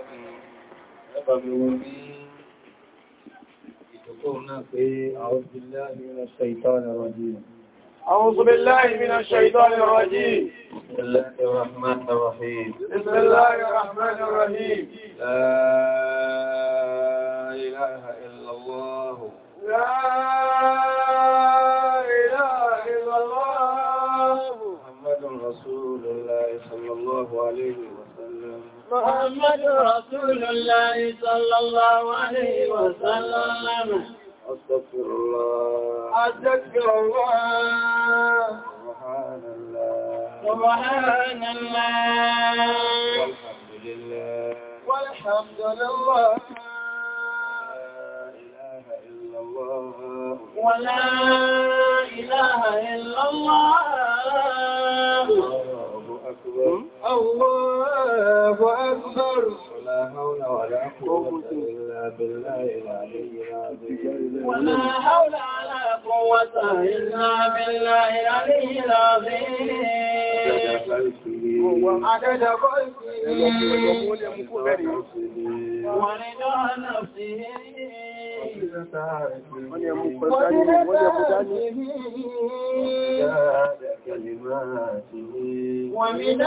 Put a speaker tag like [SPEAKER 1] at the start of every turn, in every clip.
[SPEAKER 1] أعوذ بالله من الشيطان الرجيم أعوذ بالله من الشيطان الرجيم بسم الله الرحمن الرحيم بسم الله الرحمن الرحيم لا إله إلا
[SPEAKER 2] الله
[SPEAKER 3] لا إله إلا الله
[SPEAKER 1] محمد رسول الله صلى الله عليه وسلم محمد
[SPEAKER 3] رسول الله صلى الله عليه وسلم أستغفر الله أستغفر الله سبحان الله سبحان الله والحمد
[SPEAKER 1] لله
[SPEAKER 3] والحمد لله لا إله إلا الله ولا إله إلا الله الله أكبر
[SPEAKER 2] لا حول ولا قوة إلا بالله العلي العظيم ولا حول
[SPEAKER 3] ولا قوة إلا بالله العلي العظيم وعدد قلبه
[SPEAKER 2] ورضا نفسه
[SPEAKER 1] wọ́n yẹ mú pẹ̀lú dání
[SPEAKER 2] wọ́n yẹ mú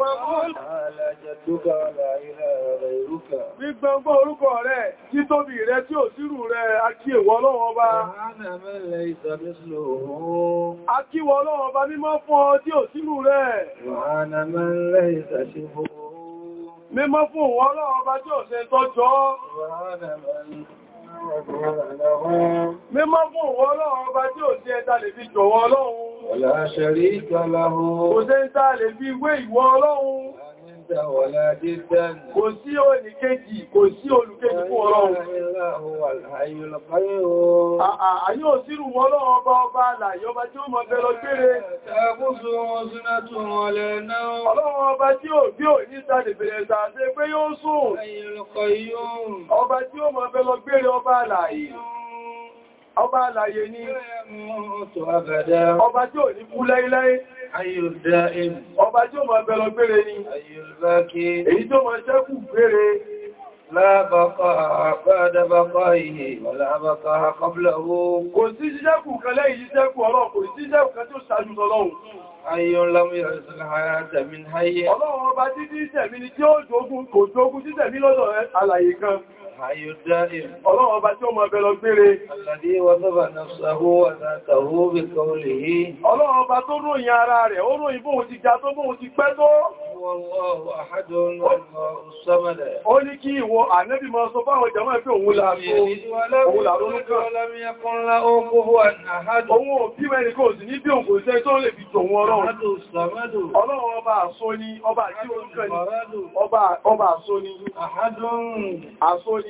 [SPEAKER 3] Gbígbẹ̀mọ́ orúkọ rẹ̀, títóbi rẹ̀ tí ò sírù rẹ̀, akí ìwọ Ọlọ́run Ọba. Akí ìwọ mímọ́ fún ọ tí ò sírù rẹ̀. Mímọ́ fún ìwọ Ọlọ́run Ọba tí ò ṣe tọ́jọ́. Mímọ́ fún ìwọ ọlọ́run ọba tí ò sí ẹta lè fi jọ̀wọ́ ọlọ́run.
[SPEAKER 1] Ọ̀lá ṣẹ̀rí ìkàlá Kò sí oníkejì, kò sí olùkejì fún ọlọ́run. Àyí ò sírù wọn lọ́wọ́ ọba ọba àlàyé ọba tí ó mọ̀ bẹ̀rọ gbére. Ọlọ́run ọba tí ò bí ò ní sáàdì bẹ̀rẹ̀ sàáṣẹ́ pé yóò sùn. Ọba tí ó mọ̀ bẹ̀rọ gbére ọba àlàyé
[SPEAKER 3] ọba àlàyé ní ọba tí ò ní kú láíláí ọba tí ó máa bẹ̀rọ gbére ní
[SPEAKER 1] èyí tó máa ṣẹ́kù gbére lábàkọ́ àpáàdàbàkọ́ ìhè lábàkọ́ àkọ́bùlẹ̀wó kò sí ṣíṣẹ́kù kan lẹ́yìn ṣíṣẹ́kù ọlọ́ kò sí ṣíṣẹ́kù kan tí ó ṣáájú tọ́lọ́hùn Ayọ́ lámú ìrẹsìlẹ̀ ara tẹ̀mí ní ayé. Ọlọ́run ọba títí ìṣẹ̀mí ni tí ó jogun kò jogun títẹ̀mí lọ́dọ̀ alàyè kan. Ọlọ́run ọba tí ó mọ̀ bẹ̀rọ gbére. Ọlọ́run ọba tó ròyìn ara rẹ̀, ó ròyìn bóhun ti ga tó bóhun ti pẹ́ tó. Ó ní kí ìwọ ànẹ́bì máa sọ fáwọn ìjọmọ́ ẹ̀fẹ́ òun làárọ̀
[SPEAKER 3] Ọlọ́run ọba àṣó ni, ọba àṣó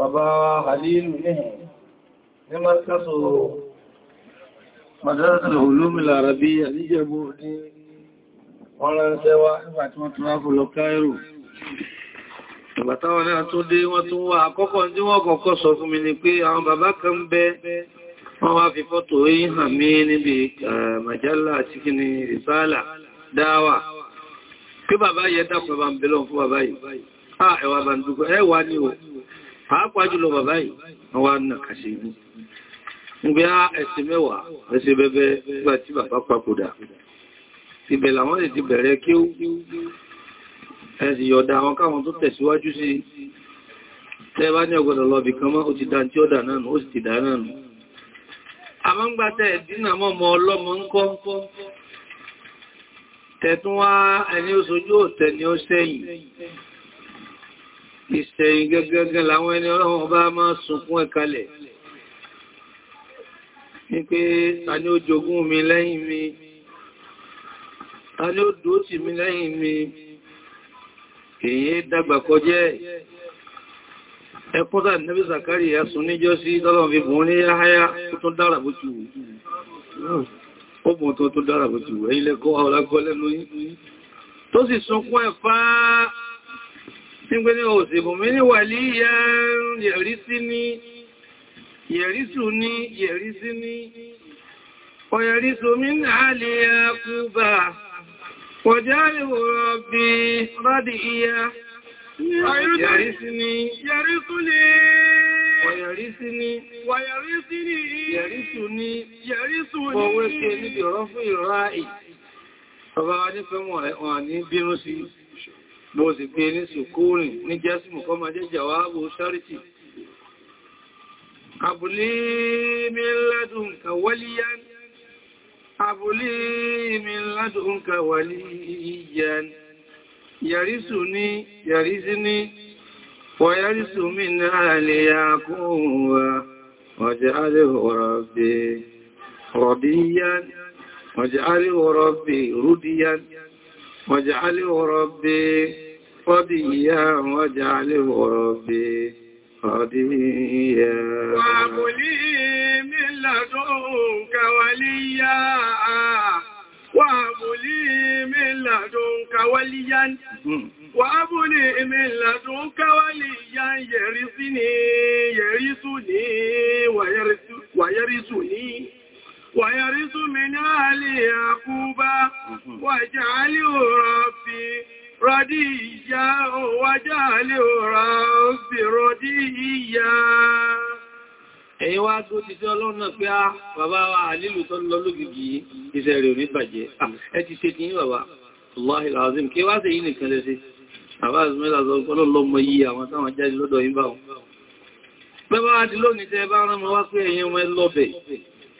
[SPEAKER 1] bàbá Halilu ní mọ́kásò Madrasatul Ulumil Arabiyya níjẹ̀bú ní wọ́n ránṣẹ́ wá nígbà tí wọ́n tún ráfù lọ Káírò. Ìgbàtàwọn náà tó dé wọ́n tún wá àkọ́kọ́ tí wọ́n kọ́kọ́ sọ fún mi ni pé àwọn bàbá kan bẹ wọ́n wá fi fọ́tò yìí hàn mí níbi màjálà àti kí ni ìsáàlà dáwà. Kí bàbá yẹ dákùn bá ń bẹ̀lọ́ fún bàbá yìí. Ah, ẹwà bàndùkú, ẹwà ni o pàápàá jùlọ bàbá yìí wọ́n wá nà kàṣẹ ibú níbi á ẹ̀sìn mẹ́wàá ẹ̀sìn bẹ́bẹ́ nígbà tí bàbá papòdà ibẹ̀ làwọn lè ti bẹ̀rẹ̀ kí ó ẹ̀sìn yọ̀dá àwọn káwọn tó tẹ̀síwájú sí tẹ́bá ní ọgbọ̀dọ̀ lọ́bì kan mọ́ ó ti tí ó dà náà ó sì ti dà náà tẹ̀tún wá ẹni ó òtẹ́ ni ó sẹ́yìn ìṣẹ̀yìn gẹ́gẹ́gẹ́ láwọn ẹni ọlọ́run bá máa sunkún ẹ̀kalẹ̀ ní pé ta ni ó jogún mi lẹ́yìn mi ta ni ó dúó tì mi lẹ́yìn mi èyí dàgbà kọjẹ́ ẹkúnta nẹ́bí Zakari ya sun níjọ́ sí tọ́lọ́run fi bùn ní yáháyá tó dára bó ti wù ó bùn tó tó dára bó ti wù ẹ̀yìn lẹ́kọ́ àwọn tí ń gbé ní òsìkùn mi ní wàlí yẹ̀rísí ní yẹ̀rísù ní yẹ̀rísí ní ọ̀yẹ̀rísù mi ní àlè ẹkùbà wọ̀já ìwòrán bí rádì iya yẹ̀rísí ní yẹ̀rísù ní ọ̀yẹ̀rísí ní wàyẹ̀rísí ní yẹ̀rísù ní
[SPEAKER 3] ní ọwọ́ ẹgbẹ́ níbi
[SPEAKER 1] ọ̀rọ̀ fún ìrọ̀ mo sì pé ní sùkúrì ní jẹ́sìmù kọ́ máa jẹ́ jàwáàbò ṣáríkì àbúlé mi ládùn kàwàlíyàn àbúlé mi ládùn kàwàlíyàn yàrísù ní yàrísí ní wàyàrísù mi náà lè yàkún wa wàjẹ́ ربي رضيا واجعله ربي واجعله ربي رضيا واجعله ربي رضيا وهب
[SPEAKER 3] لي من لدنك وليا وهب لي من لدنك وليا وهب لي من لدنك
[SPEAKER 1] وليا يرثني يرثني
[SPEAKER 3] ويرثني ويرث من آل يعقوب واجعله ربي رديا واجعله
[SPEAKER 1] ربي رديا Èyí wá tó ti sí ọlọ́run náà pé á ah, bàbá wa àlìlù tó lọ lógìgì rẹ̀ bàjẹ́. Ah, ẹ ti ṣe ti yí bàbá, Allah ìlàzim, kí wá sí yí nìkan lẹ́ sí. Bàbá sọ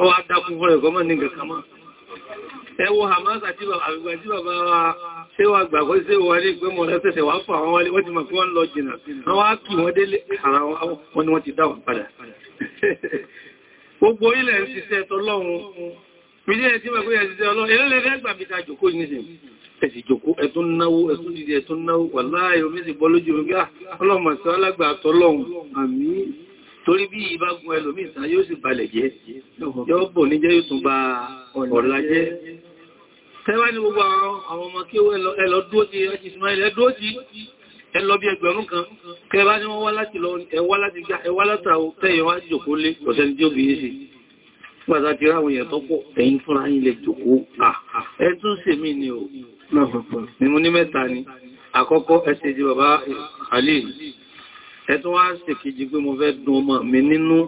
[SPEAKER 1] ọwọ́ adákun fún ẹ̀kọ́ mọ́ ní gẹ̀kàmá ẹwọ hamasa tí bàbá wa ṣe wà gbàgbọ́ sí wọlé pé mọ̀ lẹ́sẹ̀sẹ̀ wà fún àwọn wọlé wọ́n ti mọ̀ kí wọ́n lọ jìnà wọ́n wá kí wọ́n délé ara wọn ni wọ́n ti dáwọn padà gbogbo ilẹ̀ ń ṣiṣẹ́ tọ́lọ́run mílí ẹ̀ tí wọ́n pé ẹ̀ṣiṣẹ́ ọlọ́run elélẹ́rẹ́ gbàmìta jòkó nísìn ẹ̀sì jòkó ẹ̀tún náwó ẹ̀tún dìde ẹ̀tún náwó wà láàyò mí sì bọ́ lójú ọgbà ah, ọlọ́mọ̀sọ́ torí bí ìbá gun ẹlòmíì sá yóò sì balẹ̀ jẹ́ yóò bò ní jẹ́ yóò tún bá ọ̀la jẹ́ tẹ́wà ní gbogbo àwọn ọmọ kí ẹlọ dúó ti ẹjì Ismail ẹdúó ti ẹlọ bí ẹgbẹ̀rún kan kẹwàá ní wọ́n wá láti lọ ẹwà láti ni ò ní mú ní mẹ́ta ni àkọ́kọ́ ẹ̀tọ́ wá sì kejì pé mo fẹ́ dùn ọmọ mi nínú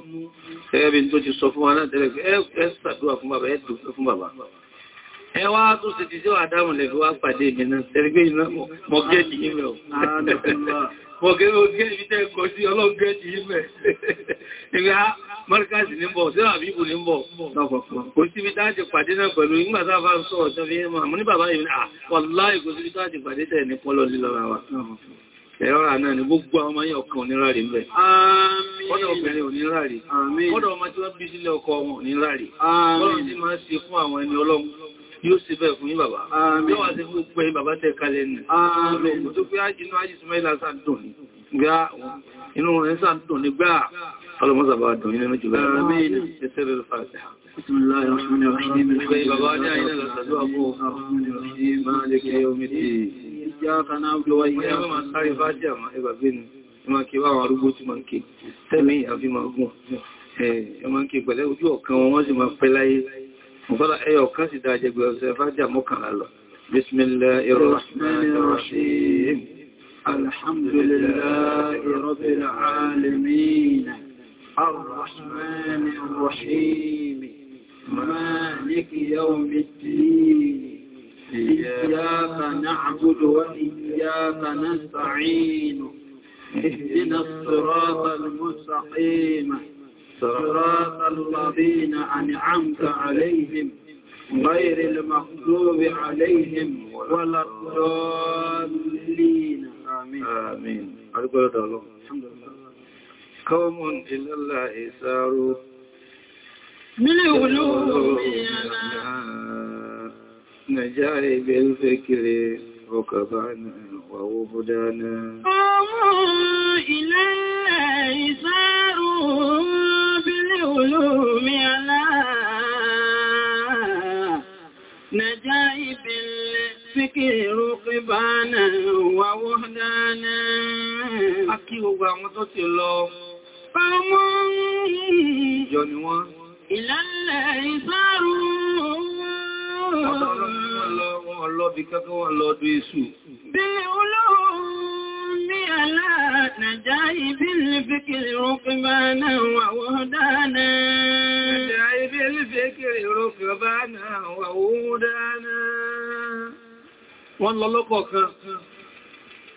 [SPEAKER 1] gẹ́gẹ́ bí tó ti sọ fún wa náà tẹ́lẹ̀ ẹ ṣàdúrà fún bàbá ẹ dùn fún bàbá ẹ wá tó sì ti sí wà dáhùn lè fi wá pàdé mi náà tẹ́lẹ̀ pé iná mọ gẹ́ẹ̀dì yìí mẹ́ mọ gẹ́ẹ̀dì tẹ́ kọ sí ọlọ́gẹ́ẹ̀dì yìí mẹ́ ìgbà mọ́ríkàsì ní bọ̀ sí àbí ìbò ní bọ̀ kò síbi dájì pàdé náà pẹ̀lú ìgbà tá a bá ń sọ ọ̀tọ́ fi ẹ́ mọ́ ní bàbá yìí wọ́n láì kò ẹ̀rọ́ra náà ni gbogbo àwọn ọmọ ọkàn oníràrí ń bẹ̀. Kọ́dọ̀ obìnrin oníràrí. Kọ́dọ̀ ọmọ tí wọ́n bí sílé ọkọ ọmọ oníràrí. Ọlọ́run ti máa ṣe fún àwọn ẹni ọlọ́run yóò ṣe bẹ́ẹ̀ fún yín bàbá. Yóò wá sí fún gbogbo ẹ̀yin bàbá tẹ́ kalẹ̀ nì. Ọlọ́run tó fi ájì náà ájì súnmọ́ ìlà sáà dùn ní gbá inú rẹ̀ sáà dùn ní gbá. Ọlọ́run sábà dùn بسم الله الرحمن الرحيم الحمد لله الرحمن الرحيم مالك يوم الدين ìyáka náà gbé wá ìyáka máa sáré bá jẹ́ àmà ẹgbàgbé ni ẹ máa ké báwọn arúgbó tí máa ké tẹ́mí àfi máa gùn ẹ máa ké pẹ̀lẹ́ ojú ọ̀kan wọn sì máa pẹ́ láyé ọ̀fọ́lá ẹyọ إياك نعبد وإياك نستعين اهدنا الصراط المستقيم صراط الذين أنعمت عليهم غير المغضوب عليهم ولا الضالين آمين آمين الحمد لله قوم إلى الله ساروا من غلوب نجاري بالفكر ركبانا ووفدانا
[SPEAKER 3] قاموا إلى الله صاروا بالعلوم على نجاري بالفكر ركبانا ووهدانا Akí gbogbo
[SPEAKER 1] àwọn tó ti lọ. Ọmọ ìjọ Wọ́n lọ bí kẹ́kọ́ wọ́n lọ bí iṣu.
[SPEAKER 3] Bí olóòrùn ní aláàdàjá ibi lèfèkèrè rọ́pẹ́ bá náà wà dáadáa. Ẹjá ibi lèfèkèrè
[SPEAKER 1] rọ́pẹ́ bá náà wà
[SPEAKER 3] dáadáa.
[SPEAKER 1] Wọ́n lọ lọ́kọ̀ kan,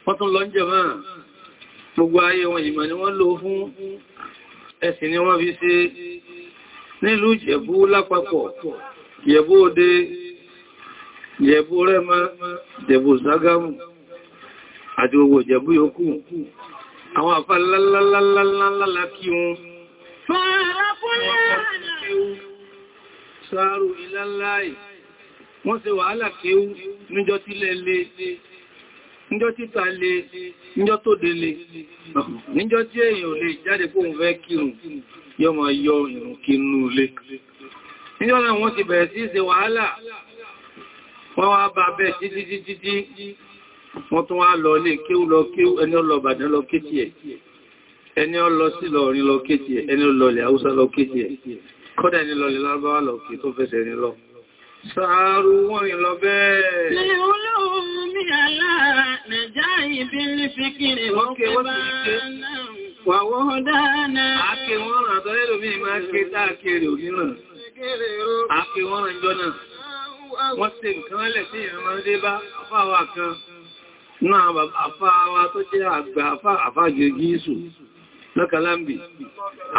[SPEAKER 1] wọ́n tún lọ ń jẹ máa. Gbogbo ayé wọn ìmọ̀ ni wọ́n lò fún ẹ̀sìn ni wọ́n fi ṣe nílùú Ìjẹ̀bú lápapọ̀. Yẹ̀bú òde, Yẹ̀bú rẹ́mọ, Yẹ̀bú Ṣàgámù, àti owó Yẹ̀bú yòókù. Àwọn àfà lálálálálálá kí wọn. Sáàrù ìlàláì, wọ́n ṣe wàhálà kéwú níjọ́ tí lẹ́lẹ́ níjọ́ títà lè níjọ́ tó délé níjọ́ tí èèyàn lè jáde fóun fẹ́ kírun yọ́ ma yọ ìrùn kínú lé Níjọ́ náà wọ́n ti bẹ̀rẹ̀ sí ṣe wàhálà, wọ́n wá bá bẹ̀ títí títí tí wọ́n tún wá lọ lè kéwú lọ kéwú ẹni ọlọ Ìbàdàn lọ kéti ẹ̀, ẹni ọlọ sí lọrin lọ kéti ẹ̀, ẹni ọlọlẹ̀ Haúsá lọ kéti ẹ̀, kọ́dà ẹni lọlẹ̀ Lárúbáwá Àpè wọ́n rẹ̀ jọ náà. Wọ́n ṣe nǹkan lẹ̀ sí ìrìnmọ́dé bá àfáwà kan náà àfáwà tó jẹ́ àgbà àfáàgbè gíìsù lọ́kàlámbì.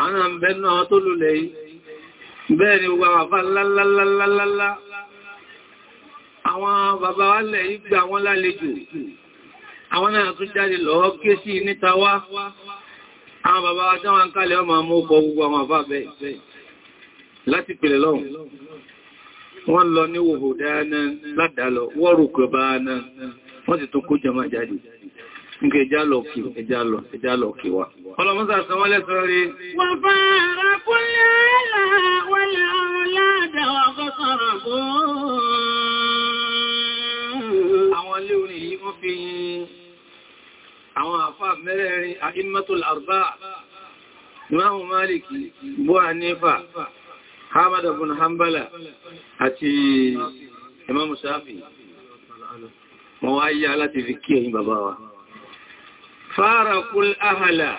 [SPEAKER 1] Àwọn àmì náà tó lulẹ̀ yìí. Bẹ́ẹ̀ ni gbogbo àfá lálálálálálá. Àwọn bàbá wa lẹ̀ yìí gbà wọ́n lálejò. Àwọn náà tún jáde lọ́ọ́ ké sí níta wá. Àwọn láti pèlè lọ́wọ́ wọ́n lọ ní wòhò dáná ládàálọ̀ wọ́rù kọbaana wọ́n ti tó kó jama jáde nke ẹjálọ̀kì ẹjálọ̀kì wa ọlọ́mọ́sà sanwọ́n lẹ́sọ́rọ́ rí
[SPEAKER 3] wọ́n fara kúnlẹ̀ wọ́lẹ̀ ọ̀làdàwà
[SPEAKER 1] Ahmad ibn Hanbala àti Imam Shafi wọ́n wá yá láti fi kí ẹ̀yin bàbá wa fara kul ahala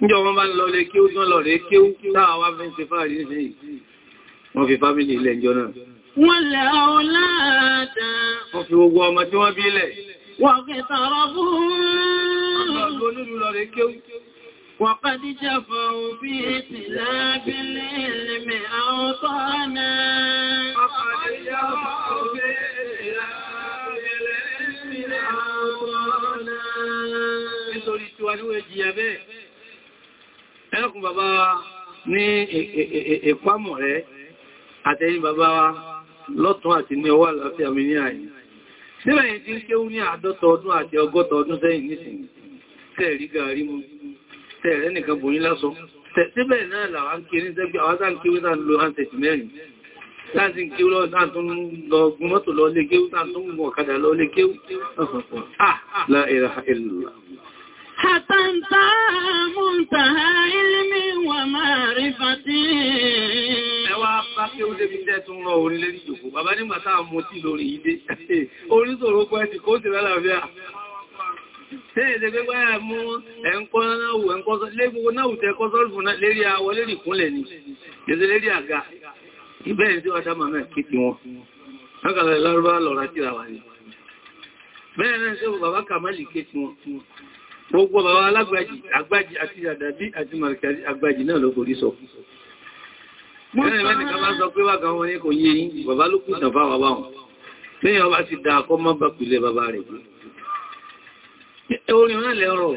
[SPEAKER 1] níjọ wọn bá ń lọ lè kíú tán lọ lè kíú táà wá fi ń ṣe fàárí ní sí wọ́n fi fámílì ilẹ̀ ìjọ náà
[SPEAKER 3] wọ́n lẹ̀ ọláàdá
[SPEAKER 1] wọ́n fi gbogbo ọmọ tí wọ́n bí ilẹ̀
[SPEAKER 3] wọ́n fi tọrọ fún
[SPEAKER 1] وقد جفوا في اتلاف العلم أوطانا وقد
[SPEAKER 3] جفوا في اتلاف العلم
[SPEAKER 1] أوطانا nítorí tí wà níwẹ̀ jìyà bẹ́ẹ̀ ẹkùn bàbá ní ìpamọ̀ rẹ̀ àtẹ́yìn bàbá wa lọ́tún àti ní ọwọ́ àlàáfíà mi ní àyí sílẹ̀ yìí tí ń kéwú ní àádọ́ta ọdún àti ọgọ́ta ọdún sẹ́yìn nísìnyí tẹ́ẹ̀rí gàrí mú tẹ̀rẹ́ nìkan bò ní lásọ síbẹ̀ náà làwọn ń kiri sẹ́gbẹ́ àwọn sáà ń kiri sáà ń lo handset mẹ́rin láti ń kiri lọ́wọ́ sáà tún lọ gun mọ́tò lọ lé kéwú sáà tún gun ọ̀kadà lọ lé kéwú ah, ah. la ilaha illallah
[SPEAKER 3] Àtàntà múntàhà ilmi wà máa rí fàtí. Ẹwà
[SPEAKER 1] bá kí ó débi jẹ́ tún rọ orílẹ̀-èdè jòkó, bàbá nígbàtà mọ́ tí lórí ìdé. Orí sọ̀rọ̀ pẹ́ ti kó ti rẹ́làfíà. Ṣé èdè pé báyà mú ẹ̀ńkọ́ náà wù ẹ̀ńkọ́ lẹ́gbogbo náà tẹ́ kọ́ sọ́rùfún lérí àwọ lérí ìkúnlẹ̀ ni, èdè lérí àga. Ìbẹ́ẹ̀ tí ọ̀dá màmẹ́ kí ti wọn. Lọ́kàlẹ̀ lọ́rọ̀ lọ́ra tíra wà ní. Bẹ́ẹ̀ náà ṣe bàbá Kàmálì ké ti wọn. Gbogbo bàbá alágbàjì, àgbàjì àti àdàbí àti màrìkàrí àgbàjì náà ló forí sọ. Bẹ́ẹ̀ náà nìkan bá sọ pé wákan wọn ní kò yé yín, bàbá ló kú ìtàn fáwọn báwọn. Bẹ́ẹ̀ ọba ti dà kọ́ mọ́ bá bàbá rẹ̀ orin rán lẹ́rọ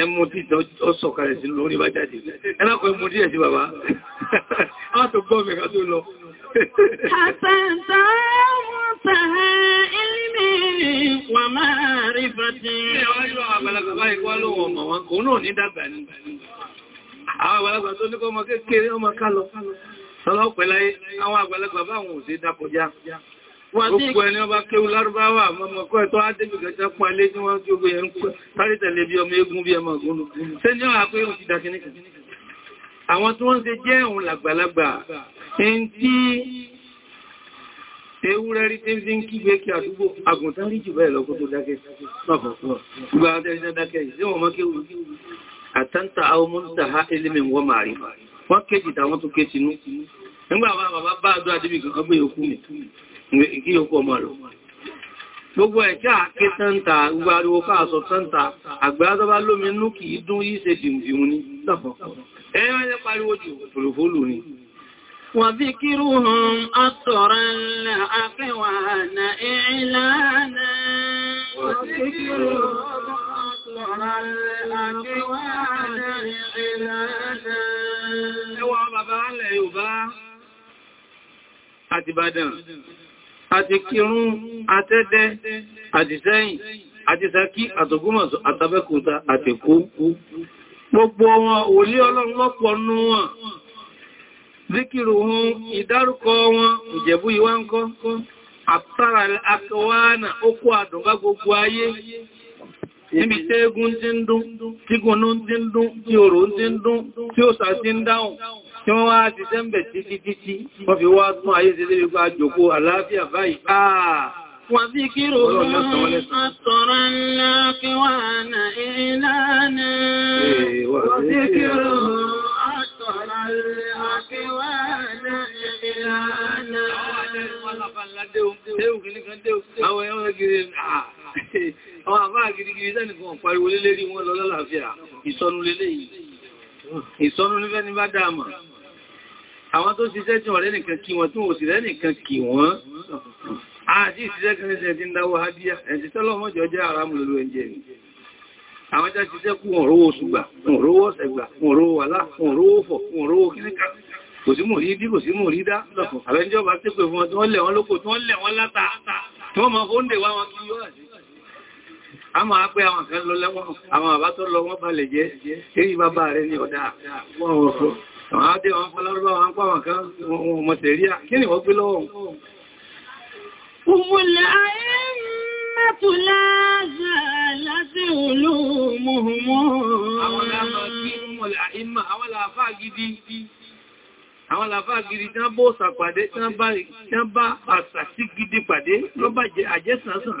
[SPEAKER 1] ẹmú títọ́ ọsọ̀kalẹ̀ sí lórí bá jáde ẹlákọ̀ ẹmú díẹ̀ sí bàbá wọ́n tó gbọ́ mẹ́ka tó lọ Àwọn àgbàlagbà tó ní kọ́ ọmọ kékeré ọmọ ká lọ, sọ́lọ́pẹ̀láyé, àwọn àgbàlagbà báwọn ò sí dákọjá. Gbogbo ẹni ọba kéwú lárúbáwà, mọ́mọ̀kọ́ ẹ̀tọ́ ádébì gẹ̀ẹ́sẹ́ pọ̀ ilé tí wọ́n tí ó gbé ẹ̀rùn sáré tẹ̀lé bí ọmọ eégún bí ẹmọ ọ̀gúnlù. Ṣé ní ọ̀hà pé òun ti dàkíníkà? Àwọn tí wọ́n ṣe jẹ́ òun làgbàlagbà, ẹni tí ewúrẹ́ rí tí ń kígbe kí àdúgbò àgùntàn rí jù bẹ́ẹ̀ lọ́kọ́ tó dákẹ́ gbogbo àwọn wọ́n ha elimi wọ́n máa rí wọ́n kéjì tàwọn tó ké tinú nígbà bàbá bá àdó àdébì kankan gbé òkú mi kí yóò ọmọ lọ. Gbogbo ẹ̀kẹ́ àké tẹ́ntà, gbogbo ariwo tẹ́ntà, àgbàyàtọ́bá lómi inú kì í dún yí ṣe dìmdìmú ní lọ́pọ̀pọ̀. وذكرهم أطرا لأقوان
[SPEAKER 3] إعلانا وذكرهم أطرا لأقوان إعلانا Ẹwà bàbá alẹ́ Yorùbá
[SPEAKER 1] àti Ìbàdàn. àti kírún àtẹ́dẹ́ àdìsẹ́yìn àdìsẹ́kí àtògúnmọ̀sọ àtàbẹ́kúta àtẹ̀kú gbogbo wọn òlí ọlọ́run nú wọn zikiru hun ìdárúkọ wọn ìjẹ̀bú ìwá ń kọ́ àtàrà akọwàánà àdùnbá gbogbo ayé níbi tí ti ń dún tí gúnnú ń dún tí òrò tí wọ́n wá ti sẹ́m̀bẹ̀ títí títí wọ́n fi wá tún ayé sí lérí pa jòkó àlàáfíà báyìí àà ah! wà bí kí ròrùn àwọn tó ṣiṣẹ́ tí wọ́n rẹ̀ nìkan kí wọ́n tún òṣìṣẹ́ nìkan kí wọ́n àti ìṣiṣẹ́ kan ṣe ti ń dáwọ́ hádíyà ẹ̀sì tọ́lọ́mọ́jọ jẹ́ ara mú lórí ẹ̀jẹ̀ ni àwọn jẹ́ ṣiṣẹ́ kú wọ́n rówó ṣùgbà wọ́n rówó ọ̀sẹ̀gbà wọ́n rówó wàlá wọ́n rówó fọ̀ wọ́n rówó kíníkà kò sí mò rí dí kò sí mò rí dá lọ́pọ̀ àbẹ́jọba tí pé fún wọn tí wọ́n lẹ̀ wọ́n lóko Àádé wọn fọ́lárúbá wọn pàwọn kan ọmọ tẹ̀ríà, kí ni wọ́n gbé lọ́wọ́?
[SPEAKER 3] Òmùlẹ̀ ayé mẹ́tùlá láti olú mọ̀húnmọ́. Àwọn
[SPEAKER 1] làfá gidi, àwọn làfá gidi tán bó sàpàdé, tán bá àṣà sí gidi pàdé, ló bá àjẹ́sàn sàn.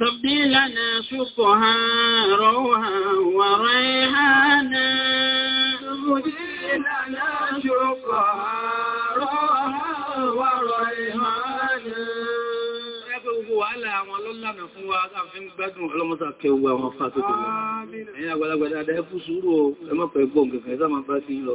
[SPEAKER 1] ربي لنا
[SPEAKER 3] شقها روها وريحانا ربي لنا شقها روها وريحانا
[SPEAKER 1] Wàhálà àwọn lọ́lànà fún wa ká fi ń gbádùn ọlọ́mọ́sà kẹwàá àwọn fásitì lọ.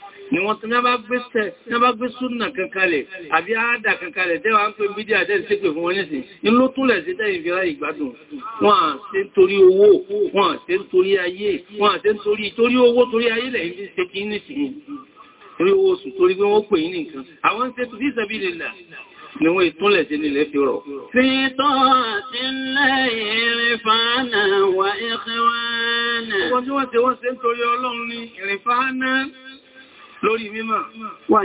[SPEAKER 1] ni wọ́n tí wọ́n bá gbé tẹ́ wọ́n bá gbé súnà kankalẹ̀ àbí àádà kankalẹ̀ tẹ́wàá ń pè bídí àtẹ́sí sí pé fún wọn nísìn inú túnlẹ̀ sí tẹ́ ìfẹ́ra ìgbádùn wọ́n à ṣe ń torí owó wọ́n à ṣe ń torí ayé wọ́n à ṣe ń torí torí owó torí ìtúnlẹ̀ sí nílẹ̀ fi rọ̀. fi
[SPEAKER 3] tọ́ àti lẹ́yìn ìrìnfàánà wà ìkẹwàánà. wọ́n wọ́n tí wọ́n
[SPEAKER 1] ṣe ń torí ọlọ́run ní ìrìnfàánà lórí mímọ̀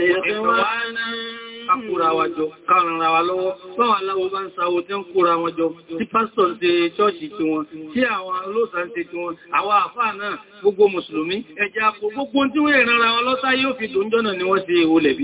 [SPEAKER 1] Akúrawàjọ kárànra wa lọ́wọ́, báwọn aláwọ̀ bá ń sáwọ́ tí ó ń kóra wọn jọ, tí pásítọ̀ ń ṣe ṣọ́ọ̀ṣì tí wọn, tí àwọn olóòsà ń ṣe tí wọn, àwọn àfáà náà gbogbo Mùsùlùmí, ẹjá gbogbo tí wọ́n ìrànra wọn yóò fi dùn jọ́nà ni wọ́n ṣe olẹ̀bí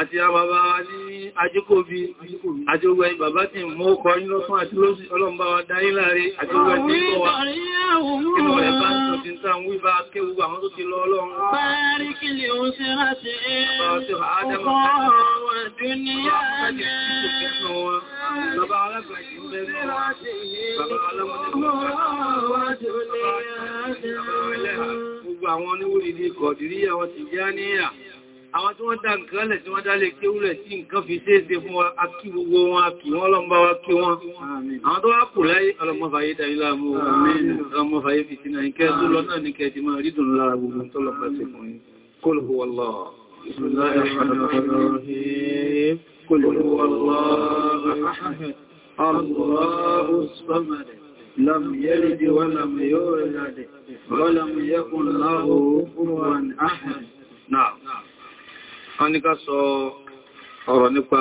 [SPEAKER 1] àti àbàbà ní ajíkòbí àti ogun ẹ̀yìn bàbá tí mọ́ ọkọ̀ yí lọ́sán àti lọ́sí ọlọ́mbà wa dáyé láàrẹ àti ogun ẹ̀yìn tó wà inú rẹ̀ bá ń tọ́jú ń tàn wíbá kéwú àwọn tó ti lọ ọlọ́run Bárí
[SPEAKER 3] kí lè ó ṣe láti ẹ́ ọkọ̀ ọ̀rọ̀ dúníyà
[SPEAKER 1] Gbogbo àwọn oníwòrìdí kọ̀dìrí àwọn Tìjàníyà àwọn tí wọ́n dá nǹkan lẹ̀ tí wọ́n dálé kí ó lẹ̀ tí nǹkan fi ṣeéṣe fún wa kí gbogbo wọn kí wọ́n lọ ń bá wa kí wọ́n àwọn tó wá kù láyé ọlọ́mọfàyé dáyílá ọlọ́mọfàyé fi sínà náà kẹ́ tó lọ pẹ́ sí fún yín Qul huwa Allah Bismillahir Rahmanir Rahim Qul huwa wọ́n ní ká sọ ọ̀rọ̀ nípa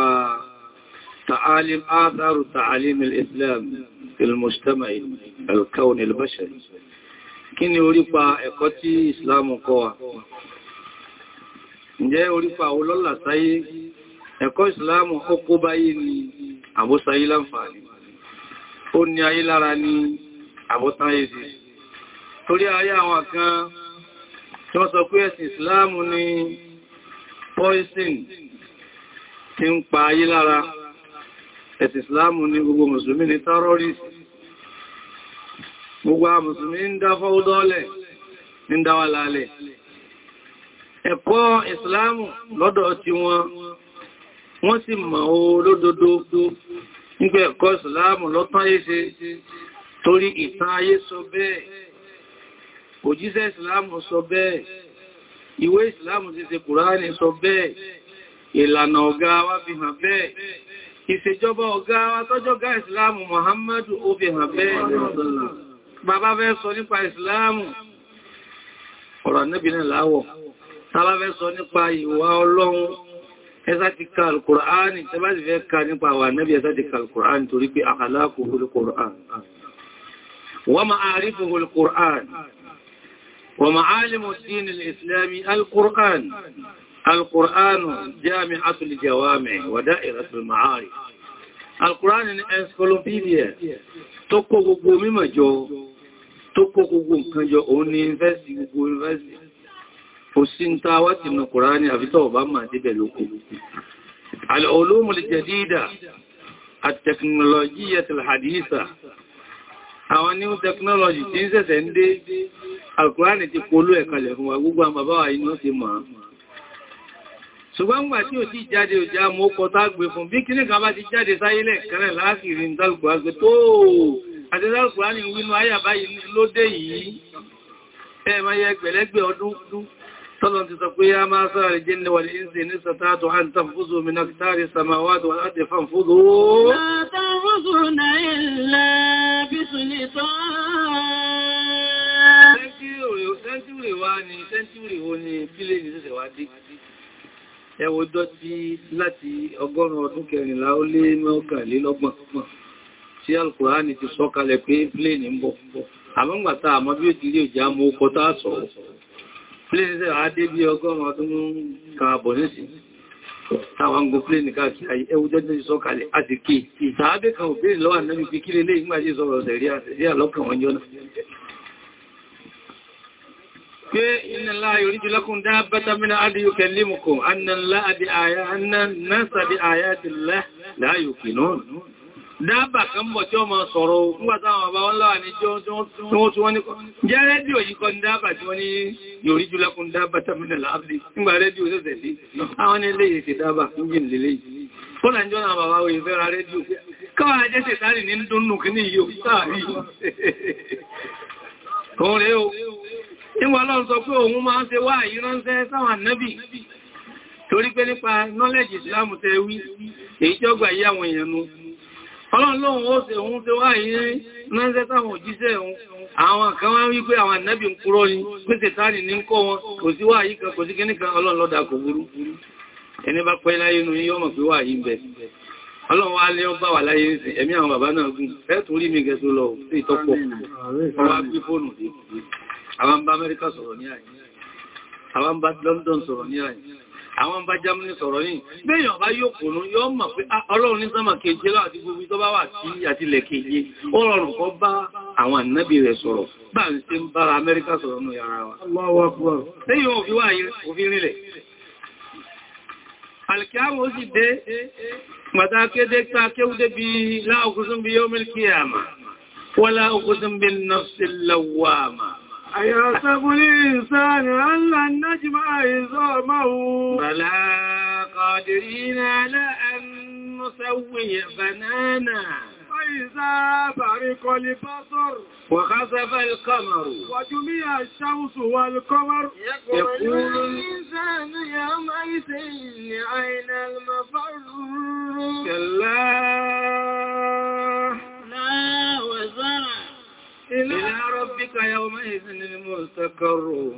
[SPEAKER 1] ta'alim atharu ta'alim al-islam ilmujtama al-kawn al-bashari kí ni orípa ẹ̀kọ́ tí islam kọ́ wa ǹjẹ́ orípa olọ́lá sáyé ẹ̀kọ́ islam ọkọ́ báyé ni àbúsáyé láǹfààní ó ní ayé lára ní àbúsáyé sí torí ayé àwọn kan tí wọ́n sọ pé ẹ̀sìn islam ni poison tí ń pa ayé lára ẹ̀sì ìsìláàmù ní gbogbo mùsùlùmí ní terrorist gbogbo a mùsùlùmí ń dá fọ́ọ́dọ́ọ̀lẹ̀ ń dáwà lálẹ̀ ẹ̀kọ́ ìsìláàmù lọ́dọ̀ ti wọn wọ́n sì mọ̀ o lódodo nígbẹ̀ ẹ̀kọ́ ìsìláàmù lọ́tán ayéṣe torí ìtàn ayé sọ bẹ́ẹ̀ òjíṣẹ́ ìsìláàmù sọ bẹ́ẹ̀ ìwé ìsìláàmù ti ṣe kùránì sọ bẹ́ẹ̀ ìlànà ọ̀gá wa fi hàn bẹ́ẹ̀ ìṣèjọba ọ̀gá wa tọ́jọ́gá ìsìláàmù Muhammadu ó fi hàn bẹ́ẹ̀ bàbá fẹ́ sọ nípa ìsìláàmù ọ̀rọ̀ anẹ́bìnrin láwọ̀ tàbá fẹ́ sọ nípa ìwà ọlọ́run ẹsá ti ka alkùránì tàbá sì fẹ́ ka nípa àwọn anẹ́bì ẹsá ومعالم الدين الإسلامي القرآن القرآن جامعة الجوامع ودائرة المعارف القرآن encyclopedia tó kó gbogbo mímọ̀ jọ tó kó gbogbo nǹkan jọ òun ni yúnivẹ́sì gbogbo yúnivẹ́sì kò sí ń tàwá ti nù Kùránì àfitọ́ ọba máa débẹ̀ lókò al-ulum al-jadida at-teknologiyyat al-haditha àwọn new technology tí ń ṣẹ̀ṣẹ̀ ń dé alkùránì ti polú ẹ̀kalẹ̀ fún wa gbogbo àwọn bàbá wa inú ti mọ̀ ṣùgbọ́n gbà tí ò tí jáde ò já mọ́ kọ tágbé fún bí kíní kan bá ti jáde sáyé lẹ́ẹ̀kẹ́rẹ̀ láàkìrí ìdálùkùránì tó àti ìdálùkùránì tọ́lọ̀n ti sọ pé ya máa sára lè jẹ́ wà lẹ́yìnsì ní sàtàtù an tàn fúzù mi náà tàrí samawadu aláti fan fúzù ẹwọ dọ́tí láti ọgọ́rùn ọdún kẹrìnlá ó lé tí Al-Kùránì ti sọ̀kalẹ̀ pé pléènì ń bọ̀ àmọ́gbàtà àmọ́ bí ó ti lé ìjà mọ́ ọkọ̀ tàà sọ̀rọ̀ pléènì sẹ́rọ adé bí ọgọ́rùn ọdún kan àbọ̀ nísì táwọn ń go pléènì káàkiri ẹwú jọ́jọ́ sọ kalẹ̀ àti kí ìtàábẹ́ kan ò bèèrè lọ́wà náà fi kí lélé ìgbàjẹ́ sọ̀rọ̀ sẹ̀ríà lọ́kàn wọn jọ́nà pé iná láà yorí jù lọ́kùn dábátà mìíràn adìyò kẹlé mùkùn annan láà dábà kan bọ̀ tí ó máa sọ̀rọ̀ nígbàtàwọn bàbá wọn láwà ní jọ tí wọ́n tí wọ́n ní jẹ́ rédíò yìí kọ́ ní dábà tí wọ́n ní yorí jù lákùn dábà tàbílẹ̀ láàbí nígbà rédíò sẹ́sẹ̀ sí àwọn ilé ìsì dábà nígbìn lélẹ̀ yìí fọ́nà ìjọ́ náà bàbá wòye fẹ́ ra rédíò káwà jẹ́ sẹ̀tárì ní dúnnù kí ní yìí ò torí pé nípa nọ́lẹ̀jì ìsìlámù tẹ́ èyí tí ó gbà yí àwọn èèyàn nu Ọlọ́run lóhun ó ṣe òun ṣe wá ìyẹn ránṣẹ́ táwọn òjíṣẹ́ òun. Àwọn kan wá wípé àwọn ànábì ń kúrò ní pèsè tánì ní ń kọ́ wọn, kò sí wá yìí kan, kò sí kíní kan Ọlọ́run lọ́dà kò burú. Ẹni bá pẹ́ láyé inú yóò mọ̀ pé wà yìí bẹ̀. Ọlọ́run wá lé ọba wà láyé ní ẹ̀mí àwọn bàbá náà gùn. Ẹ tún rí mi gẹ̀ẹ́sọ lọ sí ìtọ́pọ̀. Ọwá gbé fóònù dé. Àwọn bá Amẹ́ríkà sọ̀rọ̀ ní àyè. Àwọn bá London sọ̀rọ̀ ní àyè àwọn bá jámúní sọ̀rọ̀ yìí bẹ́yàn bá yóò kùnú yóò mọ̀ pé ah, ọlọ́run ní sánmà keje láti gbogbo tó bá wà sí àtìlẹ̀ keje ó rọrùn kọ́ bá àwọn ànábì rẹ̀ sọ̀rọ̀ bá ń ṣe ń bára Amẹ́ríkà sọ̀rọ̀ nù yàrá wa lẹ́yìn òfin wà yìí òfin rílẹ̀ alkiyamu
[SPEAKER 3] أيحسب الإنسان أن لن نجمع عظامه بلى
[SPEAKER 1] قادرين على أن نسوي
[SPEAKER 3] بنانا فإذا برق البصر
[SPEAKER 1] وخسف القمر
[SPEAKER 3] وجميع الشمس والقمر يقول الإنسان يومئذ أين المفر كلا لا إلى ربك يومئذ
[SPEAKER 1] المستقر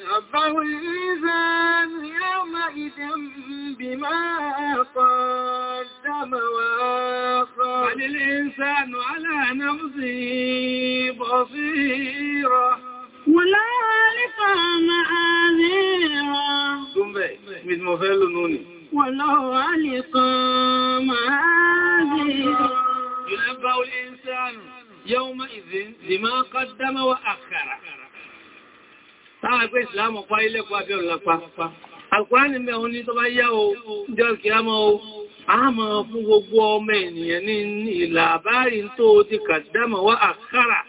[SPEAKER 3] نبه الإنسان يومئذ بما قدم
[SPEAKER 1] وآخر
[SPEAKER 3] بل الإنسان على نفسه بصيرة ولا لقام آذيرا قم بي
[SPEAKER 1] مثل مفعل نوني
[SPEAKER 3] ولو لقام آذيرا
[SPEAKER 1] ينبه الإنسان yawma idhin lima qaddama wa akhara táwọn ẹgbẹ́ ìsìlámù pa ilẹ̀kùn abẹ́rùn lápá alkùránì mẹ́ òun ní tó bá yá o jọ kìámọ́ o a mọ̀ fún gbogbo ọmọ ènìyàn ní ìlàbárí tó ti qaddama wa akhara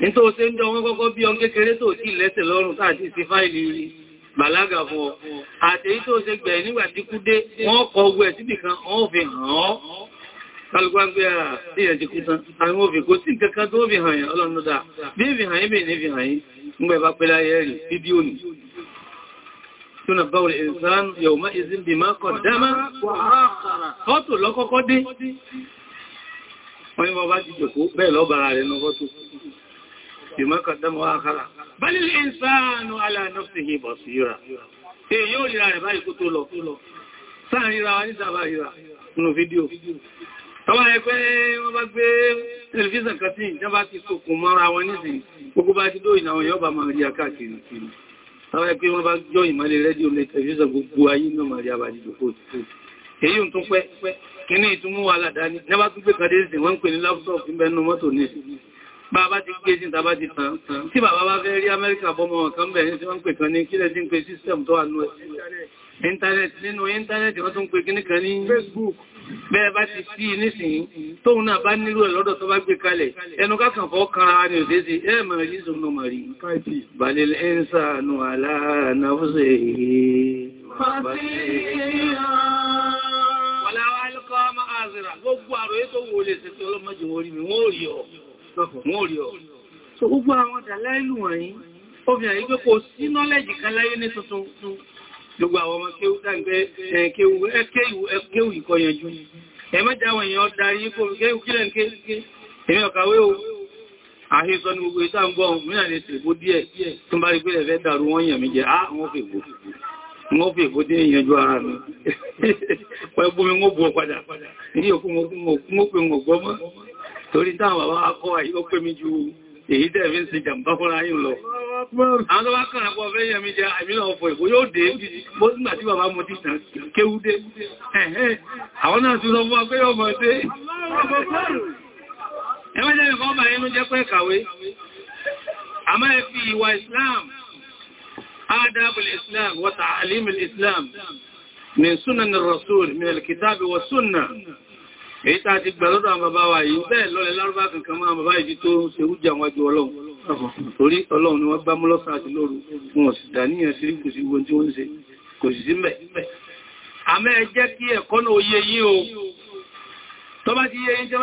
[SPEAKER 1] nítorí ṣe ń jọ wọn kọ́kọ́ bí ọm kékeré tó ti lẹ́sẹ̀ lọ́rùn tàbí sí fáìlì bàlágà fún ọ àtèyí tó ṣe gbẹ̀ nígbàtíkúdé wọ́n kọ ogun ẹ̀ síbìkan wọ́n fi hàn ọ́ Alúgbàgbé à ìyẹ̀ ti kú tán, àwọn òfì kò sí kankan tó fi hàn yà ọlọ́run lọ́dá. Bí ìfì hàn ìbì ní fi hàn yí, ń gbẹ̀bá pẹ̀lá yẹ́ rí, fídíò nì. Túnà bá wọlé ìsán yóò má ìsìn bí máa kọ̀ dámá, fọ́tò lọ́kọ́kọ́ dé. Wọ́n ni wọ́n bá ti jòkó bẹ́ẹ̀ lọ́bàrà rẹ̀ nù fọ́tò. Bí máa kọ̀ dámá wá kára. Bá lílé Tọ́wọ́ ẹgbẹ́ wọ́n bá gbé tẹlifíṣàn kan tí ìjọba ti sokùn mọ́ra wọn nísìn, gbogbo bá ti dó ìlàwọn yọba máa rí akáàkiri kiri. Tọ́wọ́ ẹgbẹ́ wọ́n bá jọ ìmọ̀lẹ̀ rẹ́díò lè tẹlifíṣàn gbogbo ayé náà máa rí abàjì jòkó tó. Èyí ń tún pẹ́, kí ní ìtumú wà ládání, nẹ́bá tún gbé kàdé ìsìn wọ́n ń pè ní lápútọ̀ọ̀pù ìbẹ̀nu mọ́tò ní bàbá tí Íntánẹ́ẹ̀tì nínú íntánẹ́ẹ̀tì wọ́n tún pè kíní kan ní Facebook. Bẹ́ẹ̀ bá ti sí nísìnyí, tóun náà bá nílò ẹ̀ lọ́dọ̀ tó bá gbé kalẹ̀. Ẹnu kákan fọ́ kanra ni ò déése, ẹ mẹ́rin yìí sọ mọ̀ rí. Balẹ̀ ẹ̀ńsà nù àlànà gbogbo àròyé tó wò lè ṣètò ọlọ́mọdé wọ́n rí mi, wọ́n rí rí ọ. gbogbo àwọn dàláìlù wọ̀nyí, obìnrin yìí pé sí nọ́lẹ̀jì kan láyé ní tuntun gbogbo àwọn ọmọ kéwú dáǹgbẹ́ kéwú ẹkéwú ìkọyànjú ẹmẹ́jà àwọn èèyàn darí kó kéwú kílẹ̀ kéèké èmi ọ̀kàwé o àhíṣọ́ ní gbogbo ìta ń gbọ́ mìíràn lè tèbó díẹ̀ tó bá rí pé ẹ̀fẹ́ dàrú wọ́n yàn mí jẹ á wọ́n fèbó wọ́n fèbó dé ìyànjú ara mi pẹ̀gbó mi wọ́n bú padà ní òkú mo pè wọ́n gbọ́mọ́ torí táwọn bàbá akọ́ àyíkọ́ pé mi ju èyí tẹ̀bí ń ṣe jàmbá fúnra yìí lọ. Àwọn tó bá kàn àpọ̀ fẹ́ yẹmi jẹ àmìlà ọ̀fọ̀ ìkò yóò dé bó nígbà tí bàbá mọ̀ tí tàn kéwú dé. Àwọn náà ti lọ fún wa pé yóò mọ̀ dé. Ẹgbẹ́ jẹ́ ìfọ́ èyí tàà ti gbà lọ́dọ̀ àwọn bàbá wa yìí bẹ́ẹ̀ lọ́lẹ̀ lárúbá kankan máa bàbá ìdí tó ṣe rújà wọn ju ọlọ́run torí ọlọ́run ni wọ́n bá mú lọ́sàn àti lóru wọn sì dàníyàn sí kò sí gbogbo tí wọ́n ṣe kò sì sí mẹ́ àmẹ́ ẹ jẹ́ kí ẹ̀kọ́ náà yé yín o tó bá ti yé yín tó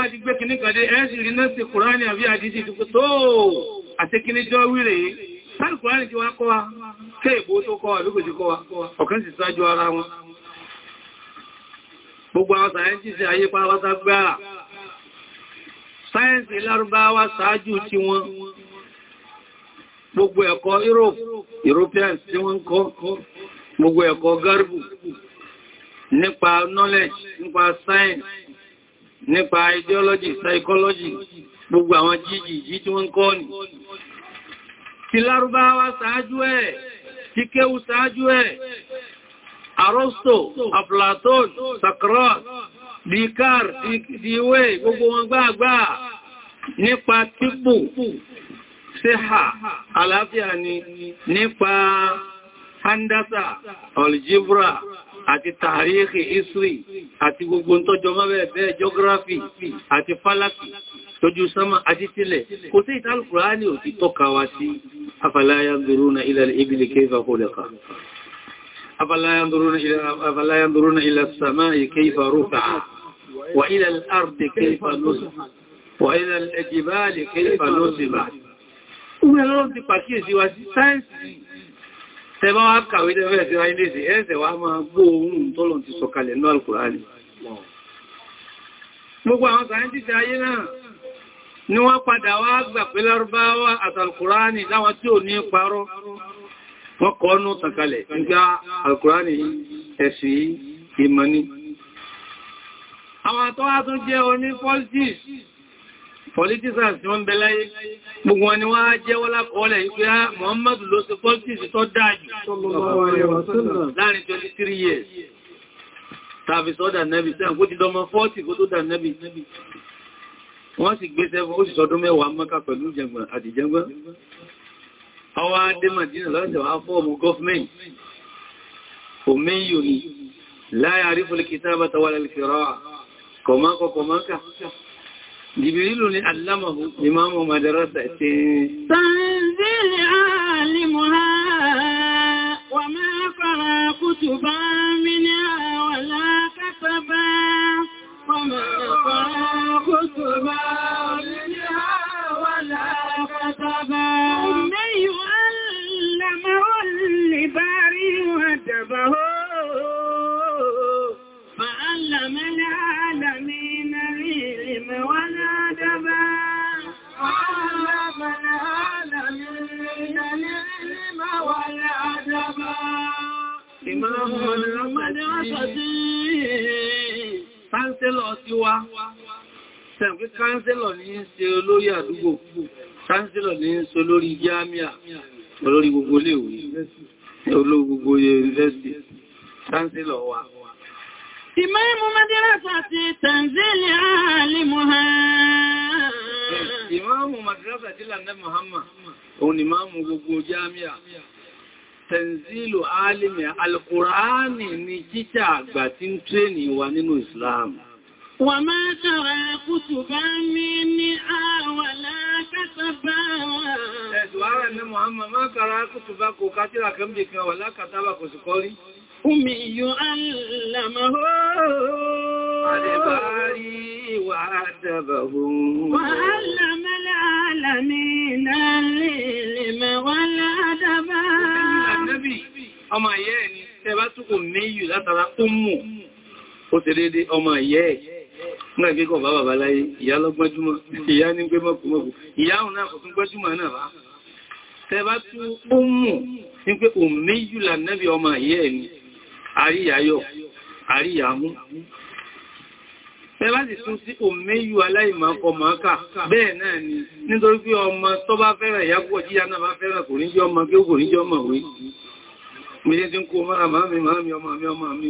[SPEAKER 1] Gbogbo àwọn sáyẹ́ntìsì ayé pàápàá gbáà. Sáyẹ́ǹsì lárúbáwá ṣáájú tí wọ́n. Gbogbo ẹ̀kọ́ Europe, Europeans tí wọ́n kọ́, gbogbo ẹ̀kọ́ Garbu nípa knowledge, nípa science, nípa ideology, psychology, gbogbo àwọn jíjì tí wọ́n kọ́ ni. Ti lárúbáwá ṣáájú ẹ̀, ẹ̀, Arọ́stò, Aflatón, Sakrat, Dikar, Diwe, gbogbo wọn gbáàgbà nípa típù, Seha, àlàáfíà ni nípa Handasa, Aljibra, àti tàríkì Isri, àti gbogbo tọ́jọ mọ́bẹ̀ bẹ́ẹ̀ geography, àti falaki, tójú sánmà àti tilẹ̀. Kò sí ìtàlùkùrá ní òtítọ́ka wá sí, afàláyà gẹ̀rú na ilẹ̀ ibìlì kéfà kó lẹ́ka. أفلا ينظرون إلى أفلا ينظرون إلى السماء كيف رفعت وإلى الأرض كيف نصبت وإلى الجبال كيف نصبت Ogun ẹlọ́rọ̀ ti pàkíyèsí wa sí sáyẹ́sì tẹbá wá kàwé tẹ́fẹ́ ẹ̀sẹ̀ wáyé léṣe ẹ̀ẹ́sẹ̀ wá máa gbọ́ ohun tọ́lọ̀ ti sọ̀kalẹ̀ ní Al-Kùránì. Gbogbo àwọn sáyẹ́ntìsì ayé náà ni wọ́n padà wá gbà pé Lárúbáwá àtàlùkùránì láwọn tí ò ní parọ́ wọ́n kọ́ ọ́nà tàkalẹ̀ nígbà alkùránì ẹ̀sì ìmọ̀ni àwọn àtọ́wà tó jẹ́ oní politics politicians tí wọ́n bẹ̀láyé gbogbo wọn ni wọ́n á jẹ́ wọ́n lákọọ́lẹ̀ wípé á ah, Muhammadu ló ṣe politics tó dájú láàrin 23 years tàbí sọ́dà nẹ́bì sẹ́yàn kó ti 40 kó tó dà nẹ́bì wọ́n sì gbé sẹ́fún ó sì sọdún mẹ́wàá mọ́ká pẹ̀lú àdìjẹ́gbọ́n ọwá dé Madina lọ́jọ́ afọ́ọ̀mù gọ́fmẹ́ntì òmíyù ni láyé àrífòlì kìtàbà tàwàlà ìfẹ́rọ́ kọ̀mọ́kọ̀ kọ̀mọ́kà jìbìrìlù ni alámàhù ìmáàmù madarasa ti
[SPEAKER 3] tanzili alimuha wa ma qara kutuba minha wa la kataba wa ma qara kutuba minha wa la kataba باري وهدبه فعلم العالمين العلم والأدب
[SPEAKER 4] وعلم
[SPEAKER 3] العالمين العلم والأدب إمام المدرسة Kánsílọ̀ ti wá,
[SPEAKER 1] ṣẹ̀m̀kí kánsílọ̀ ní ṣe olórí àdúgbò, kánsílọ̀ ní ṣe olórí jámíà, olórí gbogbo léèwé olóògbogbo yunifásitì chancellor wa
[SPEAKER 3] ìmáàmù madrasa ti tanzili alimuha
[SPEAKER 1] ìmáàmù madrasa ti lànà Muhammad òun ni máàmù gbogbo jami'a tanzilu alimi alkùránì ni jíjà àgbà tí ń tréni wa nínú Islam
[SPEAKER 3] wà máa tàrà kùtùbá mi ní àwàlá kásàbáwàá
[SPEAKER 1] Ààrẹ ní Mọ̀hánmà máa kàrà kùtù bá kò kátírà kan bí kan wà lákàtàbà kò sì kọrí. Omi
[SPEAKER 3] yóò alàmàhó. Àdẹ̀bárí wà
[SPEAKER 1] dàbàhó. Wà
[SPEAKER 3] alàmàlà alàmì náà lè lè mẹ́wàá ládàbà.
[SPEAKER 1] Ọmọ ìyẹ́ ẹni, tẹ bá túkò méyù ẹ̀ náà gẹ́gọ̀ bá bàbá láyé ìyá lọ́gbọ́njúmọ́ ìyá ní gbẹ́mọ́kùmọ́kù ìyá òun náà kọ̀kún gbọ́júmọ́ náà bá tẹba tí ó mú ní pé òun méjìlá nẹ́bí ọmọ ìyẹ́ ẹni àríyàyọ̀ àríyàmú tẹba sì tún sí òun méjì aláìmọ̀kọ mọ́ká bẹ́ẹ̀ náà ni nítorí pé ọmọ tó bá fẹ́ràn ìyàpọ̀ jíyà náà bá fẹ́ràn kò ní jẹ́ ọmọ kí ó kò ní jẹ́ ọmọ wé mi ní ti ń kó mọ́ra màámi màámi ọmọ mi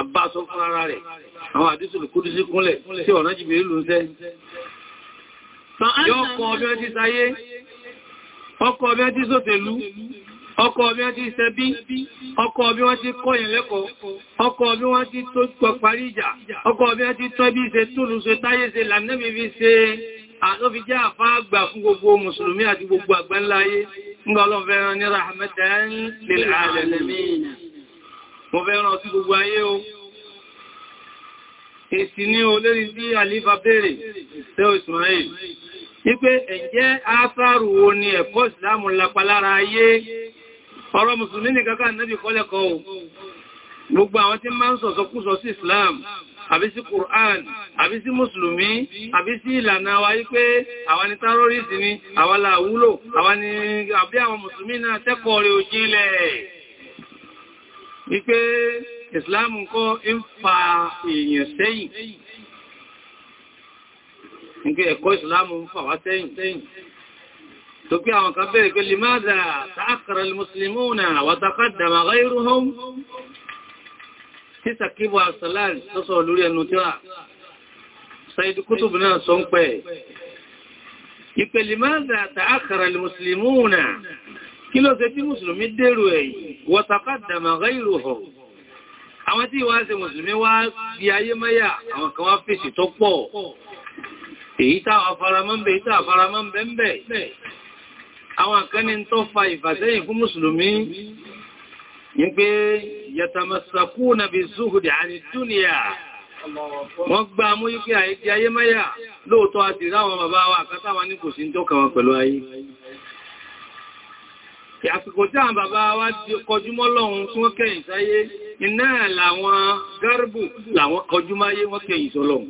[SPEAKER 1] àbáṣọ fún ara rẹ̀ àwọn àdísùlù kúrú sí kúnlẹ̀ tí ọ̀nà jìbì ìlú ń ọbẹ̀ sáyé ọkọ̀ ọbẹ̀ ti ṣẹbí ọkọ̀ ọbí wọ́n ti kọ́yìn lẹ́kọ̀ọ́ ọkọ̀ ọbí wọ́n ti tó pọ̀ ìjà ọkọ̀ ọbí wọ́n ti tọ́ bí ṣe túnú ṣe táyé ṣe lànẹ́bí mo fẹ́ ràn sí gbogbo ayé o èsì ní olérí bí àlífà béèrè ìṣẹ́ Ismail wípé ẹ̀jẹ́ ásáàrù wo ni ẹ̀kọ́ ìsìlámù lápalára ayé ọ̀rọ̀ mùsùlùmí nìkan kan náà bí kọ́lẹ̀kọ́ o gbogbo àwọn tí máa ń sọ̀sọ̀kúsọ sí Islam àbí sí Qur'an àbí sí mùsùlùmí àbí sí ìlànà wa wípé àwọn ni tárórìsì ni àwọn làwúlò àwọn ni àbí àwọn mùsùlùmí náà tẹ́kọ̀ọ́ rẹ̀ òjìnlẹ̀ wípé ìsìláàmù kọ́ ń fa èèyàn sẹ́yìn nígbé ẹ̀kọ́ ìsìláàmù ń fà wá sẹ́yìn tó pé àwọn kan bẹ̀rẹ̀ pé limáza ta'akkara al-muslimuna wa taqaddama ghayruhum tí sàkíbọ̀ àṣàláàrí sọ́sọ̀ kí ló ṣe tí mùsùlùmí dèrò ẹ̀yìn wọ́tàkà dàmàrà ìròhọ̀ àwọn tí wá ṣe mùsùlùmí wá di ayé mẹ́yà àwọn kan wá fèsì tó pọ̀ èyí táwà faramọ́bẹ̀ èyí táwà faramọ́bẹ̀ ń bẹ̀ àwọn kan ní tó fa ìfàsẹ́yìn fún mùsùlùmí ní pé yàtàmàsàkú na zuhudi àni dúnìyà wọ́n gbá mú yí pé ayé mẹ́yà lóòtọ́ àti ráwọn bàbá wa àkátàwà ní kò tó kàwọn pẹ̀lú ayé àsìkò tí àwọn bàbá wa ti kọjú mọ́lọ́run tí wọ́n kẹ̀yìn sáyé iná làwọn gárùbù làwọn kọjú máyé wọ́n kẹ̀yìn sọ́lọ́run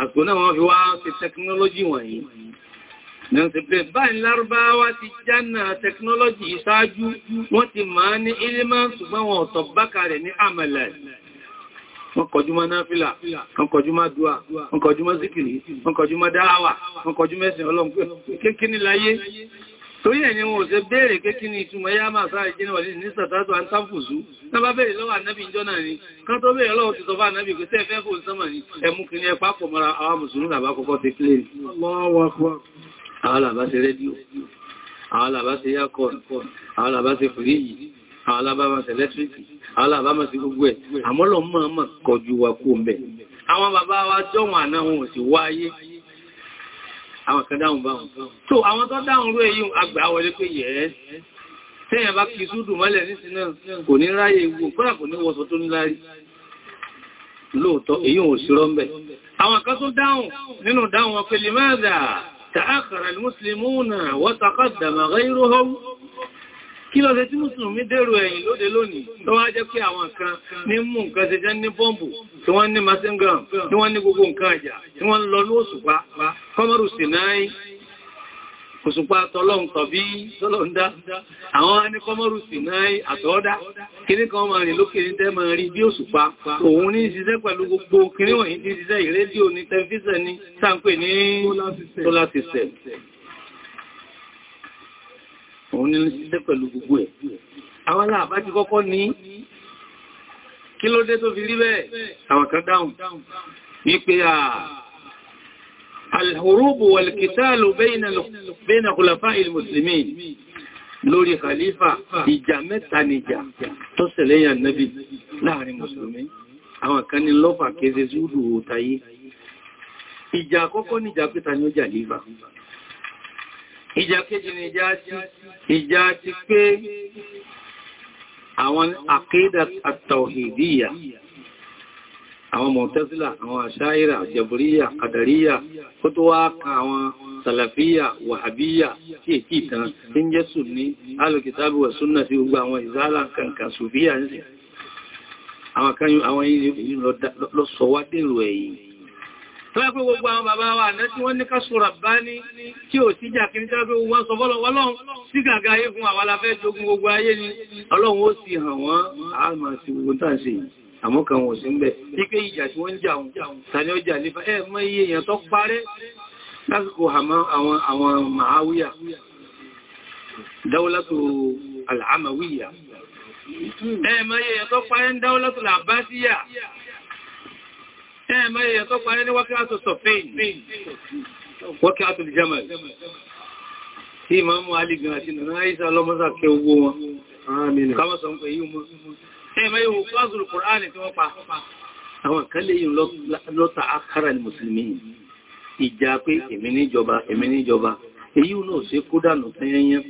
[SPEAKER 1] àsìkò náà wọ́n fi wá ti tẹkinọ́lọ́jì wọ̀nyí Nàìjíríà báyìí lárúbáwá ti jánà tẹkinọ́lọ́jì ìṣáájú wọ́n ti máa ní ilmán ṣùgbọ́n wọn ọ̀tọ̀ bákàrẹ̀ ní àmàlẹ̀ wọ́n kọjú mọ́ náfílà, wọ́n kọjú dúà, wọ́n kọjú mọ́ wọ́n kọjú dáhàwà, wọ́n kọjú mẹ́sìn ọlọ́run kékeré láyé torí ẹni wọn ò ṣe béèrè pé kí ni ìtumọ̀ yá máa sáà ìjẹ́nà wà ní sàtàtù àtàfùsù tàbá béèrè lọ́wọ́ ànábì ìjọ náà ni ká tó béèrè lọ́wọ́ ti sọfá ànábì pé sẹ́ẹ̀fẹ́ fò sánmà ẹmú kìí mara àwọn mùsùlùmí làbá kọ́kọ́ ti kílé àwọn làbá ṣe rédíò àwọn làbá ṣe yákọ̀ àwọn làbá ṣe fìríyì àwọn làbá máa ṣe lẹ́tíríkì àwọn làbá máa ṣe gbogbo ẹ̀ àmọ́lọ̀ máa máa kọjú wa kó ń bẹ̀ àwọn bàbá wa àwọn kan dáhùn báhùn tó àwọn tó dáhùn rú èyí àgbà wọlé pé yẹ̀ tẹ́yàn bá kí súdù mọ́lẹ̀ ní sinú kò ní ráyè ewu kọ́nà kò ní wọ́sọ tó níláàrí lóòtọ́ èyí ò sí rọ́m̀bẹ̀ àwọn kan tó dáhùn nínú dáhùn wọn pé lè máa kí ló ṣe tí mùsùlùmí dèrò ẹ̀yìn lóde lónìí tó wá jẹ́ pé àwọn kan ní mú nǹkan ṣe jẹ́ ní bọ́m̀bù tí wọ́n ní masingan tí wọ́n ní gbogbo nǹkan àjà tí wọ́n lọ lóòṣùpá kọmọrù sinai òṣùpá tọ́lọ́n tọ̀bí tọ́lọ́ndá àwọn aníkọmọ́rù sí náà àtọ́ọ́dá kìní kan máa rìn lókè ní tẹ́mà rí bí òṣùpá òun ní ṣiṣẹ́ òun ní ṣe pẹ̀lú gbogbo ẹ̀ àwọn aláàbá ti kọ́kọ́ ní kí ló dé tó fi rí bẹ́ẹ̀ àwọn kan dáhùn wípé à alhurubu walkitalu bayna khulafa'il muslimin lórí khalifa ìjà mẹ́ta nìjà tó ṣẹlẹ̀yàn nabi láàrin musulmi àwọn kan ní lọ́fà kéze ìjà kejì ni ìjà ti pé àwọn àkídà àtàwhídíyà àwọn mọ̀tẹ́sílà àwọn àṣáírà jẹ̀bùríyà kàdàríyà kó tó wá kan àwọn sàlàfíyà wàhábíyà tí èkì ìtàn tí ń jẹ́ sùnní alùkìtàbí wà súnnà sí gbogbo àwọn ìzálà kankan sùfíyà ń sì àwọn kan àwọn yìí lọ sọ wá dèrò ẹ̀yìn tó yẹ pé gbogbo àwọn bàbá wa àná tí wọ́n ní kásùrà bá ní tí ò sí jà kìí jágbé wọ́n sọ fọ́lọ̀ ọlọ́run sí gàgà ayé fún àwa la fẹ́ jogun gbogbo ayé ni ọlọ́run ó sì hàn wọ́n a sí gbogbo tàà sí àmọ́ wọ̀n sí ń bẹ̀ wípé ìjà tí wọ́n jà tàní ọjà nípa ẹ mọ́ iye èèyàn tó parẹ́ lásìkò àwọn màáwíyà dáwọ́látò àlàámàwíyà ẹ mọ́ iye èèyàn tó parẹ́ ń làbásíyà ẹ̀mọ́ èèyàn tó parí ní wákàtò sọ̀fẹ́ìn wákàtò jamal tí ìmáàmù alìgbìn àti nàná àìsà lọ́mọ́sà kẹ ogbó wọn kámọ́sọ̀ ń pẹ̀ yíò mọ́ ẹ̀mọ́ ìwò pàzùrù kùránì tí wọ́n pa àwọn kálẹ̀ yìí lọ́ta akara mùsùlùmí ìjà pé èmi níjọba èmi níjọba èyí ò náà ṣekú dànù tán yẹnyẹn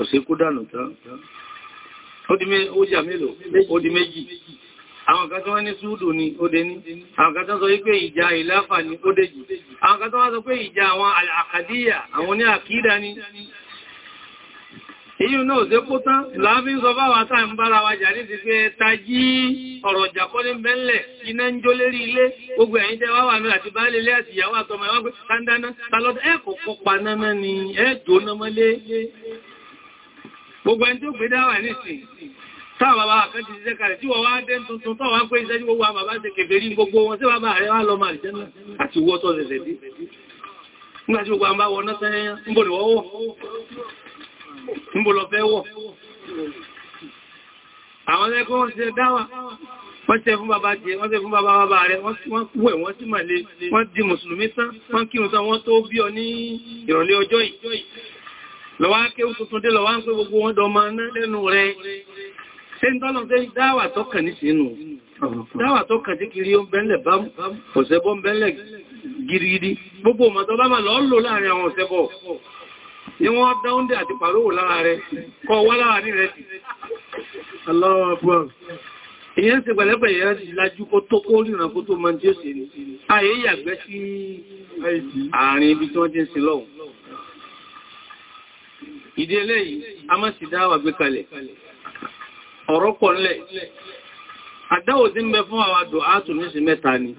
[SPEAKER 1] ó ṣekú dànù tán ó di méjì àwọn kan tó wá ní súúdù ni ó dé ní àwọn kan tó sọ wípé ìjà ìláfà ni ó déjì àwọn kan tó wá sọ pé ìjà àwọn àkàdíyà àwọn ní àkídà ni èyí náà ṣe kó tán láàfin sọ fáwà táà ń bára wa jà ní ti fi ẹta jí ọ̀rọ̀ jàkọ́ ní bẹ́ńlẹ̀ iná ń jó lérí ilé gbogbo ẹ̀yin tẹ́ ni ẹ jóná mọ́lé gbogbo ẹni tó gbé dáwà nísìnyí táà bàbá kan ti ṣiṣẹ́ kalẹ̀ tí wọ́n wá dẹ́ tuntun tó wá pé ìṣẹ́jú gbogbo àbàbá ṣe kèfèrí gbogbo wọn sí bàbá rẹ̀ wá lọ máa rí jẹ́nà àti wọ́ tọ́ ṣẹ̀ṣẹ̀ dé nígbàtí gbogbo àbá wọ́n náà sẹ́yẹn níbo lọ wọ́ níbo lọ fẹ́ wọ́ àwọn ẹgbẹ́ wọn ṣe dáwà wọ́n tẹ fún bàbá jẹ wọ́n tẹ fún bàbá bàbá rẹ̀ wọ́n wẹ̀ wọ́n sí màlẹ̀ wọ́n di mùsùlùmí tán wọ́n kírun tán wọ́n tó bí ọ ní ìrọ̀lẹ́ ọjọ́ yìí lọ́wọ́ kéwù tuntun dé lọ́wọ́ ń pé gbogbo wọn dọ̀ máa ná lẹ́nu rẹ̀ ṣe ń tọ́lọ̀ tẹ́ dáwà tó kàn ní sínú dáwà tó kàn tí kiri bá gidigidi gbogbo ọmọ bá máa lọ láàrin àwọn òṣẹ́bọ̀ ni wọ́n àti lára rẹ ní ìdí eléyìí a máa sì dáwà gbé kalẹ̀ ọ̀rọ̀ pọ̀ ńlẹ̀ àdáwò tí ń bẹ fún àwọn àdò áàtù nísì mẹ́ta ni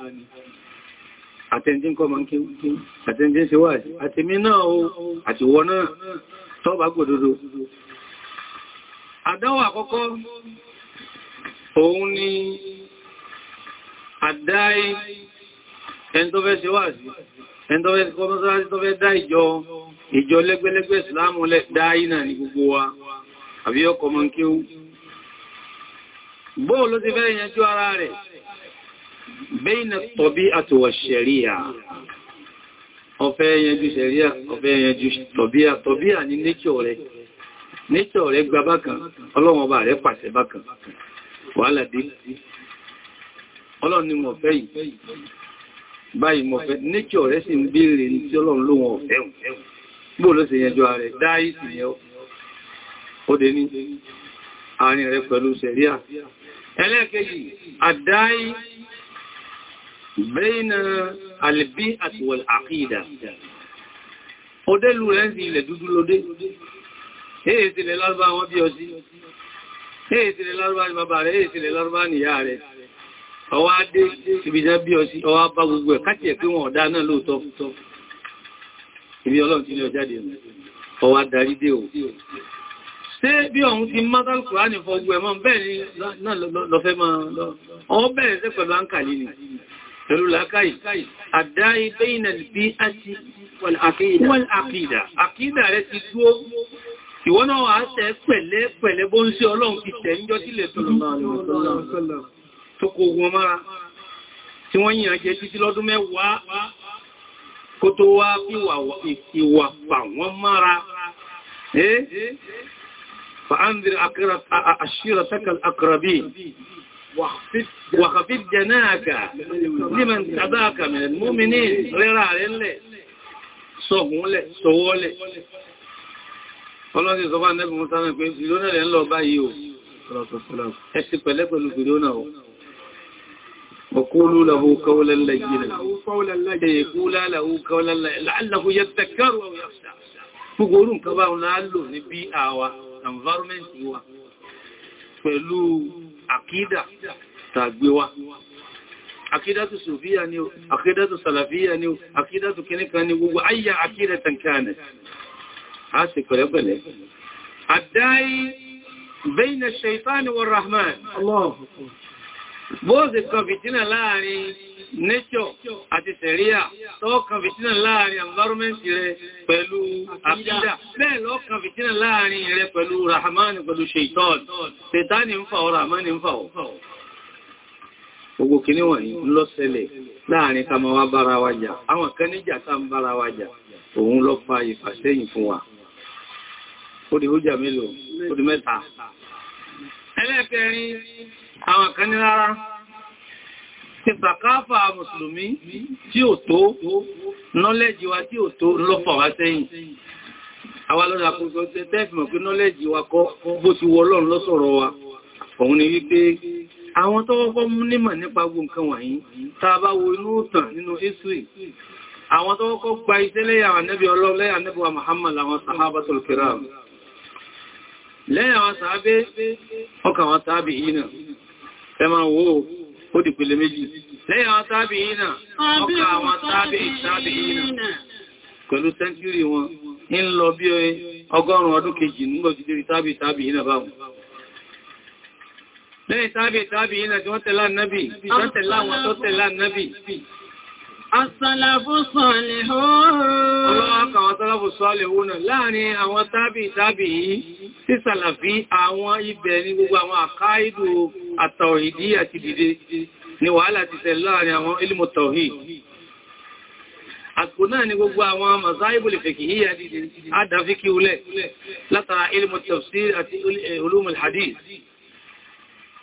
[SPEAKER 1] àtẹ́ndín kọ́ ma ń kí àtẹ́ndín sí wà àti mi náà o àti wọ náà tọ́bà gbòdodo àdáwò àkọ́kọ́ òun ni àdáì ẹni tó fẹ́ sí wà sí ẹni tó fẹ́ sí kọ́mọ́sára tó bóò ló ti fẹ́ yanjú ara rẹ̀ bẹ́ẹ̀nà tọ̀bí àtòwà ṣẹ̀ríà ọ̀fẹ́ yanjú ṣẹ̀ríà ọ̀fẹ́ yanjú tọ̀bíà tọ̀bíà ní nature rẹ̀ nature rẹ̀ gba bákan ọlọ́run ọba ni mo fẹ́ yìí báyìí mo fẹ́ nature rẹ̀ sì ń béèrè ní tí ọlọ́run ló wọn ọ̀fẹ́ bóò ló ti pẹ̀lú ṣẹ̀ríà ẹlẹ́ẹ̀kejì àdáyí bẹ́ẹ̀nà àlèbí àti wọ̀l àkídà ọdẹ́ lù rẹ̀ ń sí ilẹ̀ dúdú lódé èèsìlẹ̀ lárúbá wọn bí ọjí èèsìlẹ̀ lárúbá ni bàbá rẹ̀ èèsìlẹ̀ lárúbá ni ìyá rẹ̀ ọwá dé ìbìjẹ́ bí ọjí ọwá bá gbogbo ṣé bí ọ̀hun ti mátàlù kùránì fọgbù ẹ̀mọ́ bẹ́ẹ̀ ni náà lọ́fẹ́ máa lọ ọwọ́ bẹ̀rẹ̀ sí pẹ̀lú àǹkàlì ni pẹ̀lú làákàyì àdáyé bẹ́yìnà bí á ti wọ́n àkídà àkídà rẹ̀ ti dúó ìwọ́n náà wà tẹ́ pẹ̀lẹ́ pẹ̀lẹ́ bó ń sí ọlọ́run ti tẹ̀ ń jọ sílẹ̀ tó kò wọn mára tí wọ́n yìí àjẹ́ títí lọ́dún mẹ́wàá kó tó wá ìwà pa wọ́n mára فأنذر أشيرتك الأقربين وخفف جناك لمن تباك من المؤمنين رراء للي سهولة سهولة فلو أنت صفحة نبي مصانا كوين سيدونا لأن الله بايو أشتب لك ونفدونا وقولوا له قولا لجينا يقول إيه، له قولا لعله يتكر ويخشى فقولون كباهنا لعله نبي آوى environment wa pẹ̀lú àkídà tàgbéwá àkídàtù sòfíà ni o àkídàtù sàlàfíà ni o àkídàtù kìníkan ni gbogbo ayyà àkídàtàn kàánẹ̀ a sì pẹ̀lẹ̀pẹ̀lẹ̀ àdáyí bẹ́yìn ṣaitani wa rahman bóòsì kan fìtínà láàrin nature àti sẹ̀ríà tọ́ọ̀kan fìtínà láàrin environment rẹ pẹ̀lú àfídà bẹ́ẹ̀ lọ́ọ̀kan fìtínà láàrin rẹ pẹ̀lú rahamani pẹ̀lú shaitan sẹ̀tánì ń fà ọ́ rahamani ń fà ọ́ gbogbo kìíní wọ̀nyí ló ṣẹlẹ̀ láàrin ká máa wá bára wa jà àwọn kan níjà tá ń bára wa jà òun ló fa ìfàsẹ́yìn fún wa ó di hújà mélòó ó di mẹ́ta ẹlẹ́ẹ̀kẹrin àwọn kan ní rárá tí sàkáfà mùsùlùmí tí ò tó nọ́lẹ́jì wa tí ò tó lọ́fà wá sẹ́yìn àwa lọ́dà kò sọ tẹ́ tẹ́fìmọ̀ pé nọ́lẹ́jì wa kọ́ bó ti wọ Ọlọ́run lọ́sọ̀rọ̀ wa òun ni wípé àwọn tọ́wọ́kọ́ mú nímọ̀ nípa gbogbo nǹkan Muhammad àwọn sahabatul kiram lẹ́yà àwọn sàábé ọkà àwọn sàábì yìí náà ẹ máa wò ó ó di pele méjì lẹ́yìn àwọn tábì
[SPEAKER 3] ọkà àwọn tábì ìtàbì ìnà
[SPEAKER 1] pẹ̀lú sẹ́ńtúrì wọn ń lọ bí ọgọ́rùn ọdún kejì nígbà ti débi tábì tábì báwọn lẹ́yìn tábì tábì ìnà tí wọ́n tẹ̀lá Asàlàfú sọ̀lẹ̀ hóòrò. Ọlọ́wọ́kà àwọn tọ́lọ́fù sọ́lẹ̀ hóòrò láàrin àwọn tábì tábì yìí sí sàlàfí àwọn ibẹ̀ ní gbogbo àwọn àkáìdù àtàwìdí àti dìde ni wàhálà ti ṣẹlẹ̀ láàrin àwọn ilmù tàwì. Àsìkò náà ni gbogbo àwọn masáìbù lè fèkì yíya dìde, àdáfí kí ulẹ̀ látara ilmù tafsir àti ulumul hadith.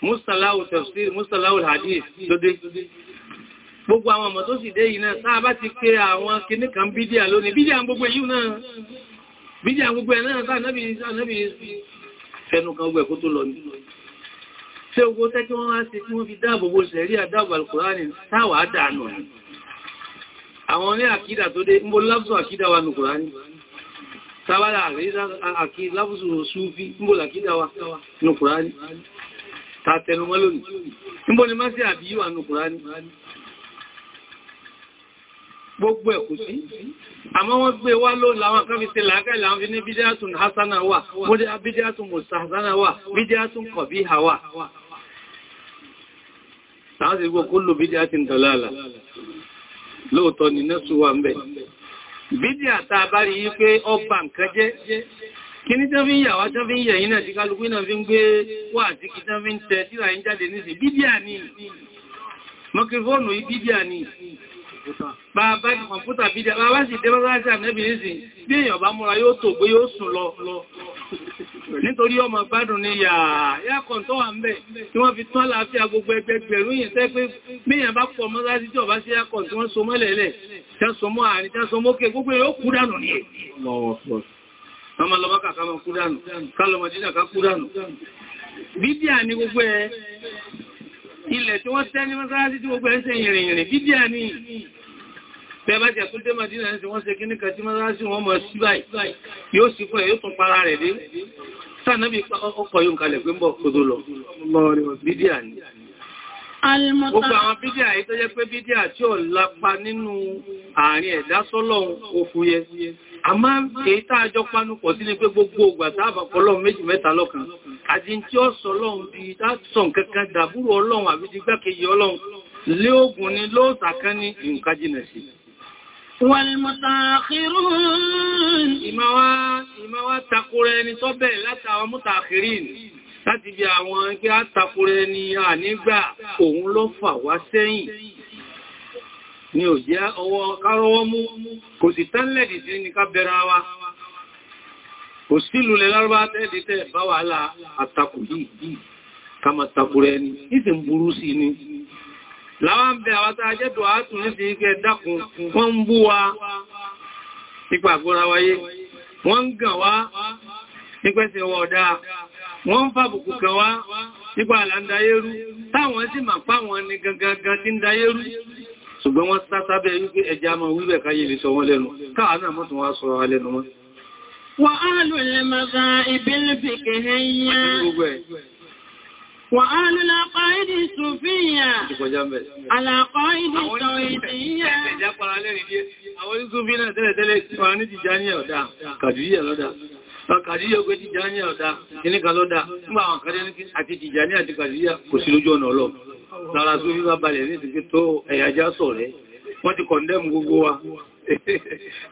[SPEAKER 1] Mustalahu tafsir, mustalahu hadith, dode gbogbo àwọn ọmọ tó sì dé yìí náà sáà bá ti pé àwọn kìíní kan bídíà lónìí bídíà gbogbo èyí náà bídíà gbogbo ẹ̀ náà sáà náàbì fẹnu kan gbogbo ẹ̀kó tó lọ ní ṣe ogun tẹ́ kí wọ́n wá sí tí wọ́n fi dáàbò bó sẹ̀rí àdáàbò alkùránì sáwà dànù àwọn ní àkídà tó dé mbó láfùsù àkídà wa nùkùránì sáwàdà àkí láfùsù gbogbo ẹ̀kù sí àmọ́ wọ́n gbé wá ló láwọn kan fi ṣe làákàí láwọn fi ní bídíátùn hasana wà bídíátùn mustahsana wà bídíátùn kọ̀bíhà wà láwọn sì gbogbo lò bídíátùn dọ̀láàlà lóòtọ́ ni nẹ́sù wà mẹ́ bídíátà bá rí yí pé ọba nǹkan jẹ́ kí ní tán fi ń yà wá tán fi ń yẹ̀ yínà tí kálukú náà fi ń gbé wà àti kí tán fi ń tẹ tíra yín jáde nísìn bídíà ni mọ́kífóònù yìí bídíà ni bàbá ní kọ̀mpútà bí díẹ̀ bàbá sì débá láti ànẹ́bì nísì bí èèyàn bá múra yóò tò gbé yóò sùn lọ nítorí ọmọ gbádùn ní yàá kọ̀ntọ́ wà ń bẹ̀ tí wọ́n fi tún àlàáfíà gbogbo ẹgbẹgbẹ̀rún yìí tẹ́ pé míyàn bá pọ̀ mọ́ láti tí ọba sí yàkọ̀ tí wọ́n so mọ́lẹ̀lẹ̀ tẹ́sọ mọ́ àárín tẹ́sọ mọ́kẹ́ gbogbo yóò kú dànù ní ẹ̀ ọmọ lọ́wọ́ kàkà mọ́ kú dànù kálọmọdé ilẹ̀ tí wọ́n tẹ́ ní mọ́sálásí tí gbogbo ẹ̀ ń ṣe ìrìnrìn bí díẹ̀ ní bẹ́ẹ̀bá jẹ́ tó dé Màdínà ń ṣe wọ́n ṣe kí ní kàtí mọ́sálásí wọn mọ̀ sí báyìí yóò sì fún ẹ̀ yóò tún para rẹ̀ dé sáà náà bí ọkọ̀ yóò kalẹ̀ pé ń bọ̀ kó lọ bí díẹ̀ ní Gbogbo àwọn bídíà yìí tó jẹ́ pé bídíà tí ó lápa nínú àárín ẹ̀dá sọ́lọ́run òfúyẹ. A máa ń èyí tààjọ panupọ̀ sí ni pé gbogbo ògbà tàbà pọ̀lọ́run méjì mẹ́ta lọ́kan. Àti tí ó sọ lọ́run bí tààtàn kankan dàbúrò ọlọ́run àbí ti ni láti bí àwọn ẹgbẹ́ àtàkùrẹ́ ni a nígbà òun ló fà wá sẹ́yìn ni ò jẹ́ ọwọ́ kárọwọ́ mú kò sì tánlẹ̀dì sí ní ká bẹ̀rẹ̀ wa kò sílù lẹ lárúbá tẹ́ẹ̀dì tẹ́ bá wàhálà àtàkù yìí kama tàkùrẹ́ ni ìsì ń burú sí ni láwọn bẹ àwọn tàà jẹ́ dọ̀ átùn ní sí ike dákun wọ́n ń bú wa nípa àgbóra wáyé wọ́n ń gàn wá nípẹ́sẹ̀ wọ̀ dáa wọ́n ń fàbùkù kan wá nípa àlàndayérú táwọn sì mà páwọn ni gangan tí ń dayérú ṣùgbọ́n wọ́n sátábẹ̀ wípé ẹja mọ̀ wíbẹ̀ káyé lè sọ wọ́n lẹ́nu káà náà mọ́tún wá sọ wá lẹ́nu wọn
[SPEAKER 3] وآل المذاهب الفقهية وآل العقائد الصوفية العقائد التوحيدية
[SPEAKER 1] àwọn ìsúfí náà wà ní Tìjàníyà Kàdíyà pé Tìjàní ọ̀dá, kìní kan lọ́dá, nígbà àwọn kàdíyà ní àti Tìjàní àti Kàdíyà kò sí lójú ọ̀nà ọlọ́. Lára tó wíwá balẹ̀ ní ti tó ẹ̀yà já sọ̀ rẹ̀, wọ́n ti kọ̀ndẹ́mù gbogbo wa.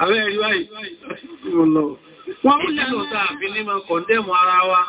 [SPEAKER 1] Àwẹ́ ẹ̀rí wáyìí, wọ́n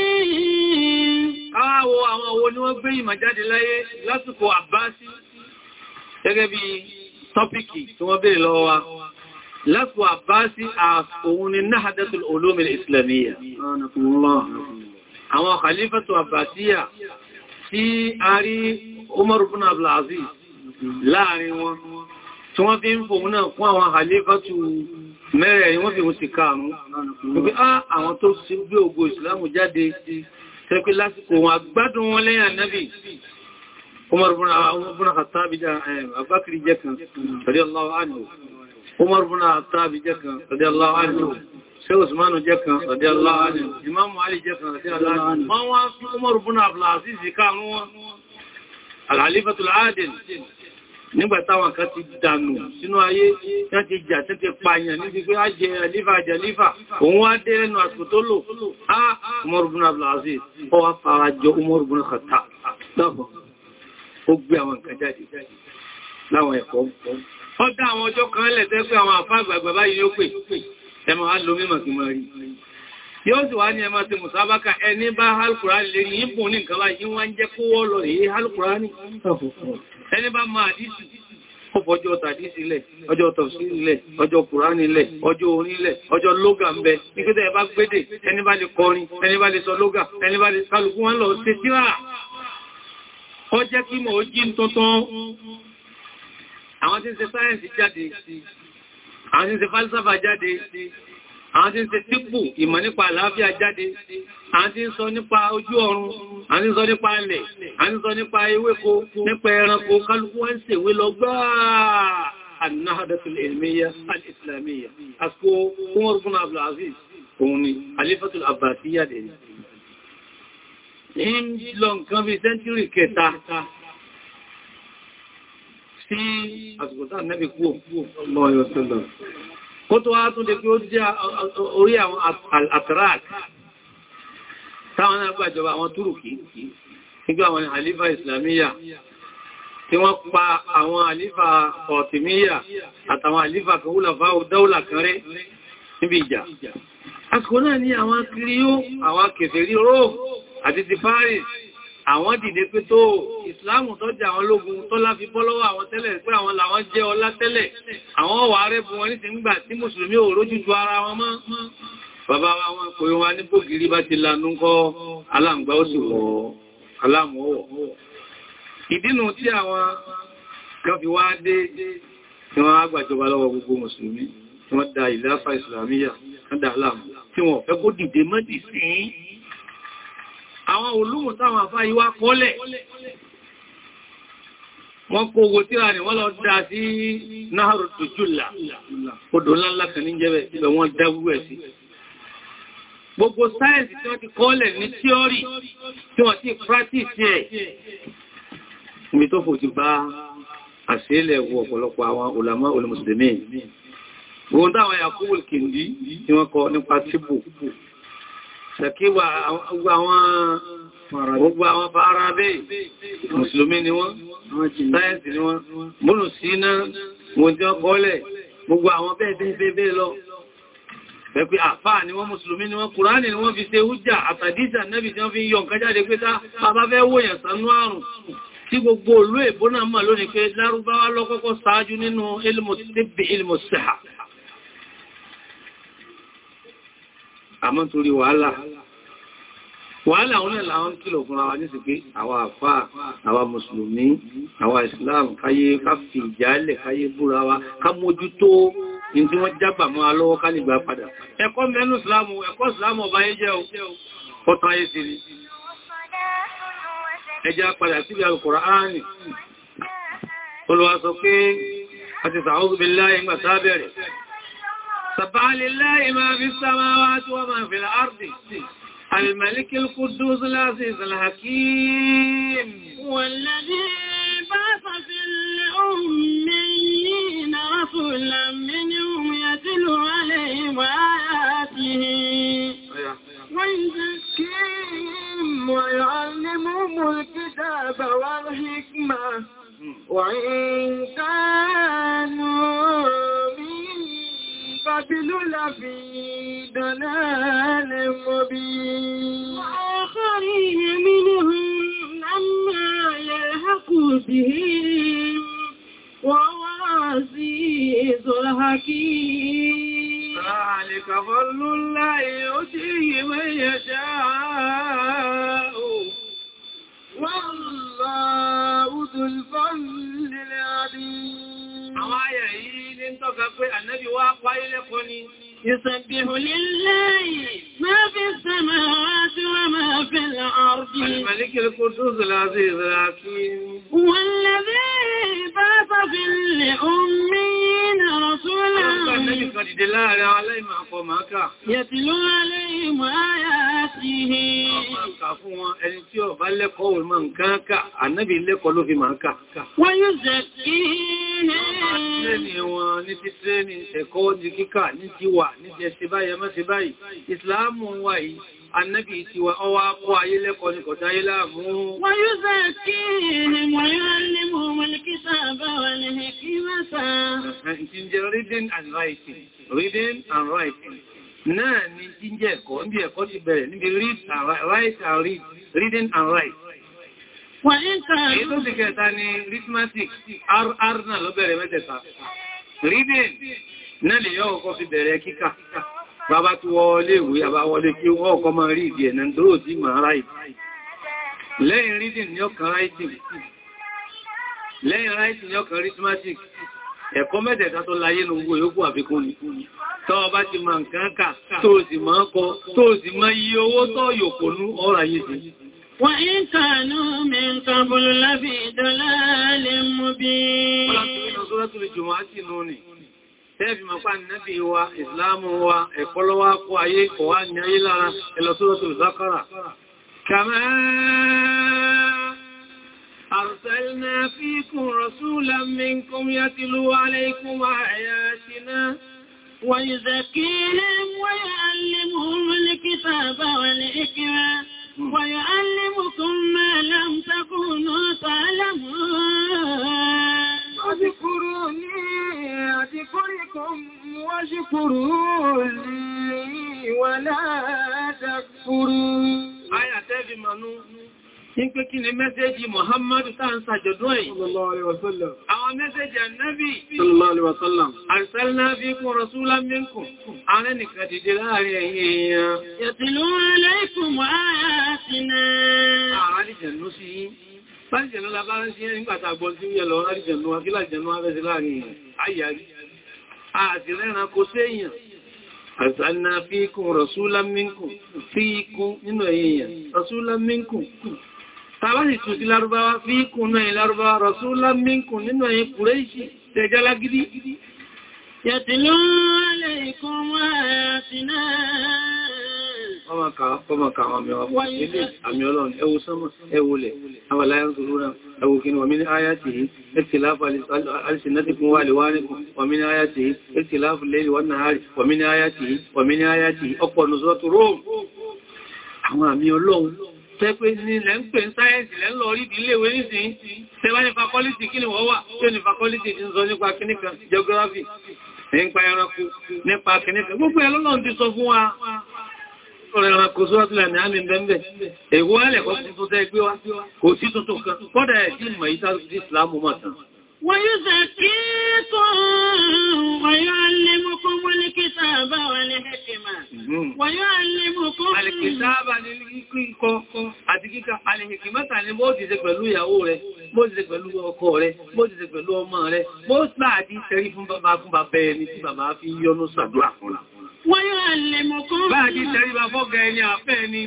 [SPEAKER 1] káwàwọ àwọn owó ni wọ́n gbé ìmọ̀ jáde láyé lásìkò àbáṣí gẹ́gẹ́ bí tọ́pìkì tí wọ́n béèrè lọ́wọ́ wa lásìkò àbáṣí òun ni nahadatul ulumil islamiyya àwọn khalifatu abbasiyya tí a rí Umar ibn Abdul Aziz láàrin wọn tí wọ́n fi ń fòun náà fún àwọn khalifatu ah, àwọn tó sí gbé ògo ìsìlámù jáde tẹ́kí lásìkò wọn agbádùn wọn lẹ́yìn ànábì Umar ibn Khattab eh, Abubakar jẹ́ kan radiyallahu anhu Umar ibn Khattab jẹ́ kan radiyallahu anhu ṣe Usmanu jẹ́ kan radiyallahu anhu Imam Ali jẹ́ kan radiyallahu anhu nígbà táwọn kan ti dànù sínú ayé tán ti jà tán ti pààyàn níbi pé á jẹ àlífà àjàlífà òun wá dé ẹnu àsìkò tó lò á Umar ibn Abdul Aziz ọ wá fara jọ Umar ibn Khattab lọ́pọ̀ ó gbé àwọn nǹkan jáde láwọn ẹ̀kọ́ ọ dá àwọn ọjọ́ kan lẹ́tẹ́ pé àwọn àfá àgbàgbà báyìí ló pè ẹmọ á lo mímọ̀ sí mọ̀ rí yóò sì wá ní ẹmọ ti ẹni bá hálùkùránì lè ní ìbùn ní nǹkan báyìí wọ́n jẹ́ kó lọ èyí hálùkùránì ẹni bá máa àdísì ọ̀pọ̀ ọjọ́ tàdísì lẹ̀ ọjọ́ tọ̀sí lẹ̀ ọjọ́ kùránì lẹ̀ ọjọ́ orin lẹ̀ ọjọ́ lóga ń bẹ nígbẹ́tẹ̀ ẹbá gbédè ẹni bá lè kọrin ẹni bá lè sọ lóga ẹni bá lè kálùkù wọn lọ sí síra ọ jẹ́ kí mọ̀ ó jí tuntun àwọn tí ń ṣe sáyẹ̀nsì àwọn tí ń ṣe típù ìmọ̀ nípa àlàáfíà jáde àwọn tí ń sọ nípa ojú ọ̀run àwọn tí ń sọ nípa alẹ̀ àwọn tí ń sọ nípa ewéko nípa ẹranko kálukú wọ́n ń ṣèwé lọ gbáà annahadatul ilmiya al-islamiyya asko umar bin abdul aziz alifatul abbasiyya dẹ̀ ní lọ nǹkan bí sẹ́ńtúrì kẹta sí àsìkò tá nẹ́bí kú lọ́yọ̀ sílẹ̀ kó tó wá tún lè kí ó jẹ́ orí àwọn atrak táwọn náà gbàjọba àwọn túrùkì nígbà àwọn àlífà islamiyya tí wọ́n pa àwọn àlífà ọ̀tìmíyà àtàwọn àlífà kan húlàfà dáúlà kan rẹ̀ níbi ìjà àsìkò náà ní àwọn kiri yóò àwọn kèfèrí Rome àti ti Paris àwọn dìde pé tó ìsìláàmù tó jẹ àwọn ológun tó láfi bọ́ lọ́wọ́ àwọn tẹ́lẹ̀ pé àwọn làwọn jẹ́ ọlá tẹ́lẹ̀ àwọn wà rẹ̀ bu wọn ní ti ń gbà tí mùsùlùmí ò rójú ju ara wọn mọ́ bàbá wọn kò yíwa ní bògiri bá ti lanú kọ́ aláǹgbá ó sì wọ́ aláàmúwọ̀ ìdínú tí àwọn kan fi wá dé tí wọ́n á lọ́wọ́ gbogbo mùsùlùmí tí wọ́n da ìlàfà àwọn olúmù táwọn àfá ìwá kọ́lẹ̀ wọ́n kó owó tíra ní wọ́n lọ dá sí náàrù tòjúlà odò ńláńlá kan ní jẹ́bẹ̀ ibẹ̀ wọ́n dá wúwẹ̀ sí gbogbo sáyẹ̀nsì tí wọ́n ti kọ́lẹ̀ ní tíọ́rì tí wọ́n ti practice ẹ̀ ibi tó fò ti bá àṣílẹ̀ wọ ọ̀pọ̀lọpọ̀ àwọn olàmọ́ ṣẹ̀kíwà gbogbo àwọn fara bẹ́ mùsùlùmí ni wọ́n sáyẹ̀nsì ni wọ́n múlù sí iná wọ́n tí wọ́n kọ́lẹ̀ gbogbo àwọn bẹ́ẹ̀ bẹ́ẹ̀ lọ pẹ̀pẹ̀ àfáà ni wọ́n mùsùlùmí ni wọ́n kùránì ni wọ́n fi ṣe hújà àtàdíjà nẹ́bì tí wọ́n fi yọ nǹkan jáde pé tá bàbá fẹ́ wòyàn sánú àrùn tí gbogbo olú èbónà mọ̀ lónìí pé lárúbáwá lọ́kọ́kọ́ sáájú nínú ilmù tibbi ilmù sihha àmọ́ torí wàhálà wàhálà òun náà làwọn kìlọ̀ fúnra wa nísì pé àwa àfà àwa mùsùlùmí àwa islam káyé káfì ìjálẹ̀ káyé búra wa ká mójútó ní tí wọ́n jábà mọ́ alọ́wọ́ ká lè gbà padà ẹ̀kọ́ mẹ́nu islamu ẹ̀kọ́ islamu ọba yẹ́ jẹ́ ọ̀tọ̀ ayé ti rí ẹjá padà síbi alukùránì olùwà sọ
[SPEAKER 3] سبح لله
[SPEAKER 1] ما في السماوات وما في الأرض الملك القدوس العزيز
[SPEAKER 3] الحكيم والذي بعث في الأمين رسولا منهم يتلو عليهم آياته ويزكيهم ويعلمهم الكتاب والحكمة وإن كانوا فبلل في ضلال مبين وآخرين منهم لما يلحقوا بهم وهو العزيز الحكيم ذلك فضل الله يؤتيه من يشاء والله ذو الفضل العظيم àwọn ayà
[SPEAKER 1] yìí ní tọ́ka pé ànábì wá páyé lẹ́kọ́ ni
[SPEAKER 3] يسبح لله ما في السماوات وما في الأرض الملك
[SPEAKER 1] القدوس العزيز الحكيم
[SPEAKER 3] هو الذي بعث في الأميين رسولا يتلو عليهم آياته ويزكيهم
[SPEAKER 1] Ní wọn ní ti tẹ́ ní ẹ̀kọ́ di kíkà ní ti wà níbi ẹ̀ṣẹ̀ báyìí ẹmọ́ sí báyìí ìsìláàmù wà yìí annabi ti wà ọwá kọ́ ayé lẹ́kọ́ ní kọ̀tá ayé láàmú
[SPEAKER 3] wọ́n yóò sẹ́ẹ̀ kí ni wọ́n yóò ní mú mọ̀lẹ́kítà bá wà ní ẹ̀kí mẹ́ta
[SPEAKER 1] reading and writing reading and writing náà ni jíjẹ́ ẹ̀kọ́ níbi ẹ̀kọ́ ti bẹ̀rẹ̀ níbi read and write and read reading and write wọ́n yóò sẹ́ẹ̀ èyí tó ti kẹta ni arithmetic rr náà lọ bẹ̀rẹ̀ mẹ́tẹ̀ta reading náà lè yọ́ ọkọ́ fi bẹ̀rẹ̀ kíkà bàbá tó wọlé ìwé àbá wọlé kí wọ́n ọkọ́ máa rí ìdí ẹ̀nà tó tí máa ráìtì lẹ́yìn rídìn ní ọkàn ráìtì lẹ́yìn ráìtì ní ọkàn rítmátic ẹ̀kọ́ mẹ́tẹ̀ẹ̀ta tó láyé ní gbogbo yóò àfikún ni tọ́wọ́ bá ti máa nǹkan kà tó sì máa kọ tó sì máa yí owó tọ́ yòkónú ọ̀rọ̀ ayé sí وإن tẹ́ẹ̀bì máa pa nẹ́bì wa ìsìláàmù wa ẹ̀kọ́lọ́wà kó ayé kò wá ní ayé lára ẹlọ́sọ́rọ̀tò Bakara. Kama arsalna fikum rasulan minkum
[SPEAKER 3] yatlu alaykum ayatina wa yuzakkihim wa yu'allimuhum ذكركم واشكروا لي ولا تكفروا
[SPEAKER 1] آية تابي منو ní pé kí ni mẹ́sẹ́jì Muhammadu tàà ń sàjọ̀dún ẹ̀yìn àwọn mẹ́sẹ́jì annabi arsalna fikum rasulan minkum ààrẹ nìkan dìde láàrin ẹ̀yìn èèyàn yatlu
[SPEAKER 3] alaykum ayatina
[SPEAKER 1] ààrẹ́jẹ̀nú sí bájẹ̀nú labára sí ẹni gbàtàgbọ́n tí ó yẹ lọ rájẹ̀nú afílàjẹ̀nú àṣìrẹ́ran kò séèyàn àṣàlìna fíkún rọ̀súlámínkùn fíkún nínú èèyàn rọ̀súlámínkùn tàbátì tún sí lárúbáwá fíkún náà lárúbáwá rọ̀súlámínkùn nínú èèyàn kùrẹ́ṣì
[SPEAKER 3] tẹjálágídí yàtìlú alaykum ayatina
[SPEAKER 1] ẹwòkín wà mínú ayáti yìí ẹ̀tìláfà alìsìnàtìkún wà lè wá nìkún wà mínú ayáti yìí ẹ̀tìláfà lẹ́yìn wà náà rí wà mínú ayáti yìí wà mínú ayáti yìí ọ̀pọ̀ nùsọ́tù rome àwọn àmì ọlọ́run tẹ́pẹ́ ní ilẹ̀ ń pè ń sáyẹ̀nsì lẹ́ ń lọ rí ìdíléwé nísìn tẹ́bá ní fakọ́lítì kí ni wọ́n wà tí ó ní fakọ́lítì ti ń sọ nípa kíníkan geography nípa ẹranko nípa kíníkan gbogbo ẹlọ́lọ́run ti sọ fún wa ọ̀rẹ́ ẹranko sọ́tùlẹ̀ ní àmì bẹ́m̀bẹ̀ èwo ẹlẹ́kọ́ tuntun tẹ́ gbé wá kò sí tuntun kan kọ́dà ẹ̀ sí ìmọ̀ ìta sí ìsìlámù mọ̀ tán
[SPEAKER 3] wọ́n yóò sẹ kí tó wọ́n yóò lè mú kó mú ní wọ́n yóò lè mú kó mú alìkìta bá ní kíkọ́ àti kíkà
[SPEAKER 1] alìkìmọ́ta ni Wọ́n yóò
[SPEAKER 3] àlẹ̀mọ̀kọ́. Bá a jí tẹ́rí
[SPEAKER 1] bá fọ́gà ẹni àfẹ́ ni,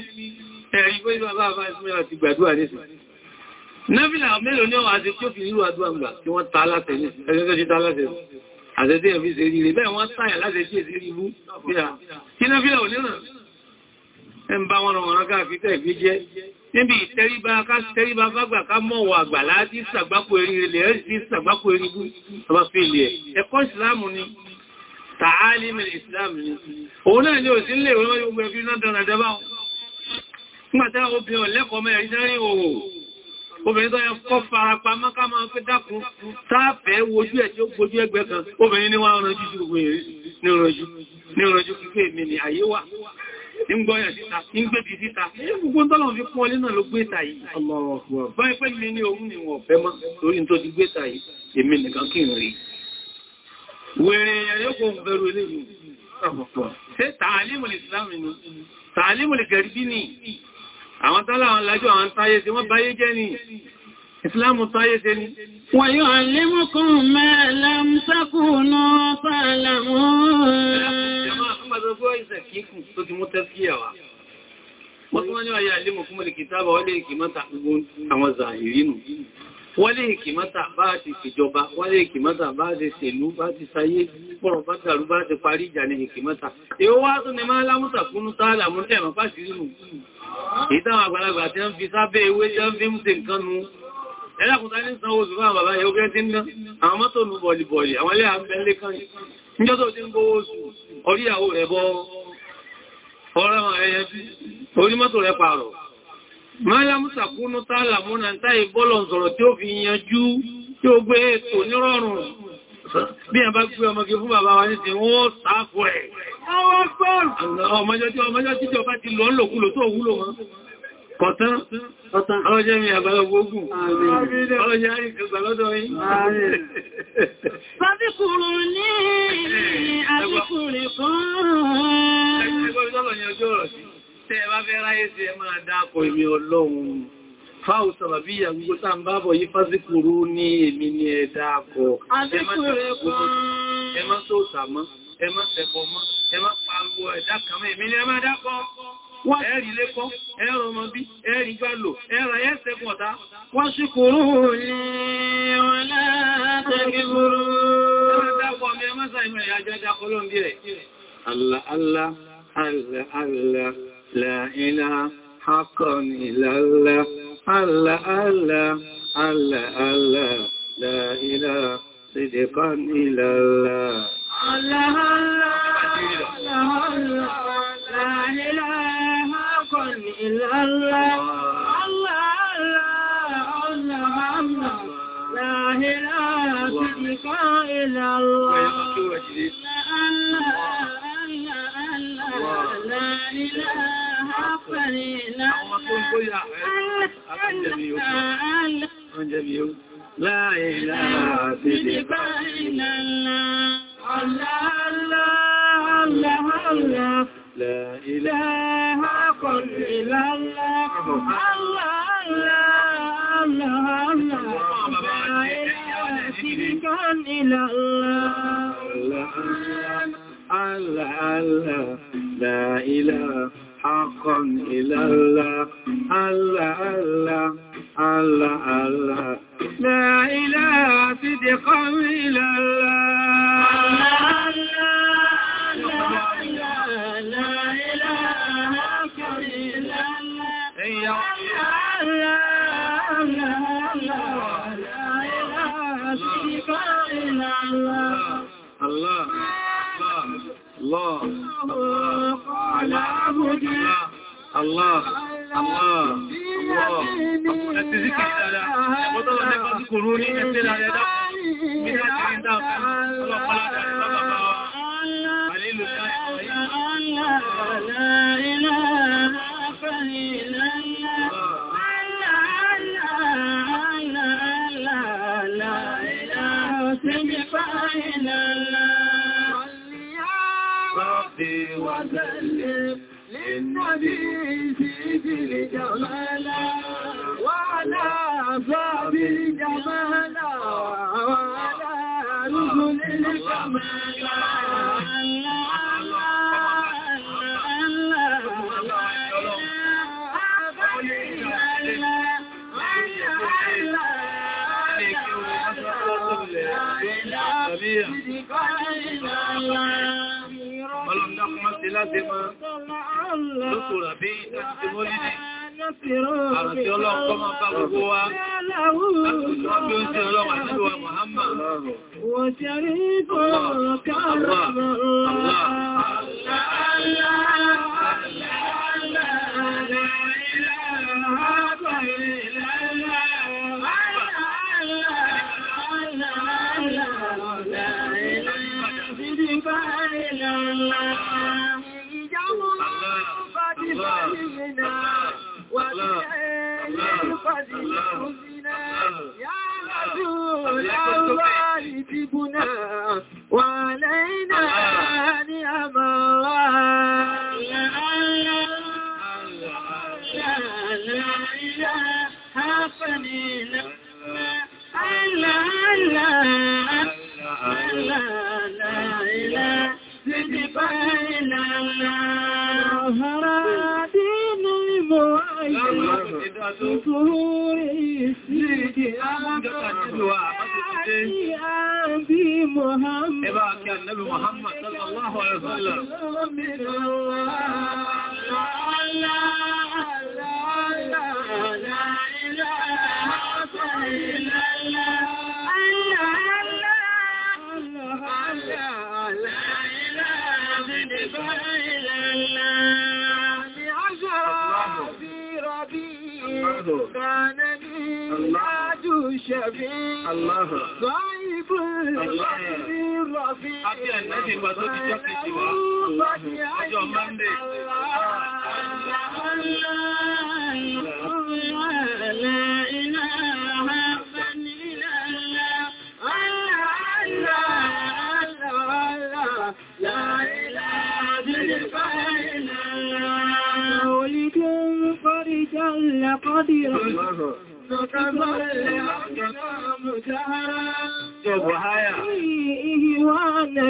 [SPEAKER 1] ẹ̀rí pé bàbá bá ìsúnmọ́ àti gbàdúrà nìsìn. Nẹ́bìlà mélòó ní ọ̀wà àti tí ó fi irú àdúrà gbà tí wọ́n ta aláṣẹ ní ẹgbẹ́gbẹ́ sí ta aláṣẹ. Àṣẹ́sí ẹ̀fí ṣe rí rẹ̀ bẹ́ẹ̀ wọ́n táyà láṣẹ sí èsì rí ibú. Kí nẹ́bìlà ò nínà? Ẹ ń bá wọn rọrùn ọ̀rọ̀ káàkiri tẹ́ ìgbé jẹ́. Níbi ìtẹríba ká tẹríba fágbà ká mọ̀wọ̀ àgbà láti sàgbákò erin rẹ̀ ẹ̀ sí sàgbákò erin bú. Ọba tààlìmì ìsìláàmù ni òun náà ni ò sí lè wọ́n yóò gbẹ̀fí náà dára dábá nígbàtá obìnrin ọ̀lẹ́kọ̀ọ́ mẹ́rin sẹ́rin òhò obìnrin tó yẹ kọ́ farapa mọ́ká máa pé dákun táàfẹ́ wojú ẹ̀ tí ó gbojú ẹgbẹ́ kan obìnrin ní wọ́n ránjú sí gbogbo ìrí ní ránjú ní ránjú kíkẹ́ èmi ni àyè wà ń gbọ́yàn síta ń gbé ti síta gbogbo tọ́lọ̀ wèrè èèyàn yóò kò bẹ̀rù ilé ṣe tààlímù ìsìlámi ni tààlímù ìgẹ̀rìbí ni àwọn tọ́lá àwọn lájú àwọn táyé tí wọ́n báyé jẹ́ ni ìsìlámù táyé jẹ́ ni
[SPEAKER 3] wọ́n yóò lẹ́mọ́kún mẹ́lẹ́m sákùnú pàlàmù
[SPEAKER 1] Wọ́n tún wọ́n ní ọ̀yà ilé mọ̀kúnmọ̀lì kìtàbà wọ́n lè ìkìmọ́ta bá ti ṣèjọba wọ́n lè ìkìmọ́ta bá ti ṣèlú bá ti sayé pọ̀rọ̀ bá ti àrú bá ti parí ìjà ní ìkìmọ́ta èó wá tún ní máa lámúta kúnnú tààlà mú ẹ̀mọ̀ pàṣí nínú ìtàwọn àgbàlagbà tí wọ́n fi sábẹ́ ewé tí wọ́n fi ń ṣe nǹkan nu ẹlẹ́kùnta ní sanwó oṣù fún àbàbá yóò gẹ́ Málámúsà kúnú tààlà múnà táì bọ́lọ̀ sọ̀rọ̀ tí ó fi yanjú tí ó gbé ètò nírọ̀rùn. Bí a bá gbé ọmọge fún bàbá wa ní ti wọ́n sáàkù ẹ̀. Ọmọjọ́ tí ọba ti lọ lòkulò tó wúlò wọn. Kọ̀tán, ọlọ́jẹ́ mi àbálọ́gbógún, ọlọ́jẹ́ àríkẹsà lọ́dọ̀ yìí.
[SPEAKER 3] Fábíkùrù ní àbíkùrù kan. Ẹgbẹ́
[SPEAKER 1] ọjọ́ lọ ni ọjọ́ ọ̀rọ̀ sí tẹ́ ẹ bá fẹ́ ráyé sí ẹ máa dákọ̀ èmi ọlọ́run fáwọ̀ sàbàbíyà gbogbo tá ń bábọ̀ yí fásíkúrú ní èmi ní ẹ dákọ̀ ẹ má tó sàmọ́ ẹ má tẹ̀kọ̀ mọ́ ẹ má pàrọ̀ ẹ̀dá kan mọ́ èmi ní ẹ má dákọ̀ ẹ̀rì lékọ́ ẹ̀rọ ọmọ bí ẹ̀rì gbálò ẹ̀rọ ẹ̀ẹ́sẹ̀ pọ̀tá wọ́n Allah Allah Allah Allah لا إله حقا إلا الله ألا ألا ألا ألا لا إله صدقا إلا الله
[SPEAKER 3] الله ألا الله لا إله حقا إلا الله الله الله الله الله لا إله صدقا إلا الله الله الله الله لا إله Àwọn tó ń gbóyà rẹ̀, àtúnjẹ̀bí ó.
[SPEAKER 1] Àtúnjẹ̀bí ó. Láàrín ìlànà sí ìdíkọ́ ìlànà.
[SPEAKER 3] Àlàálà, àlàálà, lẹ́ìlẹ́ àkọ̀ ìlànà. Àlàálà, àlàálà, lẹ́ìlẹ́ ìdíkọ́ ìlànà. Àlàálà, àlàálà,
[SPEAKER 1] lẹ́ìlẹ́ حقا إلى الله الله الله الله الله
[SPEAKER 3] لا إله صدقا إلى الله الله الله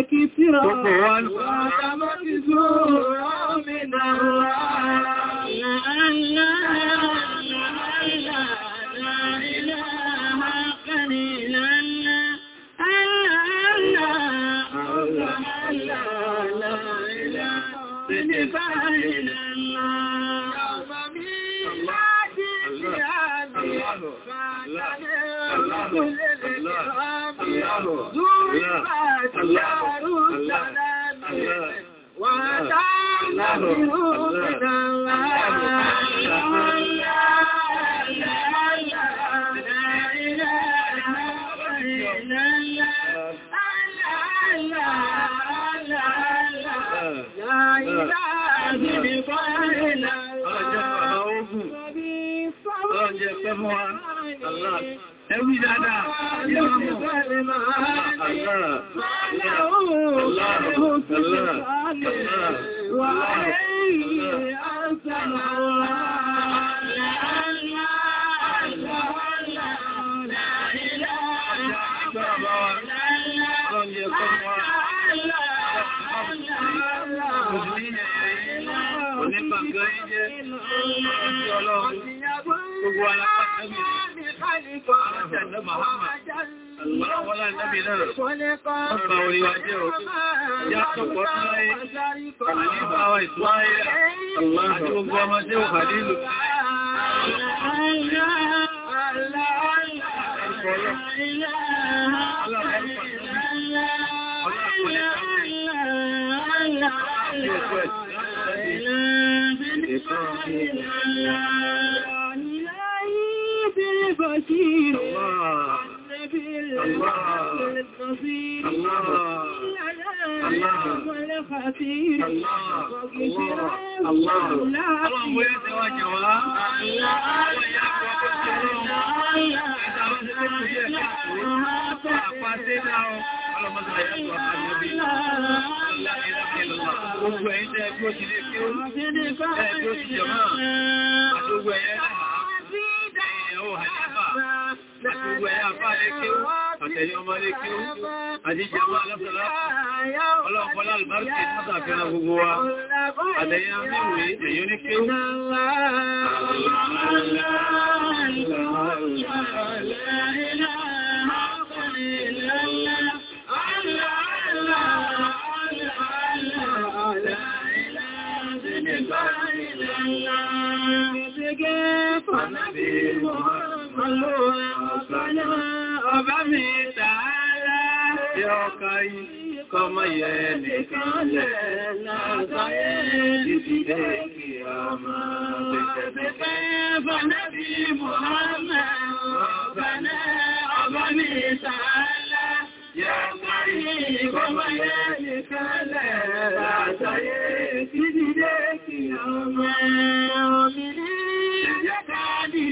[SPEAKER 3] كثيرا والخاتمة زورا من الرحمة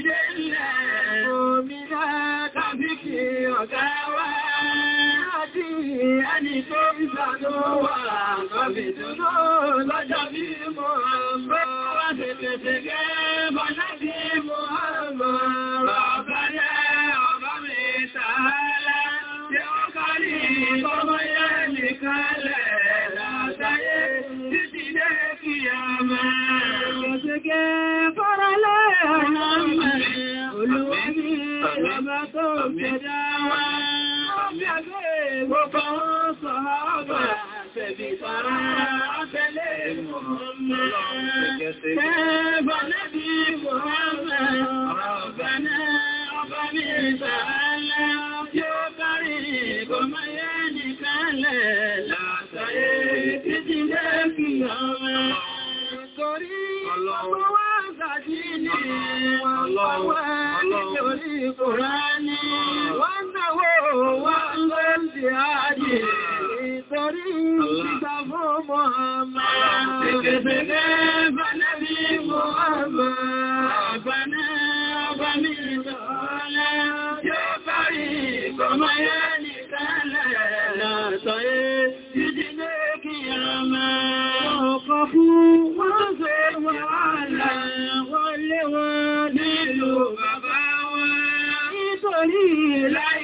[SPEAKER 3] dé ilẹ̀ òmìnà tàbíkì ọ̀gá wá àti ẹni tó ń sàdó wà lọ́bì tó lọ́jọ́ bí mọ́ ṣẹ̀bí fara àtẹ́lẹ̀ Muhammad ṣẹ́bà nẹ́bí Muhammad ọ̀bẹ̀nẹ́ ọ̀bẹ̀ní ìṣàlẹ̀ yóò kárí ìgbọmáyé nìkanlẹ̀ látàyé títí lẹ́kì ọmọ torí ọgbọ́n wá sàjí ní ọwọ́ nítorí Kùránì wọ́n náwó wọ́n lọ́ndì ààrẹ محمد اكفنا فنبي محمد بنا بني العالم يا فريق ميان كلا سيد يجنك يا من وقفوا وزوا على ولوا nílùú bàbá wa nítorí láì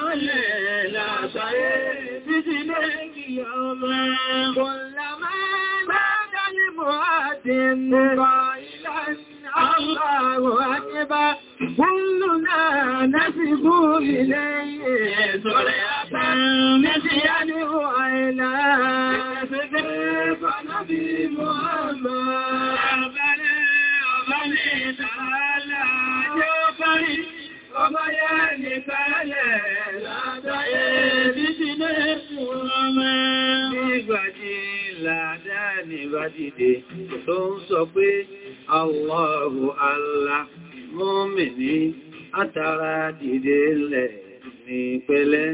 [SPEAKER 3] mọ́lẹ̀ láàṣáyé títí lẹ́yìn ọmọ kọlọ́mọ́ mẹ́ta ní mọ́ádìn nìbọ̀ ìlànà àwọn àjẹ́bá kúlù náà nẹ́sì gúrì lẹ́yìn ẹ̀sọ́rẹ̀ àtà nẹ́sì yá ní ọ̀ẹ̀lá Ọ̀bẹ̀rẹ̀ ọ̀bẹ̀rẹ̀ ìtàlá yóò parí
[SPEAKER 1] ọmọ yẹ́ nìkanlẹ̀ lágbàáyé bí ti dé fún ọmọ nígbàjí làdá nígbàjídé tó ń sọ pé Allahu Allah mùmínì àtàrà dìde lẹ̀ ní pẹ̀lẹ́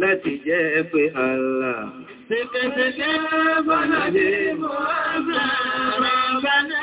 [SPEAKER 1] láti jẹ́ pé Allah
[SPEAKER 3] Sekẹ̀sẹ̀kẹ́ bọ́nà dé mọ́ àgbà
[SPEAKER 1] rọ̀ bánà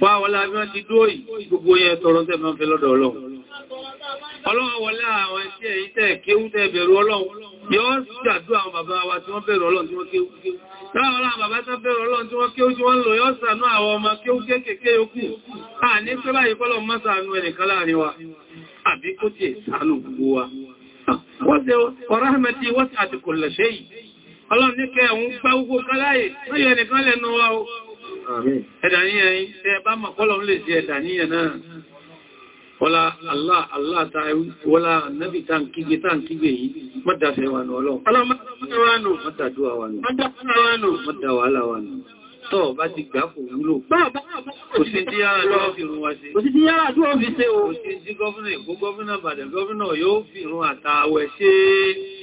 [SPEAKER 1] Bá wọlá bí wọ́n ti dúó yìí, gbogbo yẹn tọrọ tẹ́ fẹ́ lọ́dọ̀ Ọlọ́run. Ọlọ́run wọlá àwọn ẹ̀ṣẹ́ èyí tẹ́ kéwú tẹ́ Ọlọ́run. Yọ́ ṣàdú àwọn bàbá wa tí wọ́n bẹ̀rù Ọlọ́run tí wọ́n kéwú. wọ́n ẹ̀dà ní ẹ̀yìn tẹ́ bá mọ̀ kọ́lọ̀ ń lè ṣe ẹ̀dà wọ́lá Allah Allah ta wọ́lá nábi tá ń kígbe tá ń kígbe yìí mọ́dàfẹ́ wà nù ọlọ́run mọ́dàdúwà wà nù mọ́dàwà wà nù tọ́ bá ti gbà kò wúlò.
[SPEAKER 3] Kò sí tí yára àdúrà fi
[SPEAKER 1] rún wa ṣe. Kò sí tí yára àdúrà fi ṣe o. Kò sí tí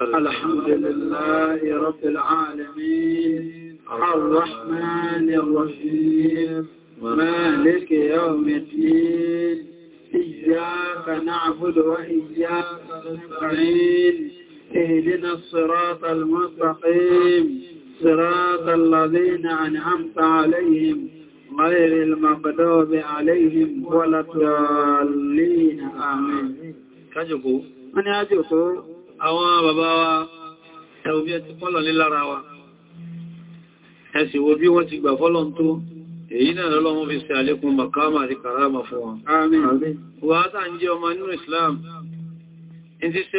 [SPEAKER 1] الحمد لله رب العالمين الرحمن الرحيم مالك يوم الدين إياك نعبد وإياك نستعين اهدنا الصراط المستقيم
[SPEAKER 2] صراط
[SPEAKER 1] الذين أنعمت عليهم غير المغضوب عليهم ولا الضالين آمين wọ́n ni ájò tó àwọn bàbá wa ẹ̀wọ̀ bí ẹ ti fọ́lọ̀ ní lára wa ẹ̀sì wo bí wọ́n ti gbà fọ́lọ̀ tó èyí náà lọ́lọ́wọ́n fi ṣe àlékún makama àti karama fún wọn wà tá ń jẹ́ ọmọ nínú Islam in ti ṣe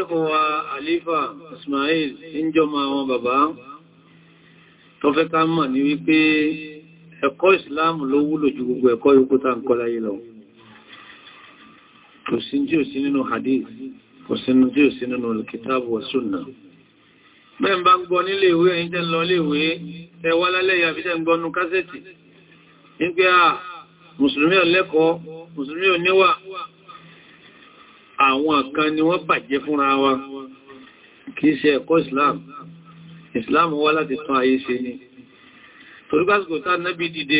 [SPEAKER 1] Alifa Ismail in jọmọ àwọn bàbá tó fẹ́ ká mọ̀ ní wípé ẹ̀kọ́ Islam ló wúlò ju gbogbo ẹ̀kọ́ yókútà ń kọ́ láyé lọ kò sí tí ò sí nínú hadith kò sínú tí ò sí nínú kìtàbù wa sunnah bẹ́ẹ̀ bá ń gbọ́ nílé ìwé ẹ̀yin tẹ́ ń lọ léèwé ẹ wá lálẹ́ yàbí tẹ́ ń gbọ́nú kásẹ̀tì nígbé à mùsùlùmí ọ̀lẹ́kọ̀ọ́ mùsùlùmí oníwà àwọn kan ni wọ́n bàjẹ́ fúnra wa kìí ṣe ẹ̀kọ́ islam islam wá láti tán ayé ṣe ni torúkásìkò tá nábì dìde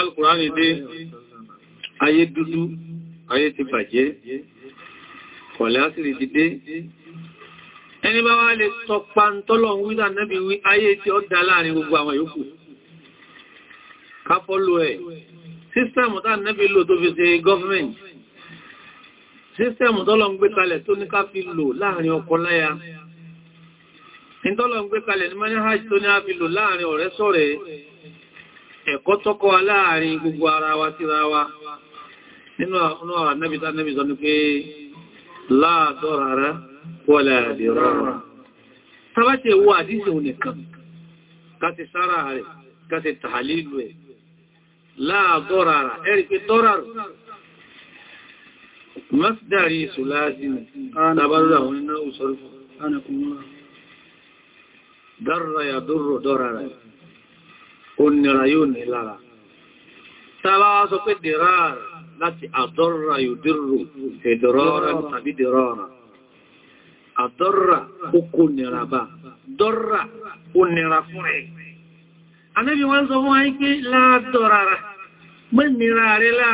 [SPEAKER 1] alkùránì dé ayé dúdú ayé ti bàjẹ́ kọ̀lásìrì ti dé ẹni bá wá lè tọpa ń tọ́lọ̀ ń wíta nẹ́bí wí ayé tí ó dá láàrin gbogbo àwọn yòókù kápọ́lù ẹ̀ sísẹ́mù tá lò tó fi ṣe gọ́ọ̀mẹ̀ntì sísẹ́mù tọ́lọ̀ ń gbé kalẹ̀ tó ní ká fi lò láàrin ọkọ láya láàdọ́rara wọ́lẹ̀ àdìrọ́rọ̀. Tàbátí ewu àdísì onìkan, káti sára rẹ̀, káti tààlìlù ẹ̀, láàdọ́rara, ẹ̀rì pé dọ́rarù. Masdari Sùlázìmì, tàbárúra àwọn iná òsọ́rùfù, dárra ya dúrò dọ́rara, ó nira yóò ní láti àdọ́rà yòdírò ìdọ̀rọ̀rà tàbí dìrọ̀rà. Àdọ́rà ó kò nìra bá, dọ́rà ó nìra fún ẹ̀. Anábi wọ́n sọ fún àìpé láàdọ̀rà mọ́ nìra rẹ̀ lá,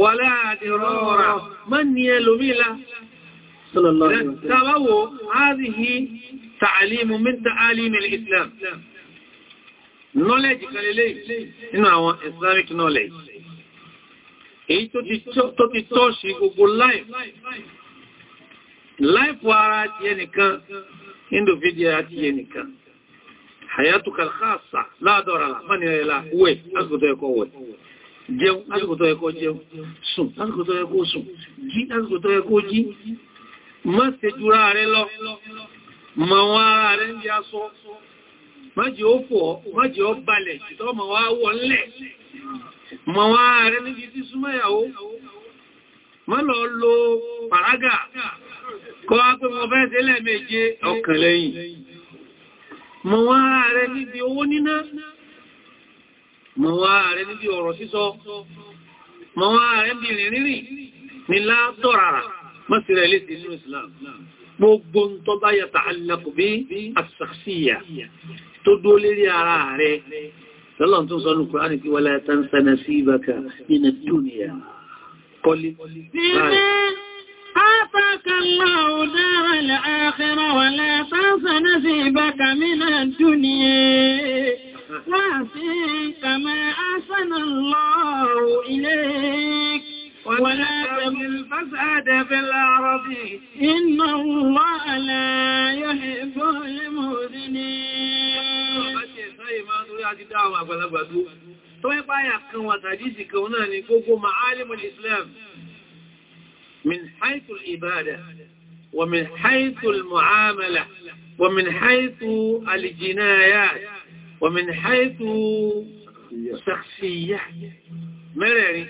[SPEAKER 1] wà láàdìrọ̀rà mọ́ ní Islam. Knowledge kan lélẹ̀ Islamic knowledge èyí tó ti tọ́ṣì gbogbo life life ara ti ẹnìkan individual ara ti ẹnìkan hayatu kalkhasa láàdọ́ra mọ́ni ẹ̀lá wẹ̀ lásìkòtò ẹ̀kọ́ wẹ̀ jẹun lásìkòtò ẹ̀kọ́ jẹun sùn lásìkòtò ẹ̀kọ́ sùn jí lásìkòtò ẹ̀kọ́ jí mọ́ mọ́jì ó fò mọ́jì ó balẹ̀ ṣìtọ́ mọ̀ wá wọlẹ̀ mọ̀ wá rẹ̀ níbi tí súnmọ́ ìyàwó mọ́ lọ lo pàrágà kọ́ pé mọ́ fẹ́ tẹ́lẹ̀ méje ọkàn lẹ́yìn mọ̀ wá rẹ̀ níbi owó níná mọ̀ wá rẹ̀ níbi ọ̀rọ̀ sísọ mọ̀ wá rẹ̀ níbi rìnrìn ní látọ̀ràrà mọ́sílẹ̀ lè nínú Islam gbogbo ń tọ́ bá yàtà alákùnbí àṣàṣíyà tó dúó lérí ara rẹ̀ lọ́lọ́n tó sọ nùkú láti kí wọlé tánṣánà sí ìbákà nínú dúnìyà kọlí
[SPEAKER 3] آتاك الله دار الآخرة ولا تنس نصيبك من الدنيا وأحسن كما أحسن الله إليك ولا تبغي الفساد في الأرض إن الله لا يحب المفسدين
[SPEAKER 1] tó ń báyà kan wà tàbísì kan náà ni gbogbo ma'alimul islam min haithul ibada wa min haithul mu'amala wa min haithu aljinayat wa min haithu shakhsiyat mẹ́rẹ̀rin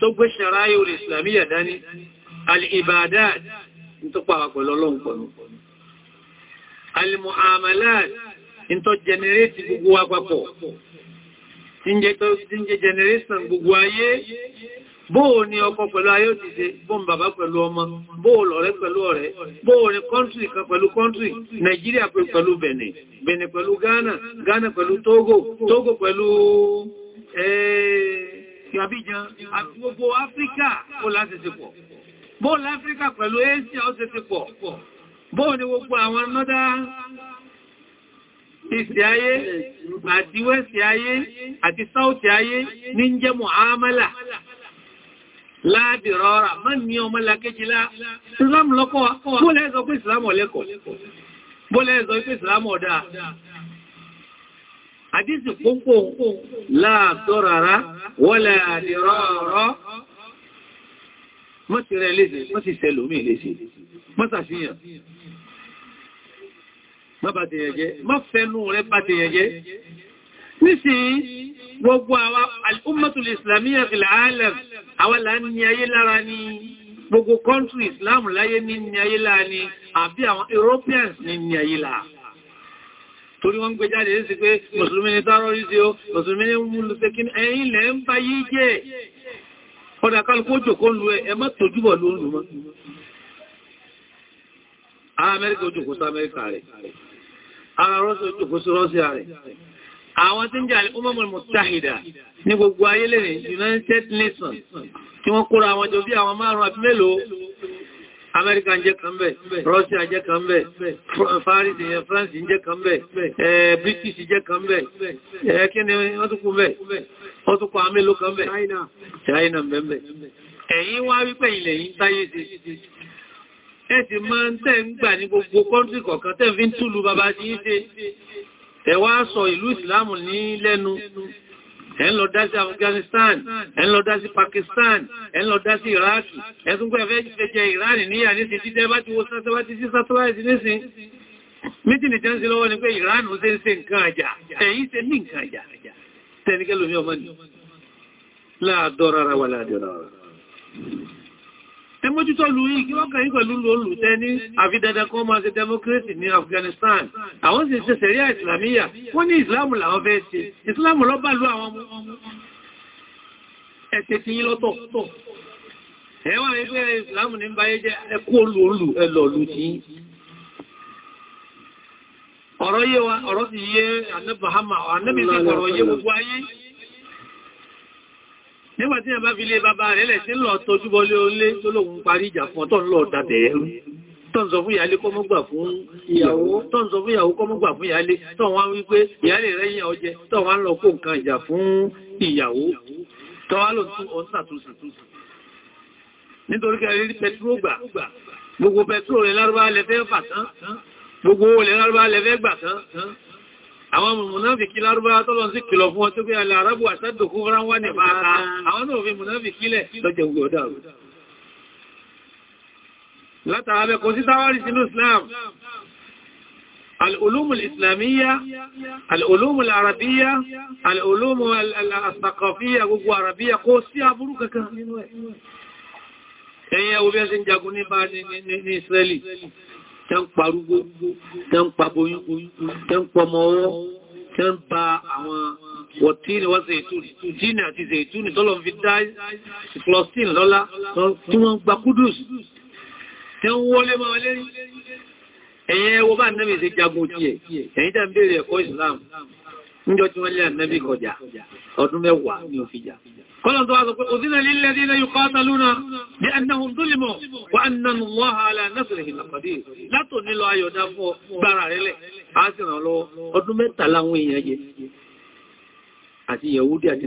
[SPEAKER 1] tó gbé ṣàráyé orí ìsìlámí yà dání al'ibadá tó pàwà pẹ̀lú ọlọ́run pẹ̀lú al-mu'amalat tó jẹnẹrétì gbogbo àpapọ̀ tí ń jẹ jẹnẹrétàn gbogbo ayé bóò ni ọkọ pẹ̀lú ayé ó ti ṣe bóòn bàbá pẹ̀lú ọmọ bóò lọ̀rẹ́ pẹ̀lú ọ̀rẹ́ bóò ni kọ́ntùrì kan pẹ̀lú kọ́ntùrì Nàìjíríà pẹ̀lú Benin Benin pẹ̀lú Ghana Ghana pẹ̀lú Togo Togo pẹ̀lú ẹ̀ẹ́ eh, ti Abidjan àti gbogbo Áfíríkà ó lásìsìpọ̀. Bóòlù Áfíríkà pẹ̀lú Asia ó sẹ́sìpọ̀. Bóòlù ni gbogbo àwọn nọ́dá ìsì ayé àti wẹ́sì ayé àti sáùtì ayé ní ń jẹ́ mọ̀hámẹ́là láàdìrọ̀ ọ̀rà mọ́ ní ọmọ lákéjìlá ìsìlámù lọ́kọ́ bóòlù ẹ̀sọ́ pé ìsìlámù ọ̀lẹ́kọ̀ọ́ bóòlù ẹ̀sọ́ pé ìsìlámù ọ̀dá Àdísì púpọ̀ láàtọ́rara wọ́lẹ̀ àdìrọ́rọ́. Mọ́ ti rẹ léṣe, mọ́ ti sẹlò mí léṣe, mọ́ sàfihàn. Má bá ti yẹn jẹ́, má fẹ́nu rẹ bá ti yẹn jẹ́. Nísìn gbogbo àwa al'ummatul islamiyya fil alam, àwa àbí àwọn Europeans ní ní ayé lára torí wọ́n ń gbé jáde ní sí pé mùsùlùmí ni tárọ́rìsì o mùsùlùmí ni múlùsẹ́kín ẹ̀yìn lẹ́ ń bá yí jẹ́ ọ̀dà kálùkù òjòkó ń lu ẹ ẹ má tójúbọ̀ ló ń lù mọ́ ara amẹ́ríkà òjòkó sí amẹ́ríkà rẹ̀ ara rọ́sì òjòkó sí rọ́síà rẹ̀ àwọn tí ń jẹ́ àlẹ́ Umamul Muttahida ní Amẹ́ríkà ń jẹ́ kan bẹ̀, Russia jẹ́ kan bẹ̀, Paris ìyẹn France ń jẹ́ kan bẹ̀, eh, British jẹ́ kan bẹ̀, eh, kí ni wọ́n tún kú bẹ̀, wọ́n tún kú Amélò kan bẹ̀, China bẹ̀ Ẹ̀yin wá wípé ilẹ̀ yìí táyé ṣe, ẹ ti máa ń tẹ́ ń gbà ní gbogbo kọ́ntì kọ̀ọ̀kan tẹ́ fi ń túlù bàbá ti ń ṣe, ẹ sọ ìlú ìsìlámù ní lẹ́nu ẹ̀ ń lọ dá sí Afghanistan ẹ̀ ń lọ dá sí Pakistan ẹ̀ ń lọ dá sí Iraq ẹ̀ tún gbẹ́ fẹ́ jẹ Iran níyà ní ti dídẹ́ bá ti wo sátáwátí sí sátáwátí nísìn mítìlì jẹ́ ń sí lọ́wọ́ ni pé Iran ó ṣe ń ṣe nǹkan àjà Ẹmójútó lu yìí kí wọ́n kàn yí pẹ̀lú lòlù tẹ́ ní àfi dandan kan máa ṣe democracy ní Afghanistan. Àwọn sì ṣe sẹ̀ríà ìsìlàmíyà, wọ́n ní ìsìláàmù làwọn fẹ́ ṣe, ìsìláàmù lọ bá lú àwọn ọmọ. Ẹ̀ṣẹ̀ ti yí lọ́tọ̀. Ẹwà ẹgbẹ́ ìsìláàmù ní báyé jẹ́ ẹkú olùolù ẹlọ̀lù tí. Ọ̀rọ̀ yé wa, ọ̀rọ̀ sì yé Annabi Muhammad, Annabi sì ọ̀rọ̀ yé gbogbo nígbà tí ẹ̀bá fi lé bàbá rẹ̀ lẹ̀ sí lọ tójúbọ lé olé tó lòun parí ìjà fún ọ̀tọ́ lọ dàbẹ̀ ẹ̀rú tọ́n sọ fún ìyálé kọ́ mọ́ gbà fún ìyàwó tọ́n sọ fún ìyàwó kọ́ mọ́ gbà fún ìyálé tọ́n wá wípé ìyálé rẹ̀ yíyàn ọjẹ́ tọ́n wá ń lọ kó nǹkan ìjà fún ìyàwó tọ́n wá lò tún ọ̀sàtúnsì nítorí kẹrin rí pẹtró gbà gbogbo pẹtró rẹ̀ lárúbá lẹ́fẹ́ fà tán gbogbo olè lárúbá lẹ́fẹ́ gbà tán àwọn mùnáfìkí lárúbáwá tọ́lọ sí kìlọ̀ fún wọn tó gbé alẹ́ arábù àṣádò kó rán wá ní fàára àwọn náà fi mùnáfìkí lẹ̀ lọ́jẹ̀ ògbò ọ̀dáàrù látara bẹ́ kò sí sáwárí sínú Islam العلوم الإسلامية العلوم العربية العلوم الثقافية gbogbo عربية kò sí aburú kankan nínú ẹ̀ ẹ̀yẹ obí ẹ̀sìn jagun ní bá ní Israeli tẹ́ ń pa rúgbó tẹ́ ń pa boyún tẹ́ ń pọmọ ọwọ́ tẹ́ ń pa àwọn wọ̀tíni wọ́n ṣe ìtúni àti ṣe ìtúni tọ́lọ̀ fi dá flostin lọ́lá tí wọ́n gba kudus tẹ́ ń wọlé máa lérí ẹ̀yẹn wọ́n bá nẹ́bẹ̀ẹ́ ṣe jagun tí ẹ̀yìn tẹ́ ń bèèrè ẹ̀kọ́ Islam níjọ́ tí wọ́n lé ànẹ́bí kọjá ọdún mẹ́wàá ni ò fi jà. Kọ́lọ̀ tó wá sọ pé òdínà lílẹ̀ dínà yóò kọ́ tàlúnà bí annahum zulimu wa annanu wọ́n ala nasrihim laqadir látò nílọ ayọ̀dá fún gbára rẹ̀lẹ̀ a sì ràn lọ́wọ́ ọdún mẹ́tàlá àwọn èèyàn jẹ àti Yahudi àti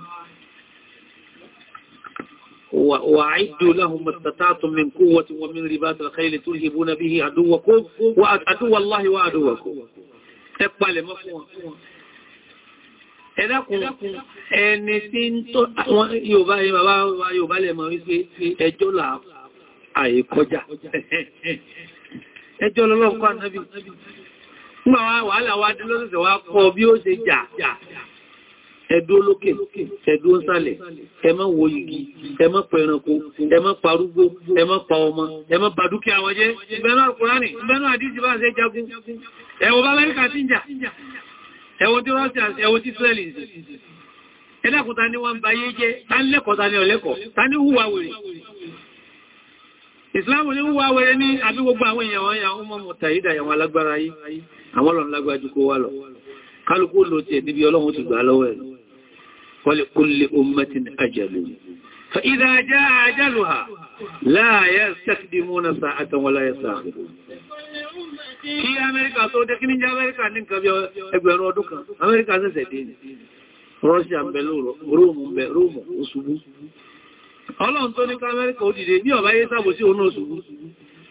[SPEAKER 1] وأعدوا لهم ما استطعتم من قوة ومن رباط الخيل ترهبون به عدوكم وعدو الله وعدوكم تقبل مفهوم ẹ̀dàkùn ẹni tí ń tó àwọn Yorùbá yìí bàbá wa Yorùbá lè mọ̀ wípé ẹjọ́ là àìkọjá ẹjọ́ lọ́lọ́pàá náà wọ́n wà wà láwádìí lọ́sọ̀sẹ̀ kọ bí ó ṣe jà ẹdú olókè ẹdú ọ́sàlẹ̀ ẹmọ́ wo igi ẹmọ́ pẹranko ẹmọ́ parúgbó ẹmọ́ pa ọmọ ẹmọ́ bà dúkìá wọn jẹ́ ìbẹ̀rún àkùránì ìbẹ̀rún àdíjì bá ṣe jagun ẹ̀wọ̀ bá Amẹ́ríkà ti ń jà ẹ̀wọ̀ tí Russia ẹ̀wọ̀ tí Israeli ẹ̀dàkùta ni wọ́n ń bayé jẹ́ ta ń lẹ́kọ̀ọ́ ta ni ọ̀lẹ́kọ̀ọ́ ta ní hùwà wèrè ìsìláàmù ní hùwà wèrè ní àbí gbogbo àwọn èèyàn wọn yàwó mọ́ mọ̀tà ìdà níbi ọlọ́run ti gbà lọ́wọ́ ẹ̀ ولكل أمة أجل فإذا جاء أجلها لا يستخدمون ساعة ولا يستخدمون kí Amẹ́ríkà tó dé kí ní ní nǹkan bí ẹgbẹ̀rún ọdún kan Amẹ́ríkà ṣẹ̀ṣẹ̀ dé ní Russia ń bẹ lóòrọ̀ Róòmù ní ká Amẹ́ríkà ó dìde ní ọ̀báyé sábò òun náà ṣubú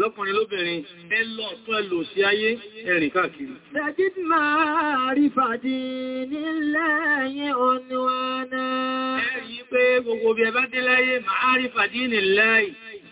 [SPEAKER 1] lọ́kùnrin lóbìnrin ẹlọ́ tó ẹlò sí ayé ẹ̀rìn káàkiri.
[SPEAKER 3] Sajid máa rí fàdí nílẹ̀yìn oníwánáà. Ẹ̀rí
[SPEAKER 1] pé gbogbo bí ẹ bá dé láyé máa rí fàdí nílẹ̀yìn.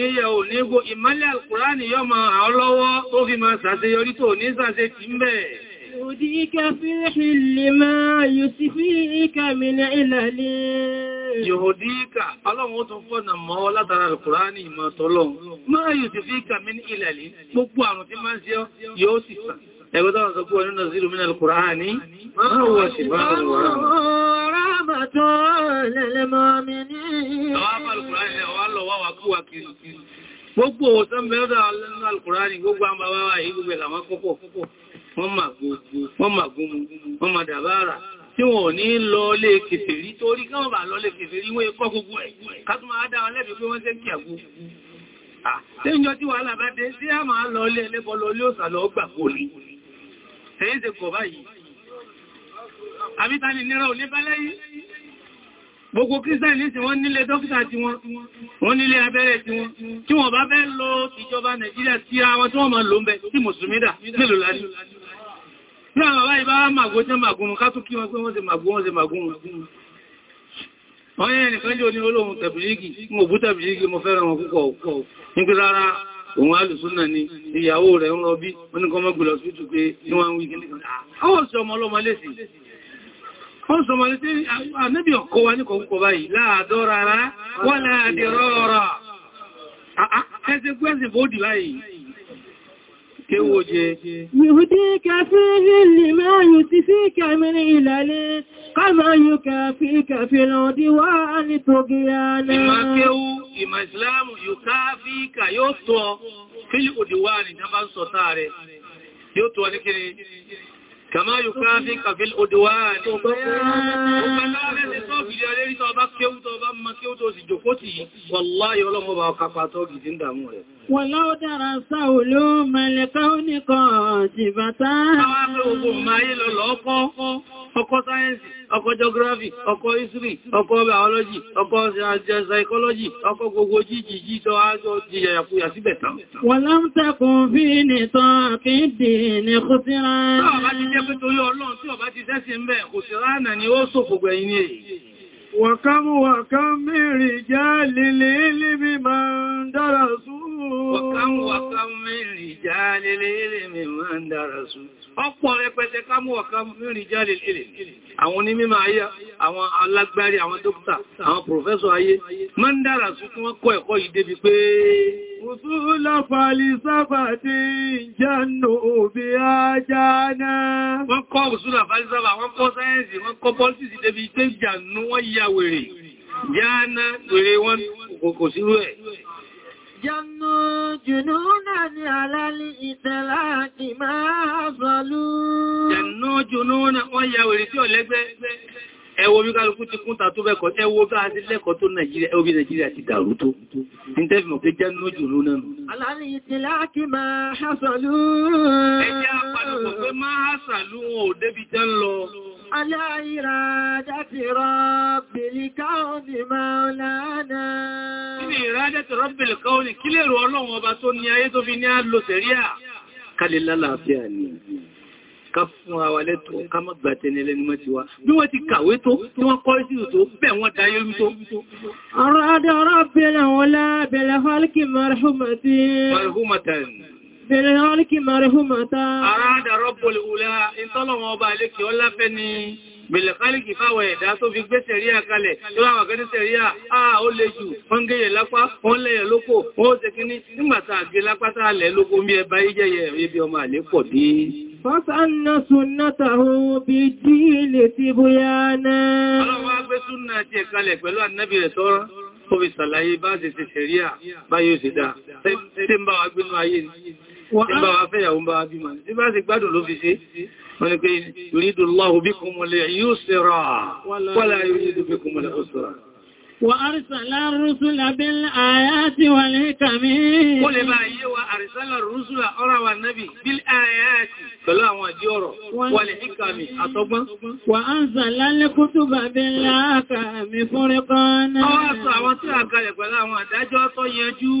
[SPEAKER 1] ní yẹ ò ní gbò ìmọ́lẹ̀ alkùránì yọ ma àwọn lọ́wọ́ tó fi ma ṣàṣeyọrí tó ní ṣàṣe tí ń bẹ̀. Yòdíkà fi hìlì máa yóò ti fi ìkà mi ní ìlàlẹ́. Yòdíkà, ọlọ́run ó tún fọ́nà mọ́ látara alkùránì ìmọ̀ tọ́lọ́run. Máa yóò ti fi ìkà mi ní ìlàlẹ́, gbogbo àrùn tí máa ń ṣe yóò sì sàn ẹgbẹ́ta wọn sọ pé ọ̀nà zílù mínà al-Qur'ani máa wọ́n ṣe bá Gbogbo òwòsán mẹ́rọ́dà alẹ́nà al-Qur'ani gbogbo àmàwàwà yìí gbogbo ìlàmọ́ púpọ̀ púpọ̀ wọ́n mà gúnmù wọ́n mà dàbára tí wọ́n ní lọ lé kèfèrí torí káwọn bà lọ lé kèfèrí wọ́n ikọ́ gbogbo ẹ̀ kátùmọ̀ adáwọn lẹ́bí pé wọ́n tẹ́ kí àgbò Tí ìjọ tí wà lábádé sí àmà lọ lé ẹlẹ́bọ̀ lọ lé òsà lọ gbàgbò ní èyí ṣe kò báyìí àbítani nira ò ní bẹ́lẹ́ yìí gbogbo kírísítà ní sí wọ́n nílé dókítà tí wọ́n wọ́n nílé abẹ́rẹ́ tí wọ́n tí wọ́n bá fẹ́ lo ìjọba Nàìjíríà tí àwọn tí wọ́n máa lò ń bẹ tí mùsùlùmí dà mélòó láti ní àwọn báyìí bá màgbó jẹ́ màgún ká tó kí wọ́n pé wọ́n wọ́n ṣe màgún wọ́n òun alùsúnà ni ìyàwó rẹ̀ ń lọ bí wọ́n ní kọ́ mọ́ gbùlọ̀ sí pé ní wọ́n ń wí gẹ́lẹ́ kan àwọn sọ ọmọ ọlọ́mọ lẹ́sì wọ́n sọ ọmọ lẹ́sì ànẹ́bì ọkọ̀ wa ní
[SPEAKER 3] kọ̀ọ̀kọ̀ Kéwòje. Yùdíkà fi hìlì máa yù ti fi kẹmìrì ìlàlẹ́, kọmọ yù kà fi kàfì lọ́dí wá ní Tògíyànà. Ìmá kéwú,
[SPEAKER 1] ìmá ìsìláàmù yù ká fi kà yóò tọ́ fílì òdìwà ní Kàmá yóò ká fi kàfil òdòwà ní ọgbọ́n
[SPEAKER 3] Wọ̀láwó dára sáwò ló mẹ́lẹ̀ká
[SPEAKER 1] ó nìkan jìbátá. Àwọn akẹ́ ogun máa yí lọ lọ́ọ́kọ́, ọkọ́ sáyẹ́nsì ọkọ̀ geography ọkọ̀ history ọkọ̀ biology ọkọ̀ psychology ọkọ̀ gbogbo jíjì jíjọ ájọ ti yàyàkúyà síbẹ̀ tán.
[SPEAKER 3] wọ́n lámtàkùn fi ní tán kí
[SPEAKER 1] ni ó sòfò gbẹ̀yìn ní èyí.
[SPEAKER 3] وكم وكم من رجال العلم من درسوا
[SPEAKER 1] ọ̀pọ̀ rẹpẹtẹ kámọ̀ kàmìrìn jáde ilẹ̀ àwọn onímọ̀ ayé àwọn alágbárí àwọn dókítà àwọn pòfẹ́sọ̀ ayé máa ń dára sí kí wọ́n kọ́ ẹ̀kọ́ yìí débi pé Òṣúlá fàlìsáfà ti
[SPEAKER 3] jánu òbí ajá náà. Wọ́n
[SPEAKER 1] kọ́ òṣúlá fàlìsáfà, wọ́n kọ́ sáyẹ́nsì, wọ́n
[SPEAKER 3] Jannu jùnúnà ní alali ìtẹ́lá ti máa sọlú. Jannu
[SPEAKER 1] jùnúnà wọ́n ya wèrè tí ó lẹ́gbẹ́. Ẹ wo bí kálukú ti kúnta tó bẹ́kọ̀, ẹ wo bá ti lẹ́kọ̀ọ́ tó Nàìjíríà, obi Nàìjíríà ti dàrú tó. Ní tẹ́fì mọ̀ pé jannu jùnúnà nù.
[SPEAKER 3] Alálì ìtẹ́lá máa sọlú. Ẹ على إرادة رب الكون مولانا Ibi
[SPEAKER 1] ìrádẹ́tì rọ́bìlì kọ́ọ̀lì kí lè rọ ọlọ́run ọba tó ní ayé tó fi ní àlò sẹ̀ríà. Kálè lálàáfíà ni, ká fún àwà lẹ́tọ̀, ká mọ́ gbà tẹni lẹ́ni mọ́ ti wá. Bí wọ́n ti kàwé tó, tí wọ́n kọ́ sí tó, bẹ́ẹ̀ wọ́n dayé rú tó.
[SPEAKER 3] Ọ̀rọ̀ Fẹ̀rẹ̀ ọ́ríkì marhumata. Àrádà
[SPEAKER 1] rọ́pùl ula, ìtọ́lọ̀wọ̀n ọba àlékì ọlá fẹ́ ni Bèlẹ̀kálìkì fáwọ̀ ẹ̀dá tó fi gbé sẹ̀ríà kalẹ̀ tó láwọn àkẹ́dẹ́ sẹ̀ríà, àà ó lè jù, wọ́n gẹ́yẹ lápá, wọ́n lẹ́yẹ lókò, wọ́n ó tẹ́kí ní nígbàtà àgbé lápá tààlẹ̀ lókò mí ẹba ìjẹyẹ ibi ọmọ àlépọ̀ dé.
[SPEAKER 3] Fọ́sánà súnnátà ohun bí jí lè ti bóyá náà
[SPEAKER 1] nígbà wá fẹ́yàwó bá wá bímọ ní bá ti gbádùn ló fi ṣe wọ́n ni pé yuridu Allahu bikumul yusra wala yuridu bikumul usra وأرسل الرسل
[SPEAKER 3] بالآيات والحكم قل ما
[SPEAKER 1] يوى أرسل الرسل أرى والنبي بالآيات كلام وجيورو والحكم أطبا
[SPEAKER 3] وأنزل
[SPEAKER 1] الكتب بالآكام فرقانا أوصى وطلع قال كلام ودجو طيجو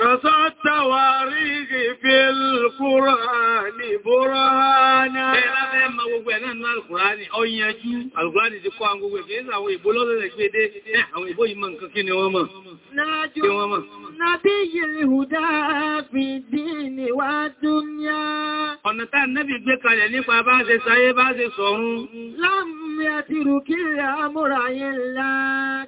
[SPEAKER 1] كسى التواريخ في القرآن برهانا Ẹlẹ́bẹ́ ma gbogbo ẹ̀nà nínú Alkùránì, ó yanjú, Alkùránì ti kọ́ àwọn gbogbo ẹ̀fẹ́ ìsà àwọn ìbò lọ́lọ́lẹ̀ gbé dé, àwọn ìbò yìí mọ̀ nǹkan kí ni wọ́n mọ̀.
[SPEAKER 3] Nájú, nàbí yìí hùdá fi dínì wá dúnyá.
[SPEAKER 1] Ọ̀nà tá nẹ́bì gbé kalẹ̀ nípa bá ṣe sáyé bá ṣe sọ̀run.
[SPEAKER 3] Láàmì
[SPEAKER 1] àti rùkí àmúra yẹn lá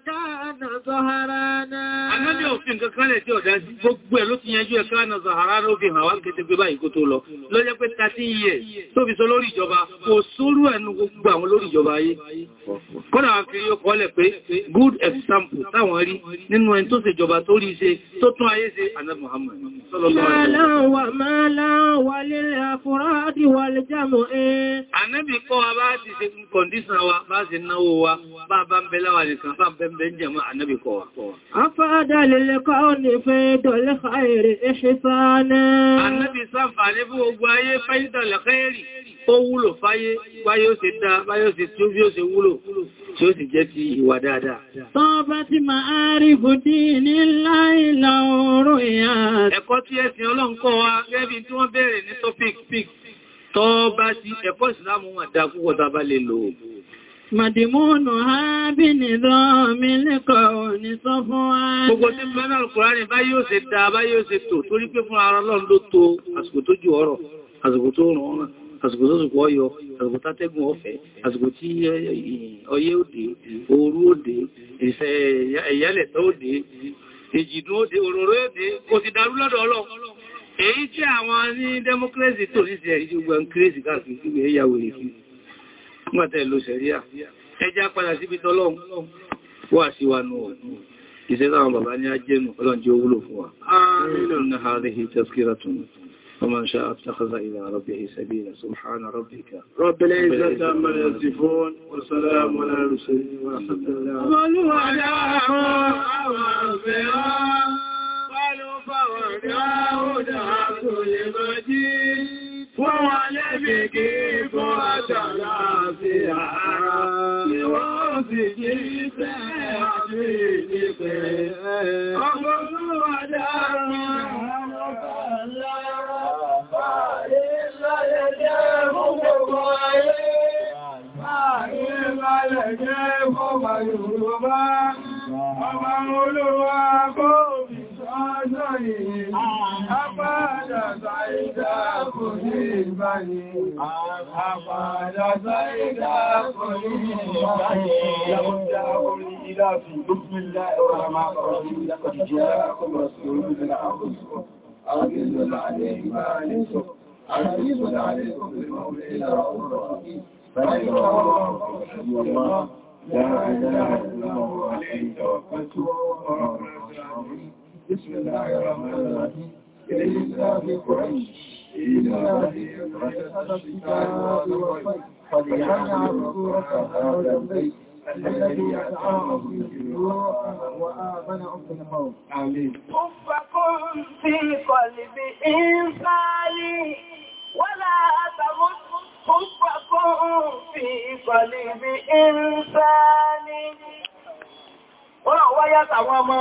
[SPEAKER 1] káà náà sọ́hárá náà. Àmọ́dé òfin kankan lẹ̀ tí ọ̀dá sí gbogbo gbogbo ẹ̀ ló ti yanjú ẹ̀ká ọ̀nà Zahara ló fi hàn wá kété pé báyìí kó tó lọ ló jẹ́ pé 13 years tó fi sọ lórí ìjọba kò sórú ẹnu gbogbo àwọn lórí ìjọba yìí kọ́nà àfi yóò kọ́lẹ̀ pé good example táwọn rí nínú ẹni tó ṣèjọba tó rí ṣe tó tún ayé ṣe Ànábì Muhammad sallallahu
[SPEAKER 3] للخير إحسانا النبي
[SPEAKER 1] صفى لبوغ ayé fáyídàlẹ̀ kẹ́ẹ̀rì ó wúlò fáyé báyé ó sì dá báyé ó sì tí ó bí ó sì wúlò tí ó sì jẹ́ ti ìwà dáadáa.
[SPEAKER 3] Tọ́bá ti máa rí fòdí ní láìlà oòrùn ìyá.
[SPEAKER 1] Ẹ̀kọ́ tí ẹ̀sìn Ọlọ́run kọ́ wa gẹ́bí tí wọ́n bẹ̀rẹ̀ ní topic pic. Tọ́bá ti ẹ̀kọ́ ìsìlámù wọn dá púpọ̀ tàbá lè lò. Màdìmúnù ha bí nìdọ́ mi lẹ́kọ̀ọ́ ní sọ fún wa. Gbogbo tí mẹ́rin Al-Kùránì bá yóò ṣe dáa bá yóò ṣe tò torí pé fún ara Ọlọ́run ló tó àsìkò tó ju ọ̀rọ̀, àsìkò tó rùn ọ̀rọ̀, àsìkò tó sùkú ọyọ, àsìkò tátẹ́gùn ọ̀fẹ́, àsìkò tí ọyẹ́ òde, òru òde, ìfẹ́ ẹ̀yẹ́lẹ̀tọ́ tó sì ṣe ẹ̀rí gbogbo nígbàtẹ̀ ìlú sẹ̀ríà ẹjá padà síbi tọ́lọ́run wà sí wa nù ọ̀dún ìṣẹ́lá àwọn bàbá ní ajẹ́nu ọlọ́njẹ́ owúlò fún wa inna hadhihi tazkiratun ومن شاء اتخذ إلى
[SPEAKER 3] Fún wa lẹ́bí kí fún àjàlá sí ara tí wọ́n sì kí tẹ́ àti ìpẹ̀. Ọgbọ́n ló wà dáadáa. Ọmọ olúwa kọ́ عزيز أفاد زيد قريبني أفاد زيد قريبني يمده الإله في بسم الله الرحمن الرحيم لقد
[SPEAKER 1] جاءكم رسول من أنفسكم عزيز عليه ما علمتم
[SPEAKER 2] عزيز عليكم بالمولى رؤوف رحيم فإن الله لا إله إلا هو عليه توكلت وهو رب العالمين بسم الله الرحمن الرحيم إلينا بقريش إلى ذي الشتاء والصيف فليعلم سورة هذا البيت الذي أنعمهم من جوع وآمنهم من خوف
[SPEAKER 3] آمين خفكم في قلبهم خالي ولا تمت خفكم في قلب إنسان Ọlọ́run wáyá tàwọn ọmọ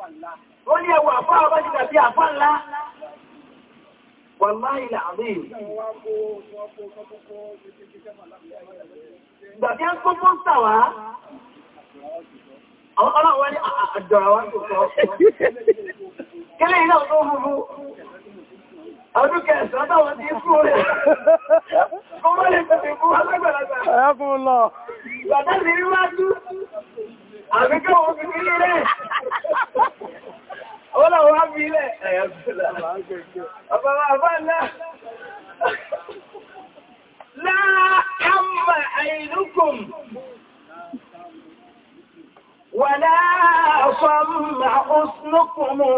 [SPEAKER 3] ó ní ẹwà àfá àbájídà sí àfá ńlá wàláhì làárín ìgbàtí a ń kó mọ́sà wá ọlọ́wọ́ ní àjọ̀rà wá tó sọ kílẹ̀ iná tó hùrù ọdún kẹsàn-án táwọn ti fún rẹ̀ kọmọ́lẹ̀ tó ti fún alágbàlagbà ẹ̀kùn lọ ìgbàtí Àbíkẹ́ òun fi sílé rẹ̀. Ó làwọn á fi ilẹ̀. Àbára àbá náà. kàmà àìlúkùn.
[SPEAKER 2] Wàlá àfọ́mà
[SPEAKER 3] òsùnúkùn mú.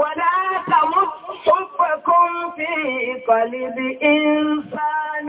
[SPEAKER 3] ولا تمت حبكم في قلب إنسان